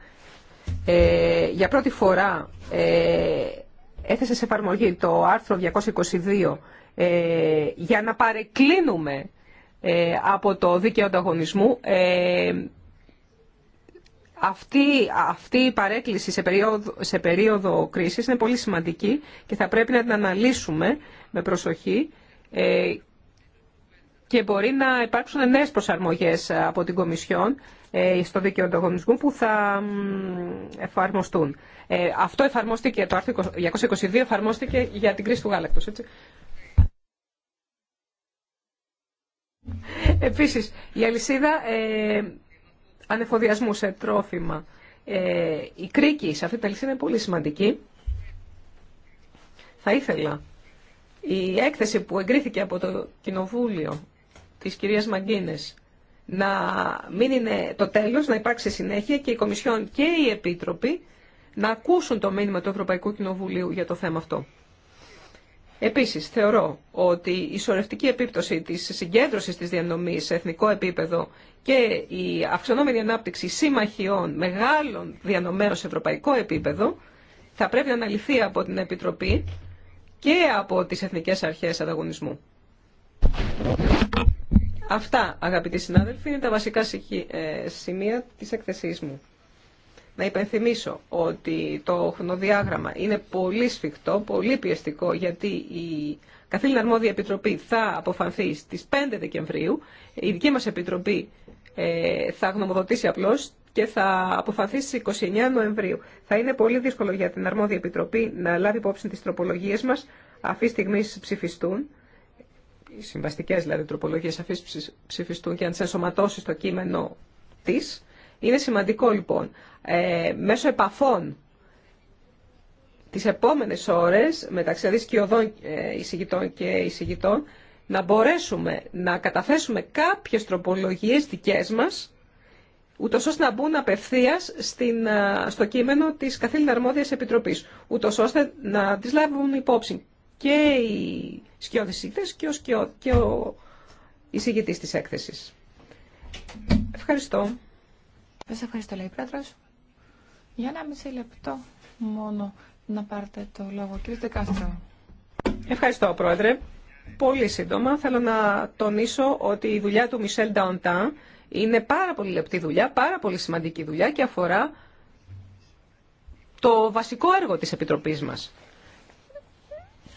ε, για πρώτη φορά ε, έθεσε σε εφαρμογή το άρθρο 222 ε, για να παρεκκλίνουμε ε, από το δίκαιο ανταγωνισμού. Ε, αυτή, αυτή η παρέκκληση σε περίοδο, σε περίοδο κρίσης είναι πολύ σημαντική και θα πρέπει να την αναλύσουμε με προσοχή και μπορεί να υπάρξουν νέες προσαρμογές από την Κομισιόν ε, στο δίκαιο ανταγωνισμού που θα εφαρμοστούν. Ε, αυτό εφαρμόστηκε, το άρθρο 222 εφαρμόστηκε για την κρίση του γάλακτος. Έτσι. Επίσης, η αλυσίδα ε, ανεφοδιασμού σε τρόφιμα. Ε, η κρίκη σε αυτή την αλυσίδα είναι πολύ σημαντική. Θα ήθελα η έκθεση που εγκρίθηκε από το Κοινοβούλιο της κυρίας Μαγκίνες να μην είναι το τέλος, να υπάρξει συνέχεια και η Κομισιόν και οι Επίτροποι να ακούσουν το μήνυμα του Ευρωπαϊκού Κοινοβουλίου για το θέμα αυτό. Επίσης, θεωρώ ότι η σωρευτική επίπτωση της συγκέντρωσης της διανομής σε εθνικό επίπεδο και η αυξανόμενη ανάπτυξη συμμαχιών μεγάλων διανομέων σε ευρωπαϊκό επίπεδο θα πρέπει να αναλυθεί από την Επιτροπή και από τις Εθνικές Αρχές Ανταγωνισμού. Αυτά, αγαπητοί συνάδελφοι, είναι τα βασικά ε, σημεία της εκθεσής μου. Να υπενθυμίσω ότι το χρονοδιάγραμμα είναι πολύ σφιχτό, πολύ πιεστικό, γιατί η Καθήλυνα Αρμόδια Επιτροπή θα αποφανθεί στις 5 Δεκεμβρίου. Η δική μας Επιτροπή ε, θα γνωμοδοτήσει απλώς και θα αποφανθεί στις 29 Νοεμβρίου. Θα είναι πολύ δύσκολο για την Αρμόδια Επιτροπή να λάβει υπόψη τις τροπολογίες μας, αυτή στιγμή ψηφιστούν οι συμβαστικές δηλαδή τροπολογίε ψηφιστούν και να τις ενσωματώσει στο κείμενο τη. Είναι σημαντικό λοιπόν ε, μέσω επαφών τις επόμενες ώρες μεταξύ αδίσκιωδών δηλαδή, ε, εισηγητών και εισηγητών να μπορέσουμε να καταθέσουμε κάποιες τροπολογίες δικές μας ούτω ώστε να μπουν απευθεία ε, στο κείμενο τη καθήλυνα αρμόδια επιτροπή, ούτω ώστε να τι λάβουν υπόψη και οι σκιώδεις και ο, σκιώ, και ο εισηγητής της έκθεσης. Ευχαριστώ. Σας ευχαριστώ, λέει η Πρόεδρος. Για ένα μισή λεπτό μόνο να πάρετε το λόγο. Κύριε Τεκάστρο. Ευχαριστώ, Πρόεδρε. Πολύ σύντομα θέλω να τονίσω ότι η δουλειά του Μισελ Νταοντάν είναι πάρα πολύ λεπτή δουλειά, πάρα πολύ σημαντική δουλειά και αφορά το βασικό έργο της Επιτροπής μας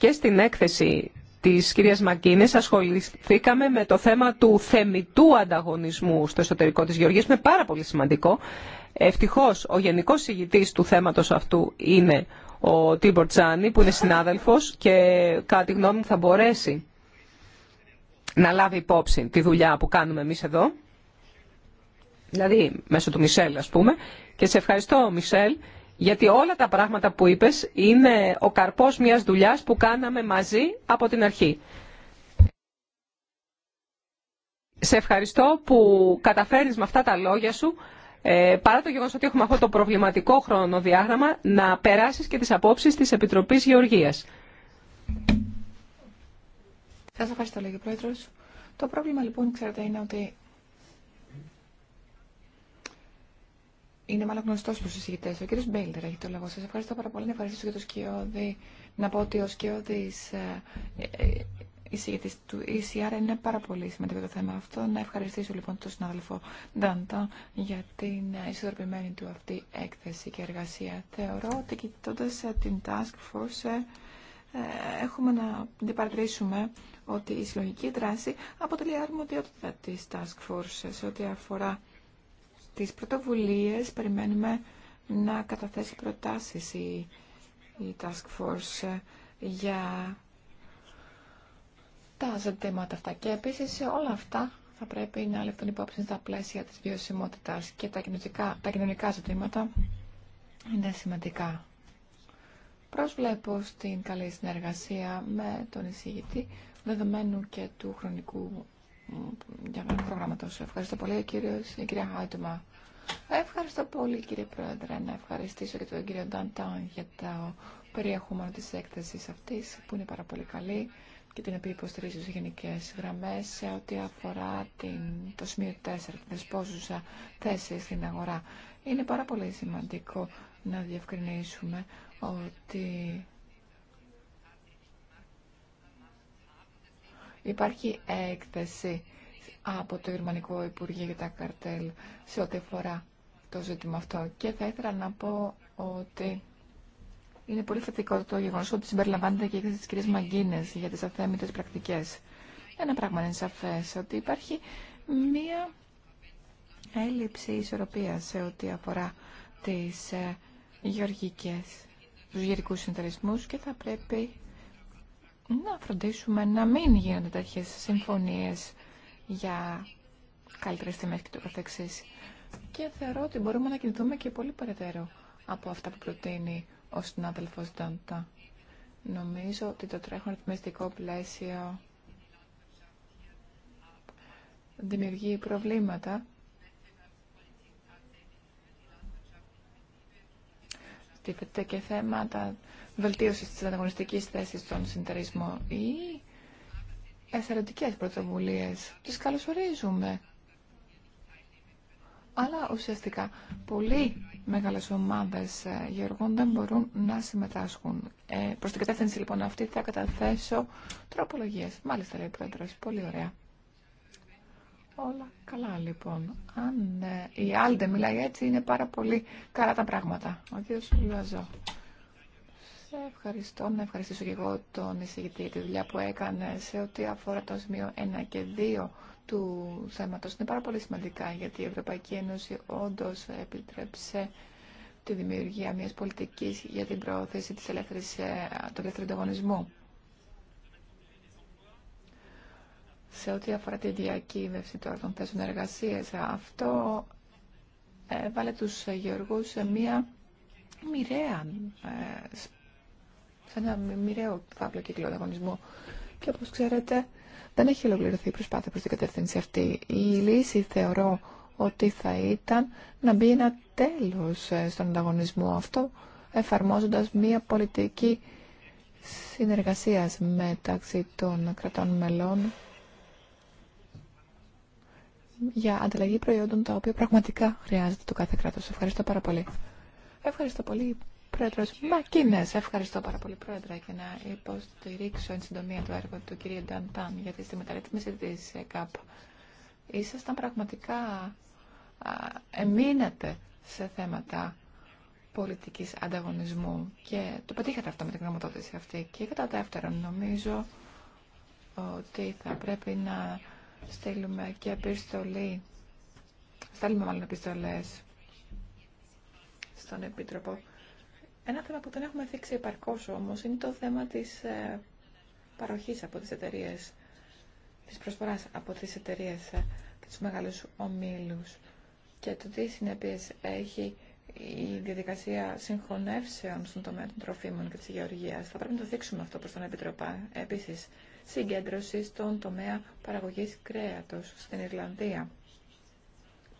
και στην έκθεση της κυρίας Μακίνης ασχοληθήκαμε με το θέμα του θεμητού ανταγωνισμού στο εσωτερικό της Γεωργίας με είναι πάρα πολύ σημαντικό. Ευτυχώς ο γενικός συγητής του θέματος αυτού είναι ο Τίμπορ Τζάνι, που είναι συνάδελφος και κατά γνώμη θα μπορέσει να λάβει υπόψη τη δουλειά που κάνουμε εμείς εδώ. Δηλαδή μέσω του Μισελ ας πούμε. Και σε ευχαριστώ Μισελ γιατί όλα τα πράγματα που είπες είναι ο καρπός μιας δουλειάς που κάναμε μαζί από την αρχή. Σε ευχαριστώ που καταφέρνεις με αυτά τα λόγια σου, ε, παρά το γεγονός ότι έχουμε αυτό το προβληματικό χρονοδιάγραμμα, να περάσεις και τις απόψεις της Επιτροπής Γεωργίας. Σας ευχαριστώ, λέγει ο Πρόεδρος. Το πρόβλημα λοιπόν, ξέρετε, είναι ότι είναι μάλλον γνωστό στου συζητητέ. Ο κ. Μπέιλτερ έχει το λόγο. Σα ευχαριστώ πάρα πολύ. Να ευχαριστήσω και το Σκιώδη. Να πω ότι ο Σκιώδη ε, ε, ε, εισηγητή του ECR είναι πάρα πολύ σημαντικό το θέμα αυτό. Να ευχαριστήσω λοιπόν τον συνάδελφο Ντάντα για την ισορροπημένη του αυτή έκθεση και εργασία. Θεωρώ ότι κοιτώντα την Task Force έχουμε να αντιπαρατηρήσουμε ότι η συλλογική δράση αποτελεί αρμοδιότητα τη Task Force σε ό,τι αφορά τις πρωτοβουλίες περιμένουμε να καταθέσει προτάσεις η, η Task Force για τα ζητήματα αυτά. Και επίσης όλα αυτά θα πρέπει να λεφτούν υπόψη στα πλαίσια της βιωσιμότητας και τα κοινωνικά, τα κοινωνικά ζητήματα είναι σημαντικά. Προσβλέπω στην καλή συνεργασία με τον εισηγητή, δεδομένου και του χρονικού για προγράμματο. Ευχαριστώ πολύ, κύριε κυρία Ευχαριστώ πολύ, κύριε Πρόεδρε, να ευχαριστήσω και τον κύριο Νταντάν για το περιεχόμενο της έκθεσης αυτής, που είναι πάρα πολύ καλή και την οποία υποστηρίζει στις γενικέ γραμμές σε ό,τι αφορά την, το σημείο 4, την δεσπόζουσα θέση στην αγορά. Είναι πάρα πολύ σημαντικό να διευκρινίσουμε ότι Υπάρχει έκθεση από το Ιρμανικό Υπουργείο για τα Καρτέλ σε ό,τι αφορά το ζήτημα αυτό. Και θα ήθελα να πω ότι είναι πολύ θετικό το γεγονό ότι συμπεριλαμβάνεται και η έκθεση τη κυρία Μαγκίνε για τι αθέμητε πρακτικέ. Ένα πράγμα είναι σαφέ, ότι υπάρχει μία έλλειψη ισορροπία σε ό,τι αφορά τι ε, γεωργικέ, του γεωργικού συνεταιρισμού και θα πρέπει να φροντίσουμε να μην γίνονται τέτοιε συμφωνίε για καλύτερε τιμέ και το καθεξή. Και θεωρώ ότι μπορούμε να κινηθούμε και πολύ περαιτέρω από αυτά που προτείνει ο συνάδελφο Ντάντα. Νομίζω ότι το τρέχον ρυθμιστικό πλαίσιο δημιουργεί προβλήματα τίθεται και θέματα Βελτίωση της ανταγωνιστικής θέσης των συνεταιρισμών ή εθελοντικές πρωτοβουλίες. Τις καλωσορίζουμε. Αλλά ουσιαστικά πολύ μεγάλε ομάδε ε, γεωργών δεν μπορούν να συμμετάσχουν. Ε, προς την κατεύθυνση λοιπόν αυτή θα καταθέσω τροπολογίε. Μάλιστα λέει ο Πρόεδρος. Πολύ ωραία. Όλα καλά λοιπόν. Αν ε, η Άλντε μιλάει έτσι είναι πάρα πολύ καλά τα πράγματα. Ο κ. Λουαζό. Ευχαριστώ. Να ευχαριστήσω και εγώ τον εισηγητή για τη δουλειά που έκανε σε ό,τι αφορά το σημείο 1 και 2 του θέματο, Είναι πάρα πολύ σημαντικά γιατί η Ευρωπαϊκή Ένωση όντω επιτρέψε τη δημιουργία μια πολιτική για την προώθηση της ελεύθερης, ε, του ελεύθερου ανταγωνισμού. Σε ό,τι αφορά τη διακύβευση τώρα των θέσεων εργασία. αυτό έβαλε τους γεωργούς σε μια μοιραία ε, σε ένα μοιραίο φαύλο κύκλο ανταγωνισμού. Και όπως ξέρετε, δεν έχει ολοκληρωθεί η προσπάθεια προ την κατεύθυνση αυτή. Η λύση θεωρώ ότι θα ήταν να μπει ένα τέλο ε, στον ανταγωνισμό αυτό, εφαρμόζοντας μία πολιτική συνεργασίας μεταξύ των κρατών μελών για ανταλλαγή προϊόντων τα οποία πραγματικά χρειάζεται το κάθε κράτος. Ευχαριστώ πάρα πολύ. Ευχαριστώ πολύ Πρόεδρος Μακίνες, ευχαριστώ πάρα πολύ Πρόεδρε και να υποστηρίξω εν συντομία το έργο του κ. Νταντάν γιατί στη μεταρρύθμιση της ΚΑΠ ήσασταν πραγματικά εμείνατε σε θέματα πολιτικής ανταγωνισμού και το πετύχατε αυτό με την γνωμοτότηση αυτή και κατά δεύτερον νομίζω ότι θα πρέπει να στείλουμε και επιστολή στέλνουμε μάλλον επιστολές στον Επίτροπο ένα θέμα που δεν έχουμε δείξει επαρκώς όμως είναι το θέμα της ε, παροχής από τις εταιρείε, της προσφοράς από τις εταιρείε ε, και τους μεγάλους ομίλους και το τι συνέπειες έχει η διαδικασία συγχωνεύσεων στον τομέα των τροφίμων και της γεωργίας. Θα πρέπει να το δείξουμε αυτό προς τον Επιτροπά. Επίσης, συγκέντρωση στον τομέα παραγωγής κρέατος στην Ιρλανδία.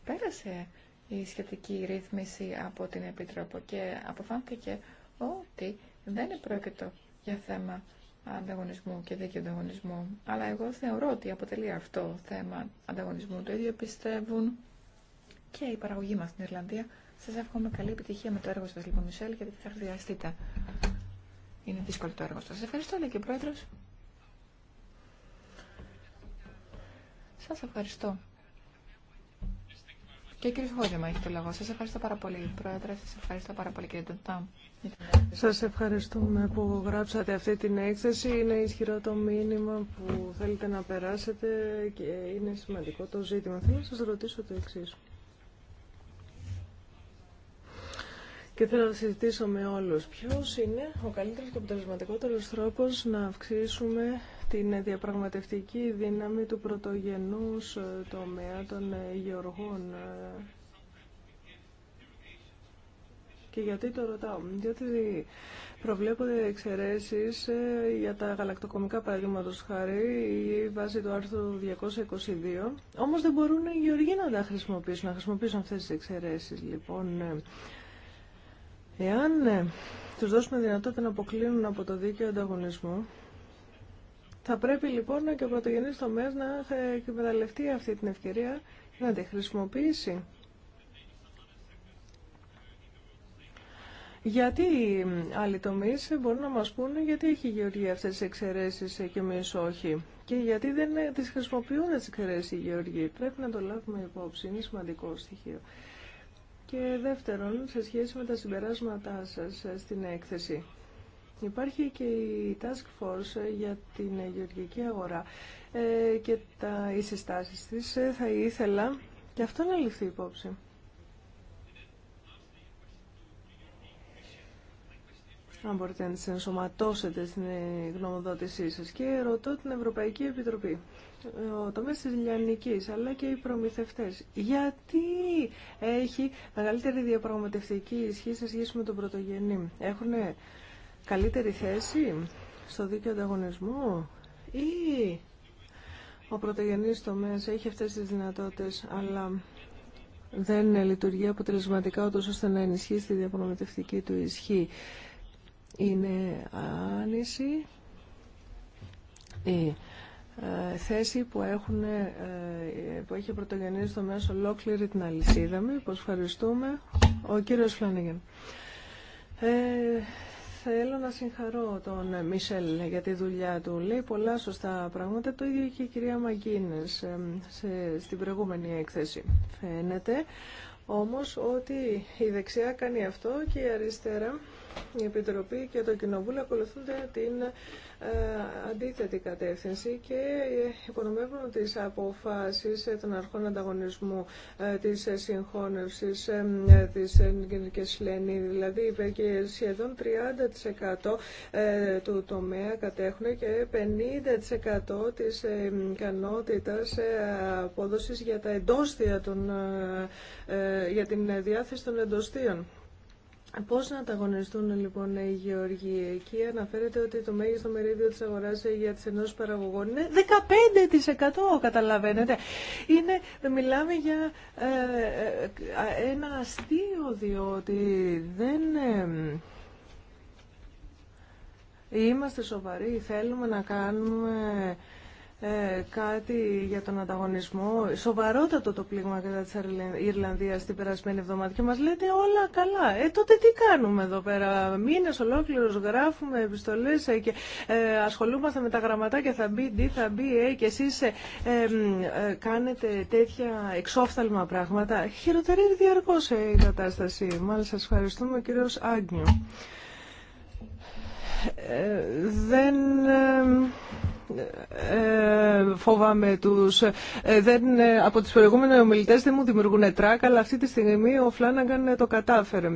Πέρασε η σχετική ρύθμιση από την Επιτρόπο και αποφάνθηκε ότι δεν είναι πρόκειτο για θέμα ανταγωνισμού και δίκαιο ανταγωνισμού. Αλλά εγώ θεωρώ ότι αποτελεί αυτό θέμα ανταγωνισμού. Το ίδιο πιστεύουν και η παραγωγή μας στην Ιρλανδία. Σας εύχομαι καλή επιτυχία με το έργο σας, λοιπόν, γιατί θα χρειαστείτε. Είναι δύσκολο το έργο σας. Ευχαριστώ, και ο Σας ευχαριστώ. Και ο κ. έχει το λόγο. Σας ευχαριστώ πάρα πολύ, Πρόεδρε. Σας ευχαριστώ πάρα πολύ, κύριε Τοντάμ. Σας ευχαριστούμε που γράψατε αυτή την έκθεση. Είναι ισχυρό το μήνυμα που θέλετε να περάσετε και είναι σημαντικό το ζήτημα. Θέλω να σας ρωτήσω το εξή. Και θέλω να συζητήσω με όλους ποιος είναι ο καλύτερος και αποτελεσματικότερος τρόπος να αυξήσουμε την διαπραγματευτική δύναμη του πρωτογενούς ε, τομέα των ε, γεωργών. Ε. Και γιατί το ρωτάω, διότι προβλέπονται εξαιρέσει για τα γαλακτοκομικά παραδείγματο χάρη ή βάση του άρθρου 222. Όμως δεν μπορούν οι γεωργοί να τα χρησιμοποιήσουν, να χρησιμοποιήσουν αυτές τις εξαιρέσεις. Λοιπόν, εάν τους δώσουμε δυνατότητα να αποκλίνουν από το δίκαιο ανταγωνισμό, θα πρέπει λοιπόν και ο πρωτογενής τομέας να εκμεταλλευτεί αυτή την ευκαιρία να τη χρησιμοποιήσει. Γιατί οι άλλοι τομεί μπορούν να μας πούνε γιατί έχει η Γεωργία αυτές τις εξαιρέσει και εμεί όχι. Και γιατί δεν τις χρησιμοποιούν τι εξαιρέσει οι Γεωργοί. Πρέπει να το λάβουμε υπόψη. Είναι σημαντικό στοιχείο. Και δεύτερον, σε σχέση με τα συμπεράσματά σας στην έκθεση. Υπάρχει και η Task Force για την γεωργική αγορά ε, και τα, οι τη. Ε, θα ήθελα και αυτό να ληφθεί υπόψη. αν μπορείτε να τις ενσωματώσετε στην ε, γνωμοδότησή σας. Και ρωτώ την Ευρωπαϊκή Επιτροπή, ο τομέας της Λιανικής, αλλά και οι προμηθευτές, γιατί έχει μεγαλύτερη διαπραγματευτική ισχύ σε σχέση με τον πρωτογενή. Έχουν καλύτερη θέση στο δίκαιο ανταγωνισμού ή ο πρωτογενής τομέας έχει αυτές τις δυνατότητες αλλά δεν λειτουργεί αποτελεσματικά ούτως ώστε να ενισχύσει τη διαπραγματευτική του ισχύ. Είναι άνηση η ε, θέση που, έχουν, ε, που έχει πρωτογενή στο μέσο ολόκληρη την αλυσίδα. Με ευχαριστούμε. Ο κύριος Φλάνιγεν. Ε, Θέλω να συγχαρώ τον Μίσελ για τη δουλειά του. Λέει πολλά σωστά πράγματα. Το ίδιο και η κυρία Μαγκίνες στην προηγούμενη έκθεση. Φαίνεται όμως ότι η δεξιά κάνει αυτό και η αριστερά η Επιτροπή και το Κοινοβούλιο ακολουθούν την ε, αντίθετη κατεύθυνση και ε, υπονομεύουν τις αποφάσεις ε, των αρχών ανταγωνισμού ε, της συγχώνευσης ε, της Γενικής Δηλαδή και σχεδόν 30% του τομέα κατέχουν και 50% της ικανότητας απόδοσης για, τα εντόστια για την διάθεση των εντοστίων. Πώς να ανταγωνιστούν λοιπόν οι γεωργοί. Εκεί αναφέρεται ότι το μέγιστο μερίδιο της αγοράς για τις ενώσεις παραγωγών είναι 15% καταλαβαίνετε. Είναι, μιλάμε για ε, ε, ένα αστείο διότι δεν... Ε, είμαστε σοβαροί, θέλουμε να κάνουμε ε, κάτι για τον ανταγωνισμό. Σοβαρότατο το πλήγμα κατά τη Ιρλανδία την περασμένη εβδομάδα και μας λέτε όλα καλά. Ε, τότε τι κάνουμε εδώ πέρα. Μήνες ολόκληρο, γράφουμε επιστολές ε, και ε, ασχολούμαστε με τα γραμματάκια θα μπει τι θα μπει ε, και εσείς ε, κάνετε τέτοια εξόφθαλμα πράγματα. Χειροτερεύει ε, η κατάσταση. Μάλιστα, σας ευχαριστούμε κύριος Άγνιο. δεν... Ε, φοβάμαι τους. Ε, δεν, ε, από τις προηγούμενες ομιλητές δεν μου δημιουργούν τράκα, αλλά αυτή τη στιγμή ο Φλάνναγκαν το κατάφερε.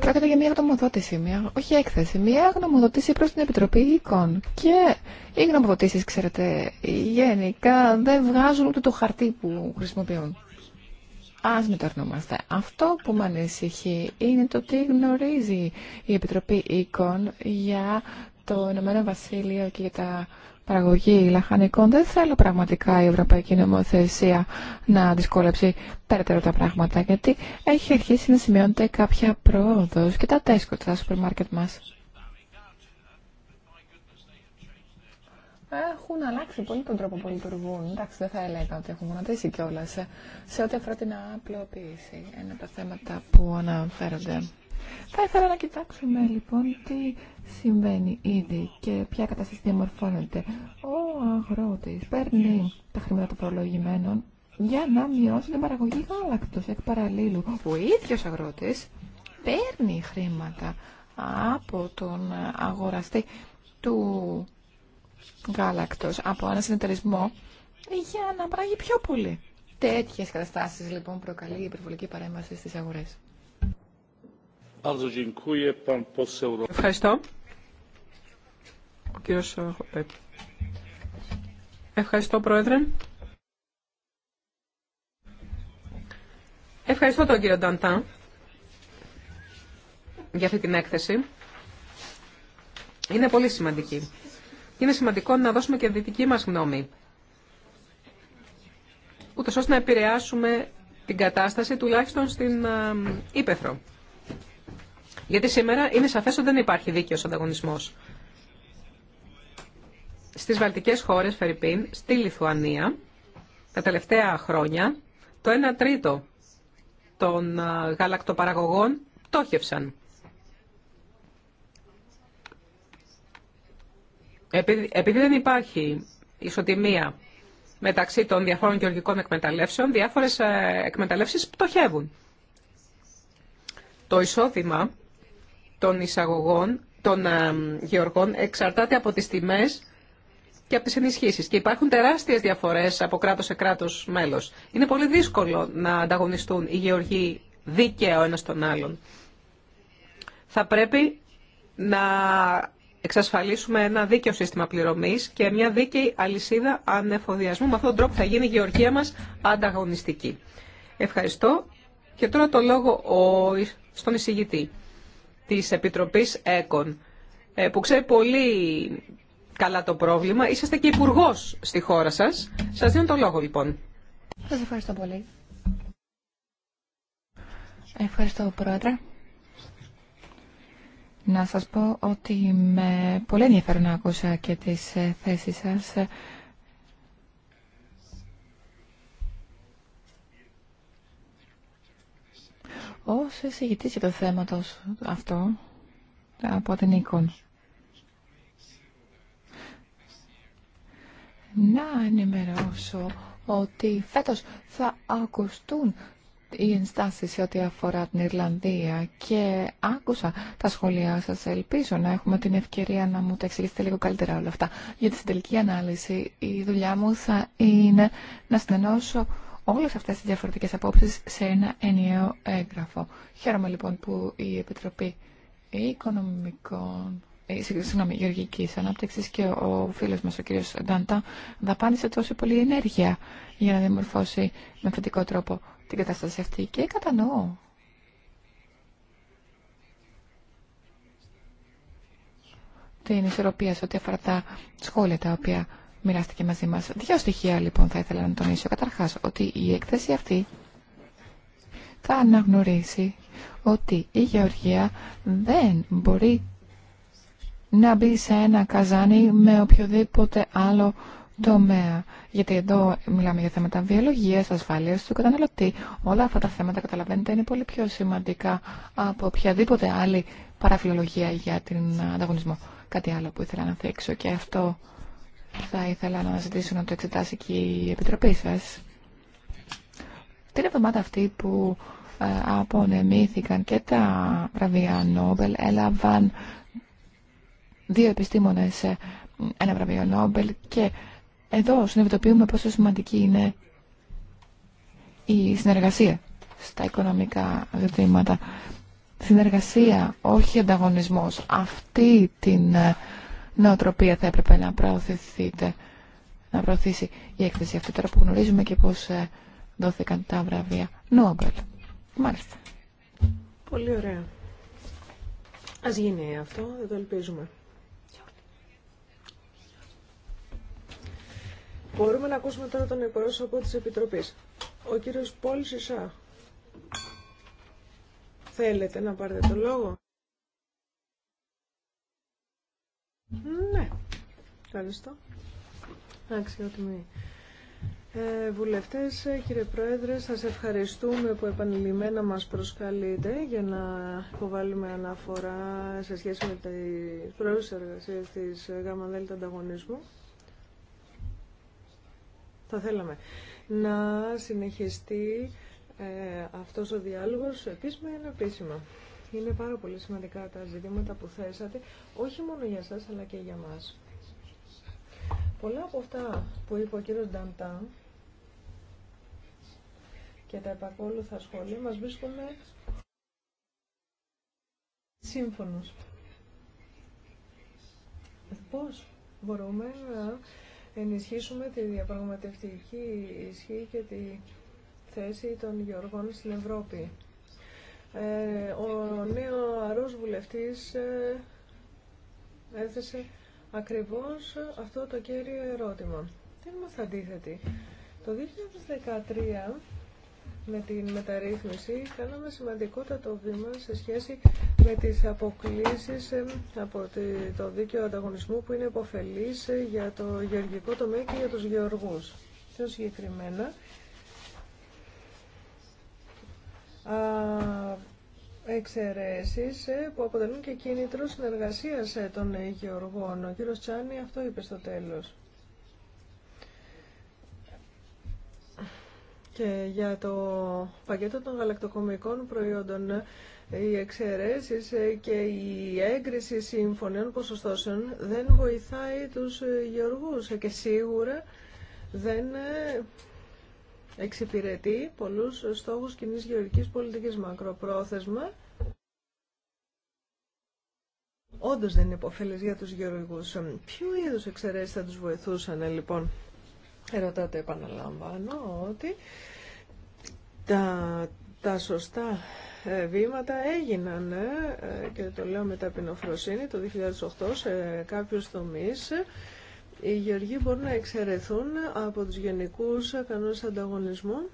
Πρόκειται για μια γνωμοδότηση, μια, όχι έκθεση, μια γνωμοδότηση προς την Επιτροπή Οικών. Και οι γνωμοδοτήσεις, ξέρετε, γενικά δεν βγάζουν ούτε το χαρτί που χρησιμοποιούν. Ας μην το αρνούμαστε. Αυτό που με ανησυχεί είναι το τι γνωρίζει η Επιτροπή Οίκων για το Ηνωμένο Βασίλειο και για τα παραγωγή λαχανικών, δεν θέλω πραγματικά η Ευρωπαϊκή Νομοθεσία να δυσκόλεψει περαιτέρω τα πράγματα, γιατί έχει αρχίσει να σημειώνεται κάποια πρόοδο και τα τέσκο τα σούπερ μάρκετ μα. Έχουν αλλάξει πολύ τον τρόπο που λειτουργούν. Εντάξει, δεν θα έλεγα ότι έχουν γονατίσει κιόλα ε, σε, ό,τι αφορά την απλοποίηση. Ένα τα θέματα που αναφέρονται. Θα ήθελα να κοιτάξουμε λοιπόν τι συμβαίνει ήδη και ποια κατάσταση διαμορφώνεται. Ο αγρότης παίρνει τα χρήματα των προλογημένων για να μειώσει την παραγωγή γάλακτος εκ παραλίλου. Ο ίδιος αγρότης παίρνει χρήματα από τον αγοραστή του γάλακτος, από ένα συνεταιρισμό, για να παράγει πιο πολύ. Τέτοιες καταστάσεις λοιπόν προκαλεί η υπερβολική παρέμβαση στις αγορές. Ευχαριστώ. Ε, ε, ευχαριστώ, Πρόεδρε. Ευχαριστώ τον κύριο Νταντά για αυτή την έκθεση. Είναι πολύ σημαντική. Είναι σημαντικό να δώσουμε και δυτική μας γνώμη, ούτως ώστε να επηρεάσουμε την κατάσταση τουλάχιστον στην ε, Ήπεθρο. Γιατί σήμερα είναι σαφέ ότι δεν υπάρχει δίκαιο ανταγωνισμό. Στι βαλτικέ χώρε, Φερρυπίν, στη Λιθουανία, τα τελευταία χρόνια, το 1 τρίτο των γαλακτοπαραγωγών πτώχευσαν. Επειδή δεν υπάρχει ισοτιμία μεταξύ των διαφόρων γεωργικών εκμεταλλεύσεων, διάφορες ε, εκμεταλλεύσεις πτωχεύουν. Το εισόδημα των εισαγωγών, των ε, γεωργών, εξαρτάται από τις τιμές και από τις ενισχύσεις. Και υπάρχουν τεράστιες διαφορές από κράτος σε κράτος μέλος. Είναι πολύ δύσκολο να ανταγωνιστούν οι γεωργοί δίκαια ο ένας τον άλλον. Θα πρέπει να εξασφαλίσουμε ένα δίκαιο σύστημα πληρωμής και μια δίκαιη αλυσίδα ανεφοδιασμού. Με αυτόν τον τρόπο θα γίνει η γεωργία μας ανταγωνιστική. Ευχαριστώ. Και τώρα το λόγο στον εισηγητή της Επιτροπής ΕΚΟΝ, ε, που ξέρει πολύ καλά το πρόβλημα. Είσαστε και υπουργό στη χώρα σας. Σας δίνω το λόγο, λοιπόν. Σας ευχαριστώ πολύ. Ευχαριστώ, Πρόεδρε. Να σας πω ότι με πολύ ενδιαφέρον άκουσα και τις ε, θέσεις σας Ως εισηγητής για το θέμα αυτό από την εικόνα. Να ενημερώσω ότι φέτος θα ακουστούν οι ενστάσεις σε ό,τι αφορά την Ιρλανδία και άκουσα τα σχόλιά σας. Ελπίζω να έχουμε την ευκαιρία να μου τα εξηγήσετε λίγο καλύτερα όλα αυτά. Γιατί στην τελική ανάλυση η δουλειά μου θα είναι να συνενώσω όλες αυτές τις διαφορετικές απόψεις σε ένα ενιαίο έγγραφο. Χαίρομαι λοιπόν που η Επιτροπή Οικονομικών ε, συγγνώμη, γεωργική ανάπτυξη και ο φίλο μα, ο κ. Ντάντα, δαπάνησε τόσο πολύ ενέργεια για να δημορφώσει με θετικό τρόπο την κατάσταση αυτή. Και κατανοώ. Την ισορροπία σε ό,τι αφορά τα σχόλια τα οποία μοιράστηκε μαζί μας. Δύο στοιχεία λοιπόν θα ήθελα να τονίσω. Καταρχάς ότι η έκθεση αυτή θα αναγνωρίσει ότι η γεωργία δεν μπορεί να μπει σε ένα καζάνι με οποιοδήποτε άλλο τομέα. Γιατί εδώ μιλάμε για θέματα βιολογίας, ασφάλειας του καταναλωτή. Όλα αυτά τα θέματα, καταλαβαίνετε, είναι πολύ πιο σημαντικά από οποιαδήποτε άλλη παραφιλολογία για την ε, ανταγωνισμό. Κάτι άλλο που ήθελα να θέξω και αυτό θα ήθελα να ζητήσω να το εξετάσει και η Επιτροπή σας. Την εβδομάδα αυτή που ε, απονεμήθηκαν και τα βραβεία Νόμπελ έλαβαν δύο επιστήμονες ε, ένα βραβείο Νόμπελ και εδώ συνειδητοποιούμε πόσο σημαντική είναι η συνεργασία στα οικονομικά ζητήματα. Συνεργασία, όχι ανταγωνισμός. Αυτή την ε, νοοτροπία θα έπρεπε να προωθηθείτε, να προωθήσει η έκθεση αυτή τώρα που γνωρίζουμε και πώς ε, δόθηκαν τα βραβεία Νόμπελ. Μάλιστα. Πολύ ωραία. Ας γίνει αυτό, δεν το ελπίζουμε. Μπορούμε να ακούσουμε τώρα τον εκπρόσωπο της Επιτροπής. Ο κύριος Πόλης Ισά. Θέλετε να πάρετε το λόγο. Ευχαριστώ. μη. Ε, βουλευτές, ε, κύριε Πρόεδρε, σας ευχαριστούμε που επανειλημμένα μας προσκαλείτε για να υποβάλουμε αναφορά σε σχέση με τις πρώτες εργασίες της ΓΑΜΑΔΕΛΤΑ ανταγωνισμού. Θα θέλαμε να συνεχιστεί ε, αυτός ο διάλογος επίσημα ή επίσημα. Είναι πάρα πολύ σημαντικά τα ζητήματα που θέσατε, όχι μόνο για σας αλλά και για μας. Πολλά από αυτά που είπε ο κύριος Νταντάν και τα επακόλουθα σχόλια μας βρίσκονται σύμφωνος. Πώς μπορούμε να ενισχύσουμε τη διαπραγματευτική ισχύ και τη θέση των γεωργών στην Ευρώπη. Ε, ο νέος αρός βουλευτής ε, έθεσε ακριβώς αυτό το κέριο ερώτημα. Τι είμαστε αντίθετοι. Το 2013 με την μεταρρύθμιση κάναμε σημαντικότατο βήμα σε σχέση με τις αποκλήσεις από το δίκαιο ανταγωνισμού που είναι υποφελής για το γεωργικό τομέα και για τους γεωργούς. Πιο συγκεκριμένα, εξαιρέσεις ε, που αποτελούν και κίνητρο συνεργασίας ε, των ε, γεωργών. Ο κύριος Τσάνη αυτό είπε στο τέλος. Και για το πακέτο των γαλακτοκομικών προϊόντων, οι εξαιρέσει και η έγκριση συμφωνιών ποσοστώσεων δεν βοηθάει τους γεωργούς και σίγουρα δεν εξυπηρετεί πολλούς στόχους κοινή γεωργικής πολιτικής μακροπρόθεσμα. Όντως δεν είναι υποφελής για τους γεωργούς. Ποιο είδους εξαιρέσει θα τους βοηθούσαν ε, λοιπόν. Ερωτάτε επαναλαμβάνω ότι τα, τα σωστά ε, βήματα έγιναν ε, και το λέω με ταπεινοφροσύνη το 2008 σε κάποιους τομείς οι γεωργοί μπορούν να εξαιρεθούν από τους γενικούς κανόνες ανταγωνισμού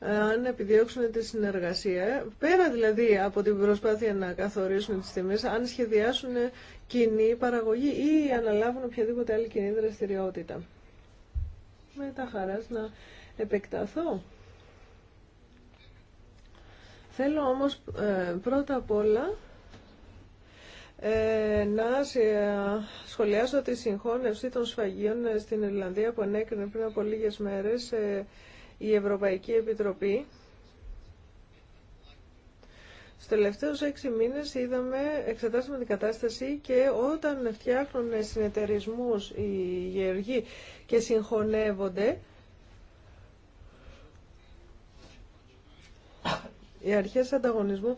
αν επιδιώξουν τη συνεργασία, πέρα δηλαδή από την προσπάθεια να καθορίσουν τις τιμές, αν σχεδιάσουν κοινή παραγωγή ή αναλάβουν οποιαδήποτε άλλη κοινή δραστηριότητα. Με τα χαράς να επεκταθώ. Θέλω όμως ε, πρώτα απ' όλα ε, να σχολιάσω τη συγχώνευση των σφαγίων ε, στην Ιρλανδία που ενέκρινε πριν από λίγες μέρες ε, η Ευρωπαϊκή Επιτροπή. στο τελευταίο έξι μήνες είδαμε, εξετάσαμε την κατάσταση και όταν φτιάχνουν συνεταιρισμούς οι γεωργοί και συγχωνεύονται, οι αρχές ανταγωνισμού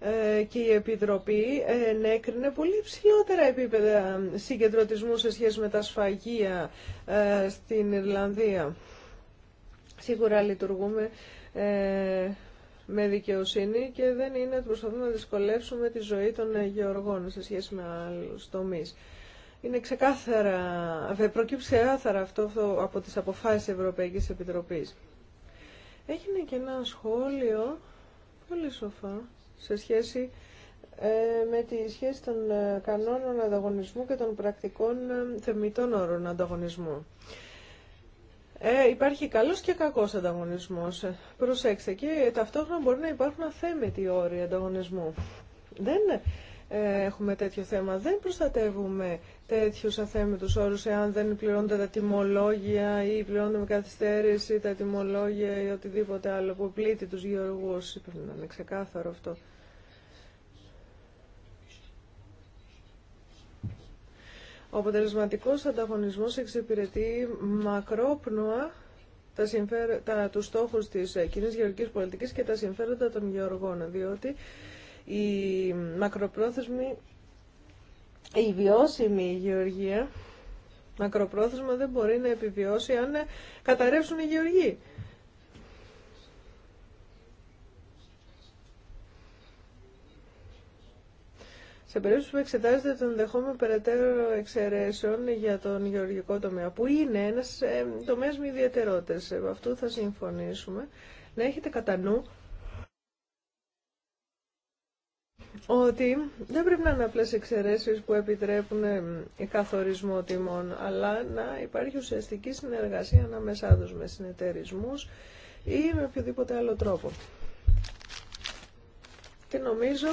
ε, και η Επιτροπή ενέκρινε πολύ ψηλότερα επίπεδα συγκεντρωτισμού σε σχέση με τα σφαγεία ε, στην Ιρλανδία. Σίγουρα λειτουργούμε ε, με δικαιοσύνη και δεν είναι προσπαθούμε να δυσκολεύσουμε τη ζωή των γεωργών σε σχέση με άλλους τομείς. Είναι ξεκάθαρα, προκύψει άθαρα αυτό από τις αποφάσεις Ευρωπαϊκής Επιτροπής. Έγινε και ένα σχόλιο, πολύ σοφά, σε σχέση ε, με τη σχέση των ε, κανόνων ανταγωνισμού και των πρακτικών ε, θεμητών όρων ανταγωνισμού. Ε, υπάρχει καλός και κακός ανταγωνισμός. Προσέξτε, και ταυτόχρονα μπορεί να υπάρχουν αθέμετοι όροι ανταγωνισμού. Δεν ε, έχουμε τέτοιο θέμα. Δεν προστατεύουμε τέτοιου αθέμητου όρου εάν δεν πληρώνονται τα τιμολόγια ή πληρώνονται με καθυστέρηση τα τιμολόγια ή οτιδήποτε άλλο που πλήττει του γεωργού. Πρέπει να είναι ξεκάθαρο αυτό. Ο αποτελεσματικό ανταγωνισμό εξυπηρετεί μακρόπνοα τα, συμφέρ τα, τους στόχους της ε, κοινής γεωργικής πολιτικής και τα συμφέροντα των γεωργών, διότι η μακροπρόθεσμη, η βιώσιμη γεωργία, μακροπρόθεσμα δεν μπορεί να επιβιώσει αν καταρρεύσουν οι γεωργοί. Σε περίπτωση που εξετάζεται το ενδεχόμενο περαιτέρω εξαιρέσεων για τον γεωργικό τομέα, που είναι ένα ε, τομέα με ιδιαιτερότητε, ε, αυτού θα συμφωνήσουμε, να έχετε κατά νου ότι δεν πρέπει να είναι απλές εξαιρέσεις που επιτρέπουν ε, καθορισμό τιμών, αλλά να υπάρχει ουσιαστική συνεργασία ανάμεσά τους με συνεταιρισμούς ή με οποιοδήποτε άλλο τρόπο. Και νομίζω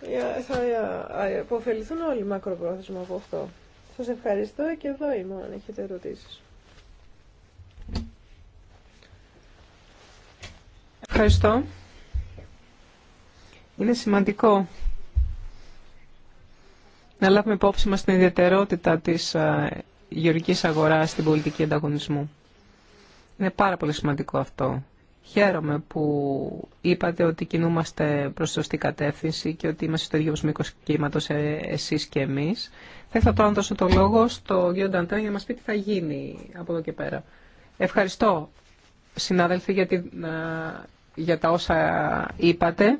ε, θα ε, υποφεληθούν όλοι μακροπρόθεσμα από αυτό. Σας ευχαριστώ και εδώ είμαι αν έχετε ερωτήσεις. Ευχαριστώ. Είναι σημαντικό να λάβουμε υπόψη μας την ιδιαιτερότητα της γεωργικής αγοράς στην πολιτική ανταγωνισμού. Είναι πάρα πολύ σημαντικό αυτό. Χαίρομαι που είπατε ότι κινούμαστε προς σωστή κατεύθυνση και ότι είμαστε στο ίδιο μήκο κύματος ε, εσείς και εμείς. Θα ήθελα τώρα να δώσω το λόγο στο Γιώργο Νταντάν για να μας πει τι θα γίνει από εδώ και πέρα. Ευχαριστώ, συνάδελφοι, για, την, για τα όσα είπατε.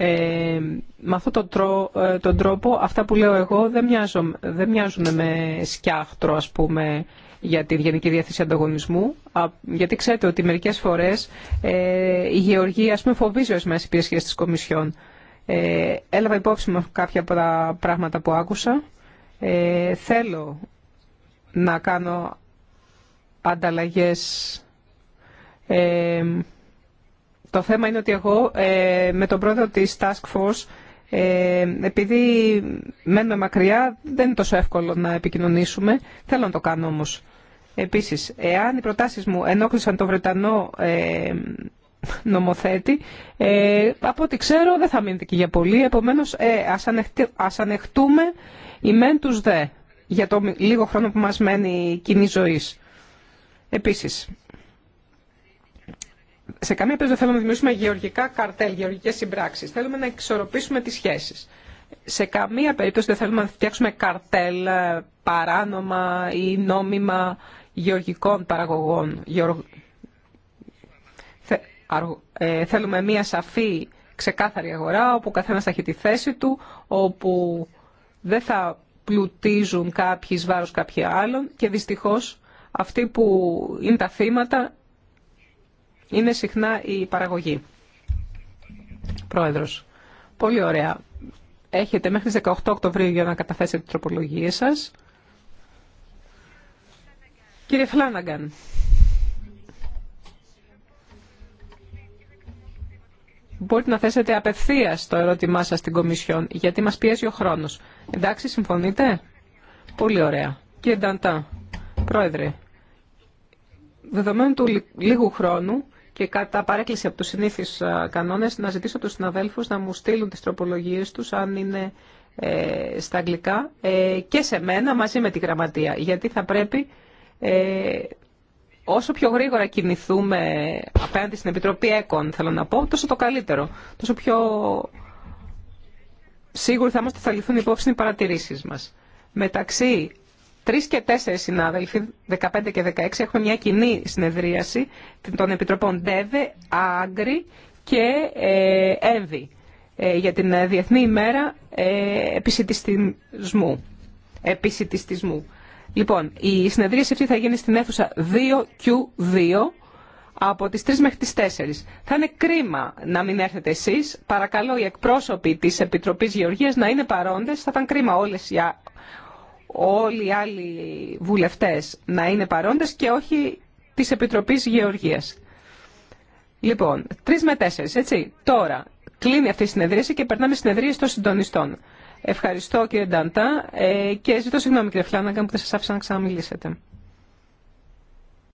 Ε, με αυτόν τον, τρό, ε, τον τρόπο αυτά που λέω εγώ δεν, μοιάζουν, δεν με σκιάχτρο ας πούμε για τη Γενική Διαθήση Ανταγωνισμού γιατί ξέρετε ότι μερικές φορές ε, η Γεωργία ας πούμε φοβίζει μέσα υπηρεσίες της Κομισιόν. Ε, έλαβα υπόψη μου κάποια από τα πράγματα που άκουσα. Ε, θέλω να κάνω ανταλλαγές ε, το θέμα είναι ότι εγώ ε, με τον πρόεδρο της Task Force, ε, επειδή μένουμε μακριά, δεν είναι τόσο εύκολο να επικοινωνήσουμε. Θέλω να το κάνω όμως. Επίσης, εάν οι προτάσεις μου ενόχλησαν τον Βρετανό ε, νομοθέτη, ε, από ό,τι ξέρω δεν θα μείνετε και για πολύ, επομένως ε, ας, ανεχτούμε οι μεν τους δε για το λίγο χρόνο που μας μένει κοινή ζωής. Επίσης, σε καμία περίπτωση δεν θέλουμε να δημιουργήσουμε γεωργικά καρτέλ, γεωργικέ συμπράξει. Θέλουμε να εξορροπήσουμε τις σχέσεις. Σε καμία περίπτωση δεν θέλουμε να φτιάξουμε καρτέλ ε, παράνομα ή νόμιμα γεωργικών παραγωγών. Ε, θέλουμε μία σαφή, ξεκάθαρη αγορά, όπου καθένας θα έχει τη θέση του, όπου δεν θα πλουτίζουν κάποιοι βάρος κάποιοι άλλων και δυστυχώς αυτοί που είναι τα θύματα είναι συχνά η παραγωγή. Πρόεδρος, πολύ ωραία. Έχετε μέχρι τις 18 Οκτωβρίου για να καταθέσετε τις τροπολογίες σας. Κύριε Φλάναγκαν. Μπορείτε να θέσετε απευθείας το ερώτημά σας στην Κομισιόν, γιατί μας πιέζει ο χρόνος. Εντάξει, συμφωνείτε. Πολύ ωραία. Κύριε Νταντά, Πρόεδρε, δεδομένου του λίγου χρόνου, και κατά παρέκκληση από τους συνήθεις κανόνες να ζητήσω τους συναδέλφους να μου στείλουν τις τροπολογίες τους αν είναι ε, στα αγγλικά ε, και σε μένα μαζί με τη γραμματεία γιατί θα πρέπει ε, όσο πιο γρήγορα κινηθούμε απέναντι στην Επιτροπή ΕΚΟΝ θέλω να πω τόσο το καλύτερο τόσο πιο σίγουροι θα είμαστε θα λυθούν υπόψη οι παρατηρήσεις μας μεταξύ Τρεις και τέσσερις συνάδελφοι, 15 και 16, έχουμε μια κοινή συνεδρίαση των Επιτροπών ΔΕΒΕ, ΆΓΡΙ και ε, ΕΒΙ ε, για την Διεθνή ημέρα ε, επισητιστισμού. επισητιστισμού. Λοιπόν, η συνεδρίαση αυτή θα γίνει στην αίθουσα 2Q2 από τις 3 μέχρι τις 4. Θα είναι κρίμα να μην έρθετε εσείς. Παρακαλώ οι εκπρόσωποι της Επιτροπής Γεωργίας να είναι παρόντες. Θα ήταν κρίμα όλες, όλοι οι άλλοι βουλευτές να είναι παρόντες και όχι της Επιτροπής Γεωργίας. Λοιπόν, τρεις με τέσσερις, έτσι. Τώρα, κλείνει αυτή η συνεδρίαση και περνάμε συνεδρίες των συντονιστών. Ευχαριστώ κύριε Νταντά ε, και ζητώ συγγνώμη κύριε Φλάνναγκα που δεν σας άφησα να ξαναμιλήσετε.